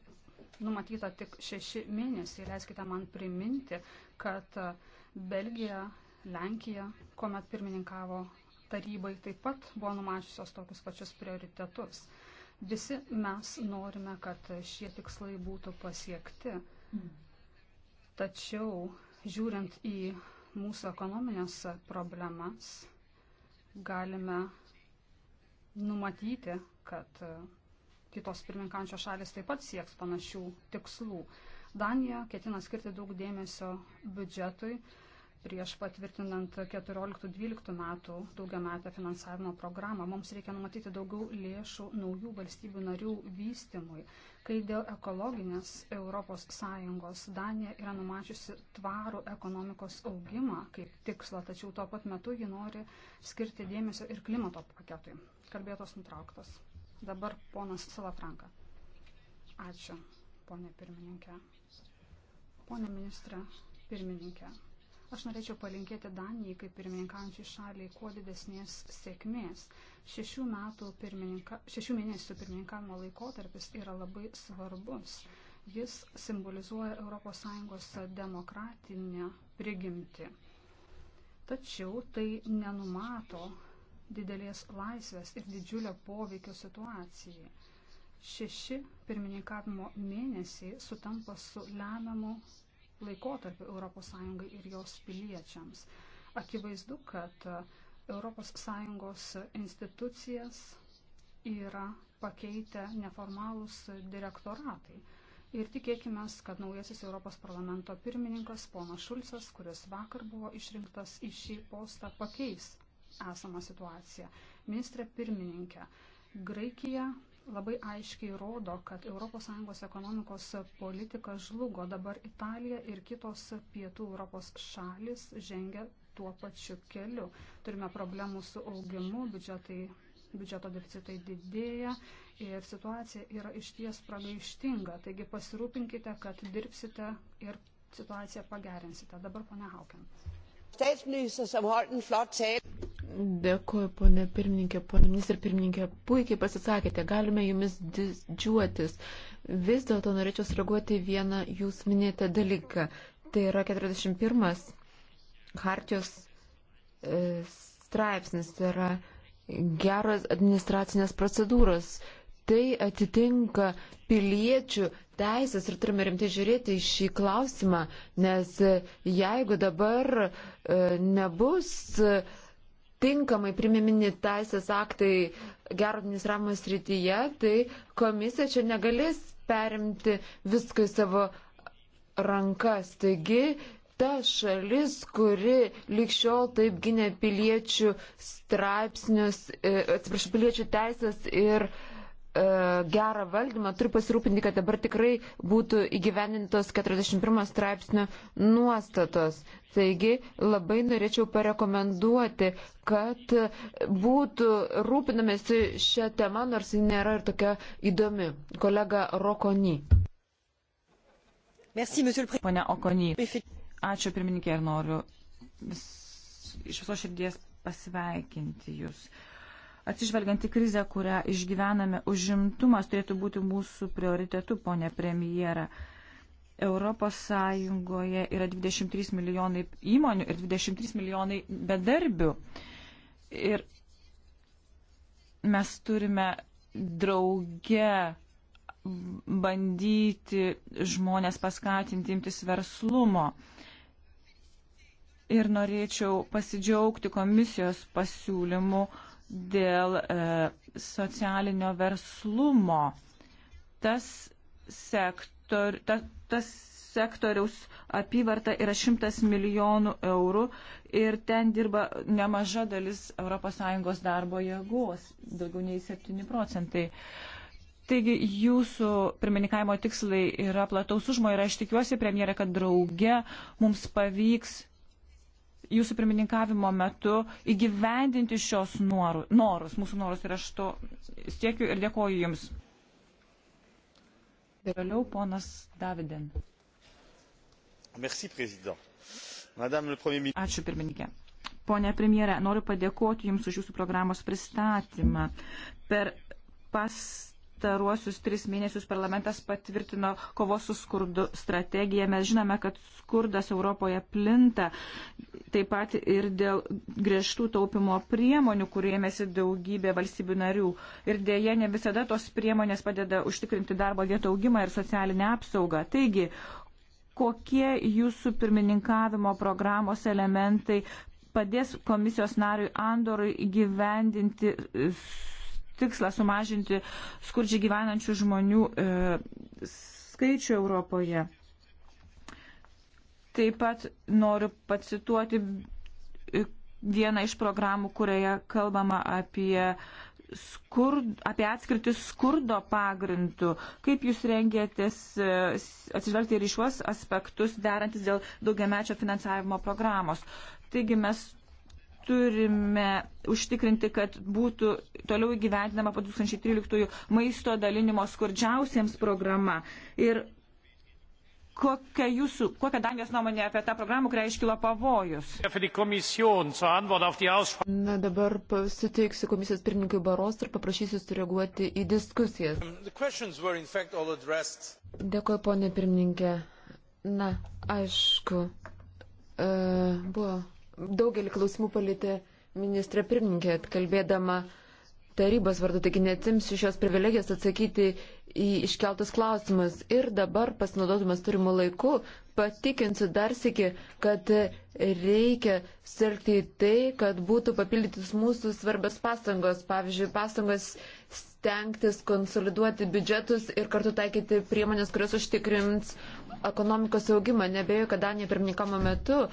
numatyta tik šeši mėnesiai leiskite man priminti kad belgija lenkija kuomet pirmininkavo tarybai taip pat buvo numačiusios tokius pačius prioritetus. Visi mes norime, kad šie tikslai būtų pasiekti. Tačiau, žiūrint į mūsų ekonominės problemas, galime numatyti, kad kitos pirmininkančios šalis taip pat sieks panašių tikslų. Danija ketina skirti daug dėmesio biudžetui, prieš patvirtinant 14-12 metų daugiametę finansavimo programą. Mums reikia numatyti daugiau lėšų naujų valstybių narių vystimui. Kai dėl ekologinės ES Danija yra numačiusi tvarų ekonomikos augimą kaip tikslą, tačiau tuo pat metu ji nori skirti dėmesio ir klimato paketui. Kalbėtos nutrauktos. Dabar ponas Salafranka. Ačiū, ponė pirmininkė. Pone ministrė, pirmininkė. Aš norėčiau palinkėti Danijai kaip pirmininkaujančiai šaliai kuo didesnės sėkmės. Šešių, pirmininka, šešių mėnesių pirmininkavimo laikotarpis yra labai svarbus. Jis simbolizuoja ES demokratinę prigimti. Tačiau tai nenumato didelės laisvės ir didžiulio poveikio situacijai. Šeši pirmininkavimo mėnesiai sutampa su lemiamu laikotarpį ES ir jos piliečiams. Akivaizdu, kad ES institucijas yra pakeitę neformalūs direktoratai. Ir tikėkime, kad naujasis Europos parlamento pirmininkas ponas Šulcas, kuris vakar buvo išrinktas į šį postą, pakeis esamą situaciją. Ministrė pirmininkė, Graikija labai aiškiai rodo, kad ES ekonomikos politika žlugo. Dabar Italija ir kitos pietų Europos šalis žengia tuo pačiu keliu. Turime problemų su augimu, biudžetai, biudžeto deficitai didėja ir situacija yra išties pragaištinga. Taigi pasirūpinkite, kad dirbsite ir situaciją pagerinsite. Dabar, ponia Haukiant. Dėkuoju, ponė pirmininkė, ponė ministrė pirmininkė, puikiai pasisakėte, galime jumis didžiuotis. Vis dėlto norėčiau sureaguoti vieną jūs minėtą dalyką. Tai yra 41 hartijos e, straipsnis, tai yra geros administracinės procedūros. Tai atitinka piliečių teisės ir turime rimtai žiūrėti į šį klausimą, nes e, jeigu dabar e, nebus e, tinkamai primimini teisės aktai gero administravimo srityje, tai komisija čia negalės perimti viską į savo rankas. Taigi, ta šalis, kuri likščiol taip gynė piliečių straipsnius, atsiprašau, piliečių teisės ir uh, E, gerą valdymą, turi pasirūpinti, kad dabar tikrai būtų įgyvenintos 41 straipsnio nuostatos. Taigi labai norėčiau parekomenduoti, kad būtų rūpinamėsi šią temą, nors ji nėra ir tokia įdomi. Kolega Rokony. Pane Okony. Ačiū pirmininkė ir noriu vis, iš viso širdies pasveikinti jūs. Uh, Atsižvelgiant į krizę, kurią išgyvename, užimtumas turėtų būti mūsų prioritetu, ponė premjera. Europos Sąjungoje yra 23 milijonai įmonių ir 23 milijonai bedarbių. Ir mes turime drauge bandyti žmonės paskatinti imtis verslumo. Ir norėčiau pasidžiaugti komisijos pasiūlymu uh, dėl e, socialinio verslumo. Tas, sektor, ta, tas sektoriaus apyvarta yra 100 milijonų eurų ir ten dirba nemaža dalis ES darbo jėgos, daugiau nei 7 procentai. Taigi jūsų pirmininkavimo tikslai yra plataus užmo ir aš tikiuosi, premjerė, kad drauge mums pavyks jūsų pirmininkavimo metu įgyvendinti šios norų, norus, mūsų norus ir aš to siekiu ir dėkoju Jums. Vėliau ponas Daviden. Merci, prezident. Madame le Premier ministre. Ačiū pirmininkė. Pone premjera, noriu padėkoti Jums už Jūsų programos pristatymą. Per pas pastaruosius tris mėnesius parlamentas patvirtino kovos su skurdu strategiją. Mes žinome, kad skurdas Europoje plinta taip pat ir dėl griežtų taupimo priemonių, kuriėmėsi daugybė valstybių narių. Ir dėje ne visada tos priemonės padeda užtikrinti darbo vietų augimą ir socialinę apsaugą. Taigi, kokie jūsų pirmininkavimo programos elementai padės komisijos nariui Andorui gyvendinti tikslą sumažinti skurdžiai gyvenančių žmonių e, skaičių Europoje. Taip pat noriu pacituoti e, vieną iš programų, kurioje kalbama apie, skurd, apie atskirtį skurdo pagrindų. Kaip jūs rengėtės e, atsižvelgti ir iš juos aspektus, derantis dėl daugiamečio finansavimo programos? Taigi mes turime užtikrinti, kad būtų toliau įgyventinama po 2013 maisto dalinimo skurdžiausiems programa. Ir kokia jūsų, kokia Danijos nuomonė apie tą programą, kurią iškilo pavojus? Na dabar suteiksiu komisijos pirmininkui Baros ir paprašysiu sureaguoti į diskusijas. Um, Dėkuoju, ponė pirmininkė. Na, aišku, e, buvo daugelį klausimų palėtė ministrė pirmininkė, kalbėdama tarybos vardu, taigi netimsiu šios privilegijos atsakyti į iškeltus klausimus. Ir dabar, pasinaudodamas turimu laiku, patikinsiu dar sėki, kad reikia sirgti į tai, kad būtų papildytis mūsų svarbios pastangos, pavyzdžiui, pastangos stengtis konsoliduoti biudžetus ir kartu taikyti priemonės, kurios užtikrins ekonomikos augimą. Nebejoju, kad Danija pirmininkamo metu e,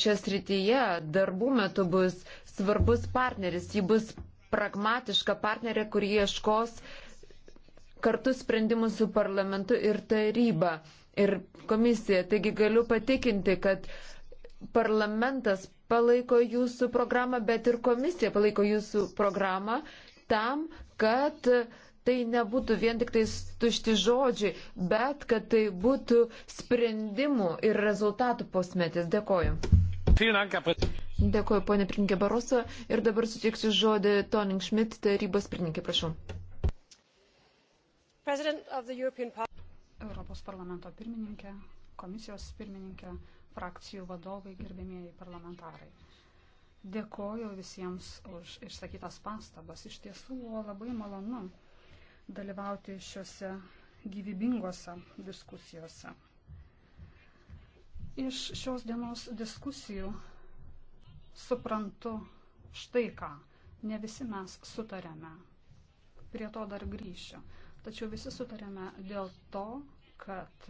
šias rytyje darbų metu bus svarbus partneris. Ji bus pragmatiška partnerė, kuri ieškos kartu sprendimų su parlamentu ir taryba ir komisija. Taigi galiu patikinti, kad parlamentas palaiko jūsų programą, bet ir komisija palaiko jūsų programą tam, kad tai nebūtų vien tik tai tušti žodžiai, bet kad tai būtų sprendimų ir rezultatų posmetis. Dėkoju. Dėkoju, ponė Prinkė Baroso. Ir dabar suteiksiu žodį Toning Schmidt, tarybos Prinkė, prašau. European... Europos parlamento pirmininkė, komisijos pirmininkė, frakcijų vadovai, gerbėmieji parlamentarai. Dėkoju visiems už išsakytas pastabas. Iš tiesų buvo labai malonu dalyvauti šiuose gyvybingose diskusijose. Iš šios dienos diskusijų suprantu štai ką. Ne visi mes sutarėme. Prie to dar grįšiu. Tačiau visi sutarėme dėl to, kad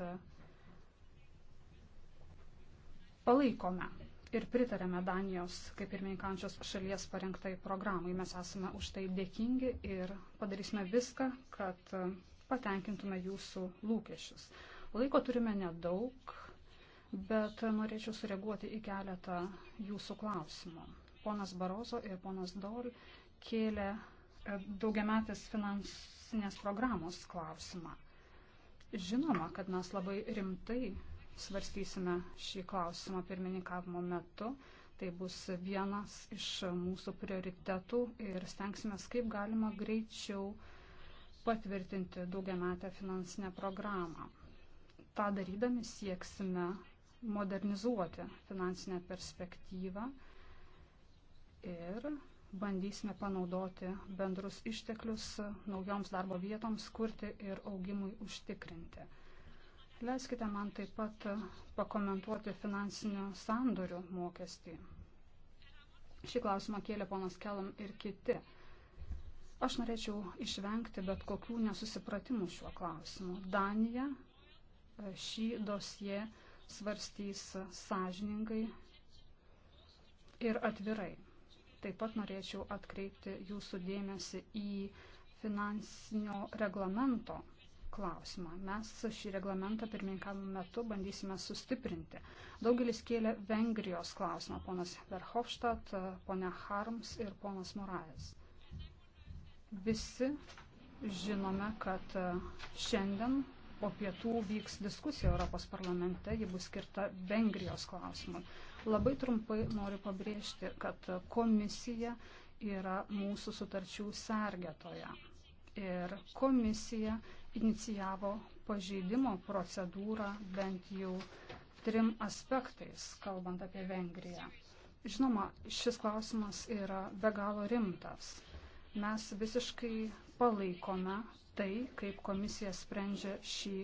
palaikome ir pritarėme Danijos kaip pirmininkančios šalies parengtai programai. Mes esame už tai dėkingi ir padarysime viską, kad patenkintume jūsų lūkesčius. Laiko turime nedaug, bet norėčiau sureaguoti į keletą jūsų klausimų. Ponas Barozo ir ponas Dol kėlė e, daugiametės finansinės programos klausimą. Žinoma, kad mes labai rimtai svarstysime šį klausimą pirmininkavimo metu. Tai bus vienas iš mūsų prioritetų ir stengsime, kaip galima greičiau patvirtinti daugiametę finansinę programą. Ta darydami sieksime modernizuoti finansinę perspektyvą ir bandysime panaudoti bendrus išteklius naujoms darbo vietoms kurti ir augimui užtikrinti. Leiskite man taip pat pakomentuoti finansinių sandorių mokestį. Šį klausimą kėlė ponas Kelam ir kiti. Aš norėčiau išvengti bet kokių nesusipratimų šiuo klausimu. Danija e, šį dosiją svarstys sąžiningai ir atvirai. Taip pat norėčiau atkreipti jūsų dėmesį į finansinio reglamento klausimą. Mes šį reglamentą pirmininkavimo metu bandysime sustiprinti. Daugelis kėlė Vengrijos klausimą, ponas Verhofstadt, ponia Harms ir ponas Moraes. Visi žinome, kad šiandien po pietų vyks diskusija Europos parlamente, ji bus skirta Vengrijos klausimui. Labai trumpai noriu pabrėžti, kad komisija yra mūsų sutarčių sergėtoja. Ir komisija inicijavo pažeidimo procedūrą bent jau trim aspektais, kalbant apie Vengriją. Žinoma, šis klausimas yra be galo rimtas. Mes visiškai palaikome tai, kaip komisija sprendžia šį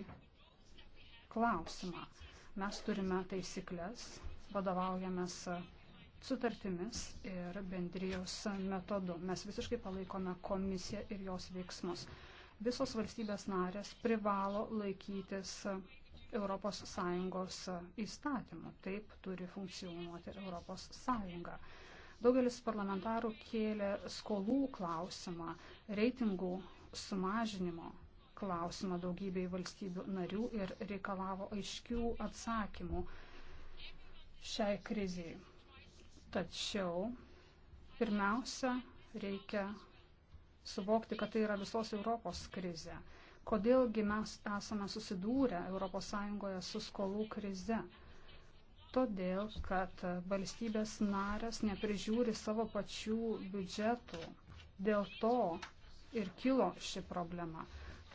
klausimą. Mes turime taisyklės, vadovaujamės sutartimis ir bendrijos metodu. Mes visiškai palaikome komisiją ir jos veiksmus visos valstybės narės privalo laikytis ES įstatymų. Taip turi funkcionuoti ES. Daugelis parlamentarų kėlė skolų klausimą, reitingų sumažinimo klausimą daugybei valstybių narių ir reikalavo aiškių atsakymų šiai kriziai. Tačiau pirmiausia, reikia suvokti, kad tai yra visos Europos krize. Kodėlgi mes esame susidūrę ES su skolų krize? Todėl, kad valstybės narės neprižiūri savo pačių biudžetų. Dėl to ir kilo ši problema.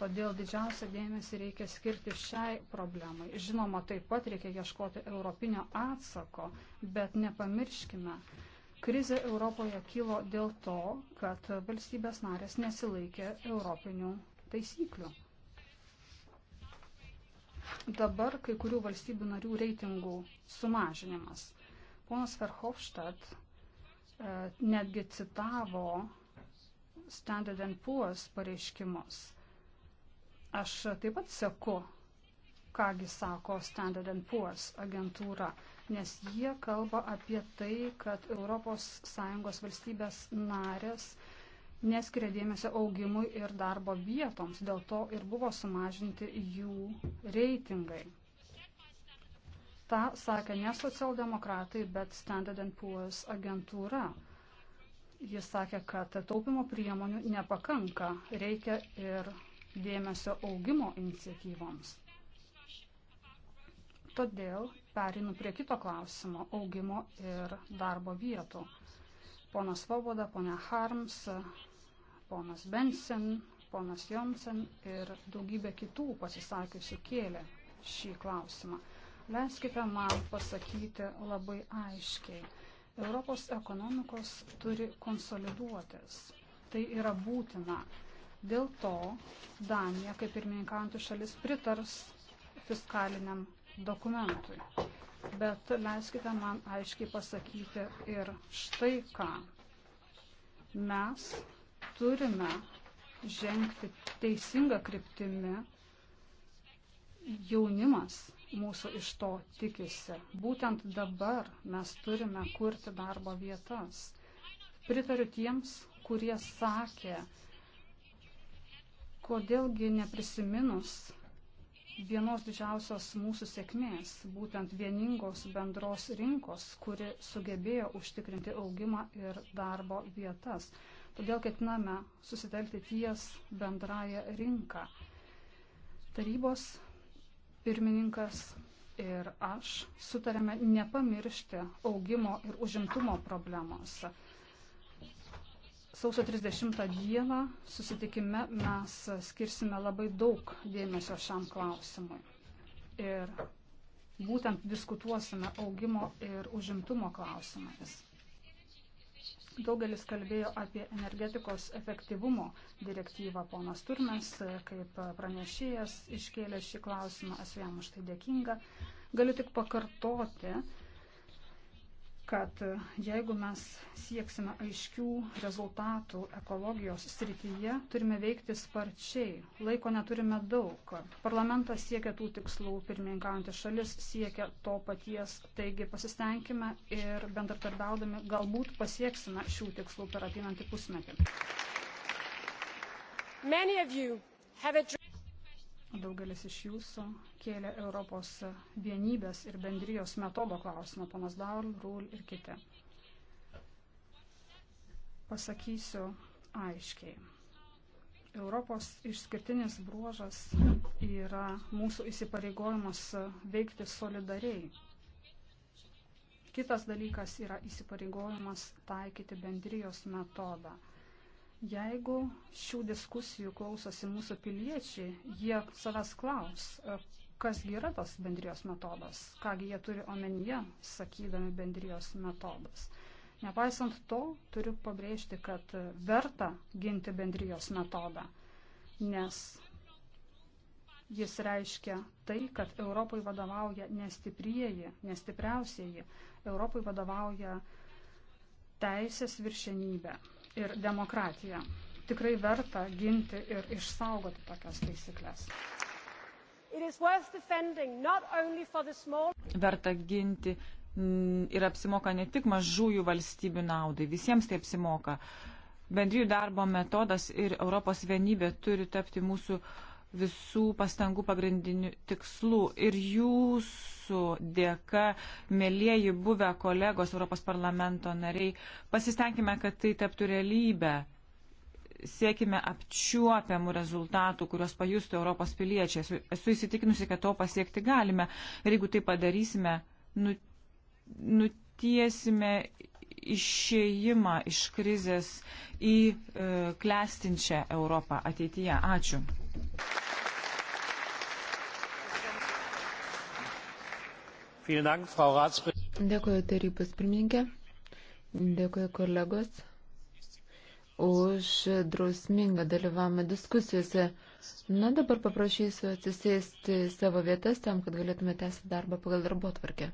Todėl didžiausią dėmesį reikia skirti šiai problemai. Žinoma, taip pat reikia ieškoti europinio atsako, bet nepamirškime, Krize Europoje kilo dėl to, kad valstybės narės nesilaikė europinių taisyklių. Dabar kai kurių valstybių narių reitingų sumažinimas. Ponas Verhofstadt e, netgi citavo Standard Poor's pareiškimus. Aš taip pat seku kągi sako Standard Poor's agentūra, nes jie kalba apie tai, kad ES valstybės narės neskiria dėmesio augimui ir darbo vietoms, dėl to ir buvo sumažinti jų reitingai. Ta sakė ne socialdemokratai, bet Standard Poor's agentūra. Jis sakė, kad taupimo priemonių nepakanka, reikia ir dėmesio augimo iniciatyvoms. Todėl perinu prie kito klausimo - augimo ir darbo vietų. Ponas Voboda, ponia Harms, ponas Bensin, ponas Jonsen ir daugybė kitų pasisakiusių kėlė šį klausimą. Leiskite man pasakyti labai aiškiai. Europos ekonomikos turi konsoliduotis. Tai yra būtina. Dėl to Danija, kaip pirmininkantų šalis, pritars fiskaliniam dokumentui. Bet leiskite man aiškiai pasakyti ir štai ką. Mes turime žengti teisingą kryptimį. Jaunimas mūsų iš to tikisi. Būtent dabar mes turime kurti darbo vietas. Pritariu tiems, kurie sakė, kodėlgi neprisiminus vienos didžiausios mūsų sėkmės, būtent vieningos bendros rinkos, kuri sugebėjo užtikrinti augimą ir darbo vietas. Todėl ketiname susitelkti ties bendrąją rinką. Tarybos pirmininkas ir aš sutarėme nepamiršti augimo ir užimtumo problemos. Sausio 30 dieną susitikime mes skirsime labai daug dėmesio šiam klausimui. Ir būtent diskutuosime augimo ir užimtumo klausimais. Daugelis kalbėjo apie energetikos efektyvumo direktyvą. Ponas Turmes, kaip pranešėjas, iškėlė šį klausimą, esu jam už tai dėkinga. Galiu tik pakartoti, kad e, jeigu mes sieksime aiškių rezultatų ekologijos srityje, turime veikti sparčiai. Laiko neturime daug. Parlamentas siekia tų tikslų, pirmininkaujantys šalis siekia to paties. Taigi pasistengime ir bendratarbiaudami galbūt pasieksime šių tikslų per ateinantį pusmetį. Daugelis iš jūsų kėlė Europos vienybės ir bendrijos metodo klausimą, panas Darl, Rūl ir kiti. Pasakysiu aiškiai. Europos išskirtinis bruožas yra mūsų įsipareigojimas veikti solidariai. Kitas dalykas yra įsipareigojimas taikyti bendrijos metodą. Jeigu šių diskusijų klausosi mūsų piliečiai, jie savęs klaus, e, kasgi yra tas bendrijos metodas, kągi jie turi omenyje, sakydami bendrijos metodas. Nepaisant to, turiu pabrėžti, kad verta ginti bendrijos metodą, nes jis reiškia tai, kad Europai vadovauja nestiprieji, nestipriausieji, Europai vadovauja teisės viršenybė ir demokratiją. Tikrai verta ginti ir išsaugoti tokias taisyklės. Small... Verta ginti mm, ir apsimoka ne tik mažųjų valstybių naudai, visiems tai apsimoka. Bendrijų darbo metodas ir Europos vienybė turi tapti mūsų uh, visų pastangų pagrindinių tikslų. Ir jūsų dėka, mėlyjeji buvę kolegos Europos parlamento nariai, pasistengime, kad tai taptų realybę. Siekime apčiuopiamų rezultatų, kuriuos pajustų Europos piliečiai. Esu, esu įsitikinusi, kad to pasiekti galime. Ir jeigu tai padarysime, nu, nutiesime išėjimą iš krizės į e, klestinčią Europą ateityje. Ačiū. Dėkuoju tarybos pirmininkė, dėkuoju kolegos už drausmingą dalyvavimą diskusijose. Na, dabar paprašysiu atsisėsti savo vietas tam, kad galėtume tęsti darbą pagal darbo tvarkę.